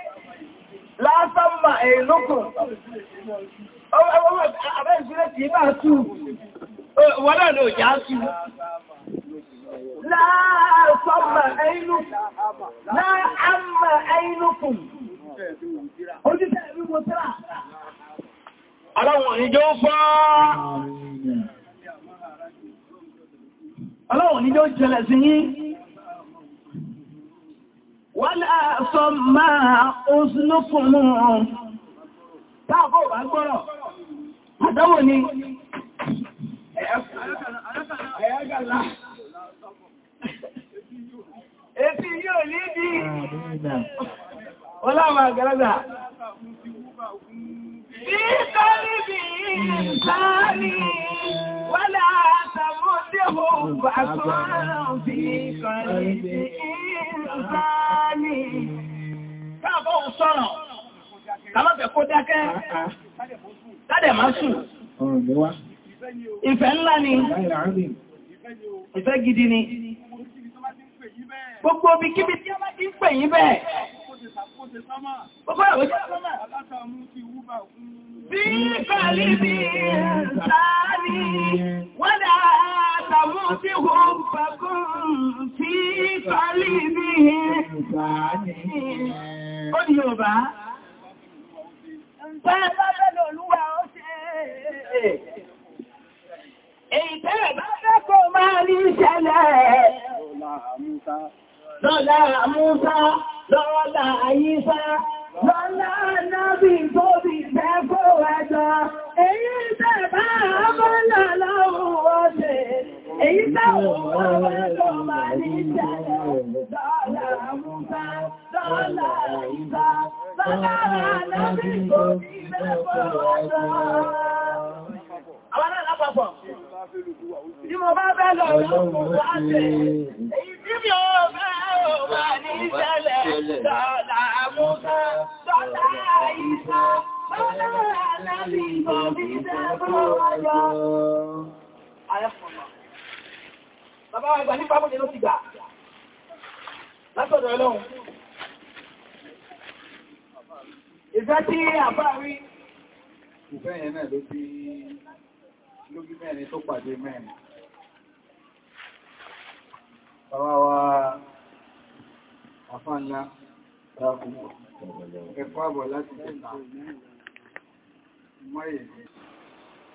[SPEAKER 3] láàtàmà èlókùn abẹ́ ìsúlẹ̀ tí máa tú wọ́n náà ló já tú láàtàmà èlókùn ojútẹ́ ìlú mo tíra aláwọn ìjọ fọ́ aláwọn ìjọ jẹlẹ̀ sí yí wọ́lá sọ máa oṣùlùkùnmù táàbọ̀ wà gbọ́rọ̀ àdánwò ni ẹ̀yàgàlá ètí yóò ní bí ọláwà àgbàlagbà Títọ́rí bí ìsáàrí wọ́lá àtàmọ́dé hù bàtọ́ àrùn bí kọ̀rọ̀ ìsáàrí táàbọ̀ ń sọ̀rọ̀ kàlọ́bẹ̀ kó dákẹ́ tádẹ̀ máa sùn ìfẹ́ ńlá ni ìfẹ́ gidi ni gbogbo omi kíbi tí a bá ti ń pè yín bẹ́ẹ̀ gbogbo ẹ̀wọ́ bí kàlí bí sáàní wọ́n dá àtàmú tí ó ń pàkún tí kàlí bí sáàní Ó ní Yorùbá. Bẹ́ẹ̀ bá bẹ́ẹ̀ olúwa ó ṣe èyí tẹ́rẹ̀ bá lẹ́kọ̀ máa rí ìṣẹ̀lẹ̀. Lọ́lá Músá, lọ́lá Àyíṣá, lọ́lá Nábì tó bí bẹ́ẹ̀kọ́ ẹjọ́, èyí tẹ́rẹ̀ bá bọ́lá lọ́rùn ọdẹ̀ èyí táwọn ọmọ tó máa ní ìṣẹ̀lẹ̀ dọ́là àmúta dọ́là ìta dọ́là àlábí kò ní ìfẹ́fọ́ ọ̀dọ́. Àwọn náà lápapọ̀, tí mo bá bẹ́ lọ lọ́pọ̀ wá tẹ̀, èyí tí mi ò bẹ́ ò máa ní ìṣẹ̀lẹ̀ dọ́là àmúta dọ́là ìta dọ́là àlábí kò ní ìfẹ́fọ́ ọ̀dọ́ bàbá wa ìgbà nípa mọ́jẹ ló ti gbà látọ̀dọ̀ ọlọ́run ìfẹ́ tí àfáà rí ìfẹ́
[SPEAKER 1] yẹn náà ló bí lóbi mẹ́rin tó pàdé mẹ́rin bàbá wa àfáà ńlá ẹ̀kọ́ àbọ̀ láti jẹta
[SPEAKER 3] mọ́ èdè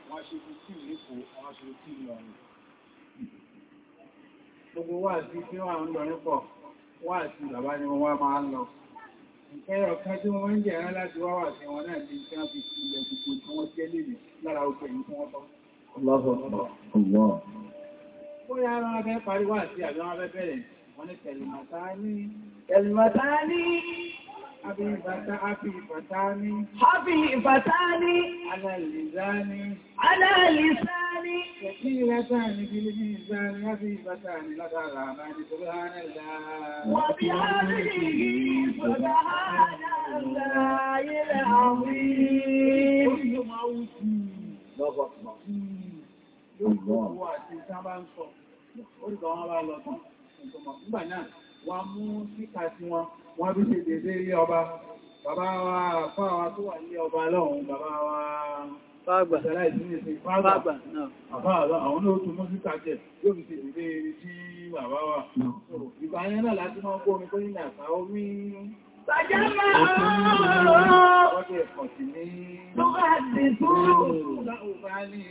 [SPEAKER 3] wọ́n ṣe fi tí ìlú kò àwọn ṣe fi tí ìlú gbogbo wà sí tí wà ń lọ nípọ̀ wà sí bàbá ni wọ́n wá máa lọ ìkẹyọ̀ kan tí wọ́n ń jẹ̀rán láti wá wà sí wọn náà di ìṣẹ́ fi sí ilẹ̀ gbogbo tí wọ́n jẹ́ lè lára oko èyí tí wọ́n tọ́ Bóyá ara fẹ́ parí wà sí àbí fẹ́ bẹ̀rẹ̀ wọn ní Hafi ìfàtáni. Hafi ìfàtáni. Alàlìsáni. Alàlìsáni. Kẹ̀kí ìrẹta ní gílé ní ìsáni, hafi ìfàtáni látara máa ní tó bá nílá. Wà bí hafi ìgbì sọ́dá hánàlá ilẹ̀ àwí. Ó yíò máa wú sí lọ́gbọ̀pọ̀. Yóò wà tí sábà ń sọ. Ó wọ́n bí ṣe dédé ilé ọba bàbá wa fáwa tó wà ní ọba lọ́hun bàbá wa
[SPEAKER 1] fáàgbà àwọn olóòtú mọ́síkà jẹ́ yóò fi ṣe dédé ilé
[SPEAKER 3] tí bàbá wa ìgbà yẹn náà láti máa kó omi kó ní àṣà omi Bàjámà ọ̀rọ̀
[SPEAKER 2] ọ̀rọ̀ Bùhàdì fún
[SPEAKER 3] Bùhàdì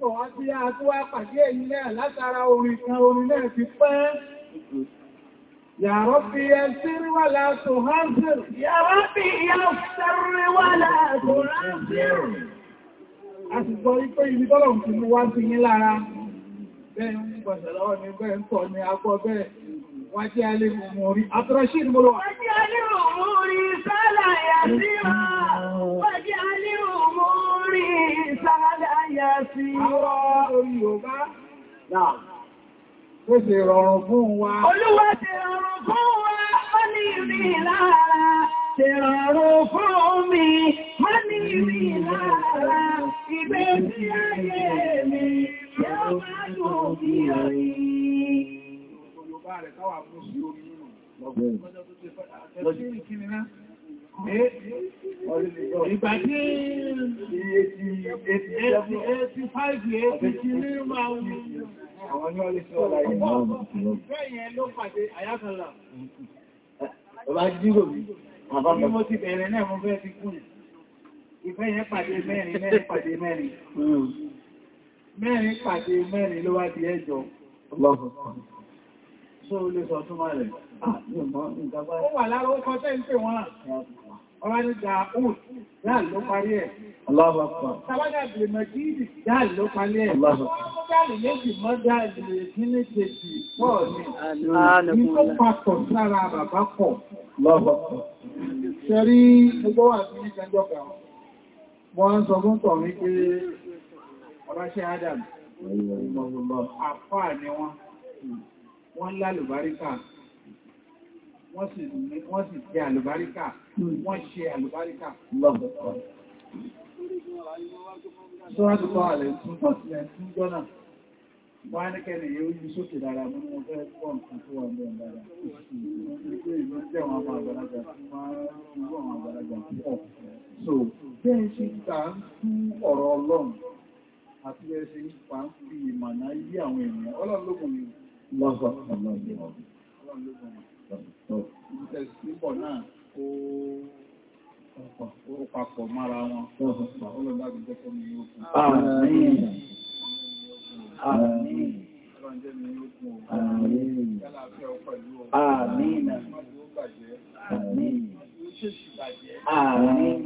[SPEAKER 3] Ya Rabbi, sí àtúwà pàdé èyí náà látara orin kan orin náà ti pẹ́. يا ربي يسر ولا تهزر يا ربي يسر ولا تهزر Àṣìgbọ́ ipé ibi tọ́lọ̀ ti mú wá sí yín lára, bẹ́ẹ̀ ń gbọ̀sẹ̀ lọ́wọ́ ní bẹ́ẹ̀ ń tọ́ ní agbọ́ bẹ́ẹ̀ wá mo lọ wà. Wá jẹ́ alé mú orí sálà yà já sí orí Yorùbá náà tó ṣe rọrùn fún wa. Olúwa ṣe rọrùn fún wa, ó ní ìrìn lára,
[SPEAKER 1] ṣe rọrùn
[SPEAKER 3] fún mi, ó ní ìrìn lára, ìgbé sí ayé mi, yóò máa dùn bí orí. Olùbá rẹ̀ káwà fún sí orí nínú. Lọ́gbẹ̀rẹ̀. Ìgbà tí ẹ̀sì fáìfì ẹ̀sì ti ní máa wù àwọn ní ọlé sí ọ̀la ìlú ọ̀rọ̀. Bẹ́yẹn ló pàdé àyákanlá. Ọba jírò mi, àbábọ̀. Mo ti bẹ̀rẹ̀ náà mo fẹ́ fi kún. Ìfẹ́yẹn pàdé mẹ́rin mẹ́rin pàdé mẹ́rin.
[SPEAKER 1] Hmm. Mẹ́rin pàdé mẹ́rin ló wá di ẹjọ. Ṣé o lè sọ túnmà rẹ̀? Ah, ó
[SPEAKER 3] wà lára ó kọ́ tẹ́ ń pè wọ́n ọwá ní Dàúd dáà ló parí ẹ̀.
[SPEAKER 1] Allahu Akbar.
[SPEAKER 3] Tàbádà ìbìlẹ̀ Mẹ̀kìdì dáà ló parí ẹ̀. Allahu Akbar. Dáàlì méjì mọ́dá ìbìlẹ̀ ìdílé kejì pọ̀ ní ìtọ́ papọ̀ sára bàbá pọ̀. Allahu Akbar. Ṣẹ̀rí gbogbo wà sí ìjọjọ́ kan. Wọ́n ń sọ fún tọ̀ mí pé ọ̀rọ̀ṣẹ́ Adam. Àfáà ni wọ́n.
[SPEAKER 1] Wọ́n lálùbáríkà wọ́n sì ṣe àlùbáríkà wọ́n ṣe àlùbáríkà lọ́gbọ̀kọ́. Sọ́rọ̀tù kọ́ àlẹ̀ tún
[SPEAKER 3] tọ́sílẹ̀ tún jọ́nà wọ́n ní kẹ́lẹ̀ yóò yí sókè dára mú wọn fẹ́ pọ̀ nǹkan tó So, bẹ́ẹ̀ ṣe ń ta ń fún ọ̀rọ̀ Ọlọ́run àti bẹ́ẹ̀ ṣe ń fi ìmọ̀nà yí àwọn ènìyàn. Ọlọ́run ló kùn lọ́gbọ̀n. Ìpọ̀ náà kó papọ̀ mára wọn. Ọlọ́gbà gbogbo kọ́ mi yóò fún.
[SPEAKER 2] Àmín. Àmín.
[SPEAKER 3] Àmín. Àmín. Ààrin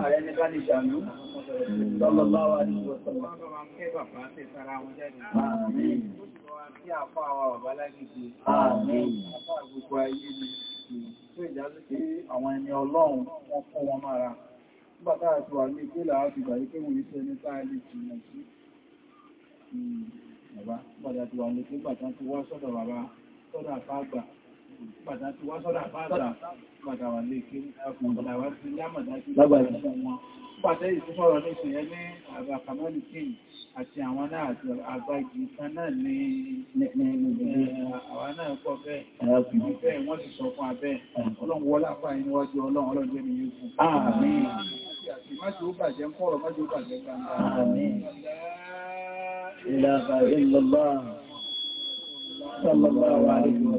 [SPEAKER 3] ààrẹ ní bá ní ṣàánú, lọ́lọ́lọ́wà ní ìwọ̀sán. Ààrin. Kí àfá àwọn ọ̀bá lágbègbè. Ààrin. Àfá àgbogbo ayé ni. Tó ìjázú pé àwọn ẹni ọlọ́run wọ́n fún wọn mára. Nígbà táà tí wà ní ìpínlẹ̀ àti ìgbàrí pé wọ́n ní sí ẹni táà lè
[SPEAKER 1] jìnà sí. Bàbá, nígbà tí wà ní ìpínlẹ̀ àti wọ́n sọ́dọ̀ bàbá, sọ́dọ̀ àfá
[SPEAKER 3] pàtàkì wá sọ́dà bàtà
[SPEAKER 1] pàtàwà lè kí àkùnbàwà sí lámàdájú lágbàájú wọn pàtẹ́ ìsúnfọ́rọ̀ ní ìṣẹ̀yẹ́ ní àbà kamali
[SPEAKER 3] king àti àwọn náà àti àgbàjì kan náà ní àwọn náà pọ̀ bẹ́ẹ̀ ibi bẹ́ẹ̀ wọ́n ti sọ fún abẹ́ ọlọ́run wọlá fà níwájú ọlọ́run ọlọ́run jẹ́ mi yóò fún àmín àti májú ó bàjẹ́ ń kọ́rọ̀ májú ó bàjẹ́ gbangba
[SPEAKER 2] sallallahu alaihi
[SPEAKER 3] wa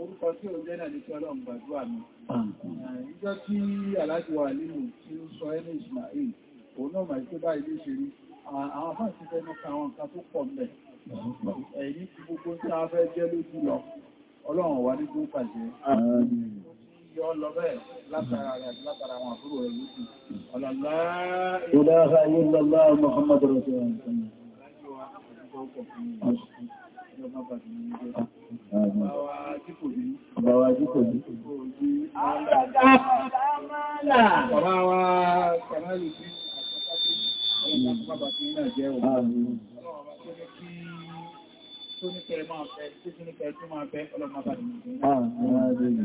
[SPEAKER 3] Orúkọ tí ó jẹ́ náà ní kí ọlọ́run gbàdúrà mi. Ìjọ́ tí aláàjúwà nínú tí ó sọ ẹnu Ismail, òun náà máa tó bá ilé ṣe rí, àwọn fáà ti
[SPEAKER 1] fẹ́nu ka àwọn nǹkan tó pọ̀ mẹ́. Ẹ̀yí ti gbogbo tí a fẹ́ jẹ́ lójú lọ,
[SPEAKER 3] ọlọ́run wà ní gbogbo pàṣẹ. Yọ́ lọ bẹ́ẹ̀ látara rẹ̀ látara àwọn àbúrò
[SPEAKER 2] Bàbá wa jí kò jí. Bàbá
[SPEAKER 3] wa kàmálù sí bàbá tí náà jẹ́ òun. Ọlọ́run tó ní kí tó ní kẹrẹ máa fẹ́, tó
[SPEAKER 2] bàbá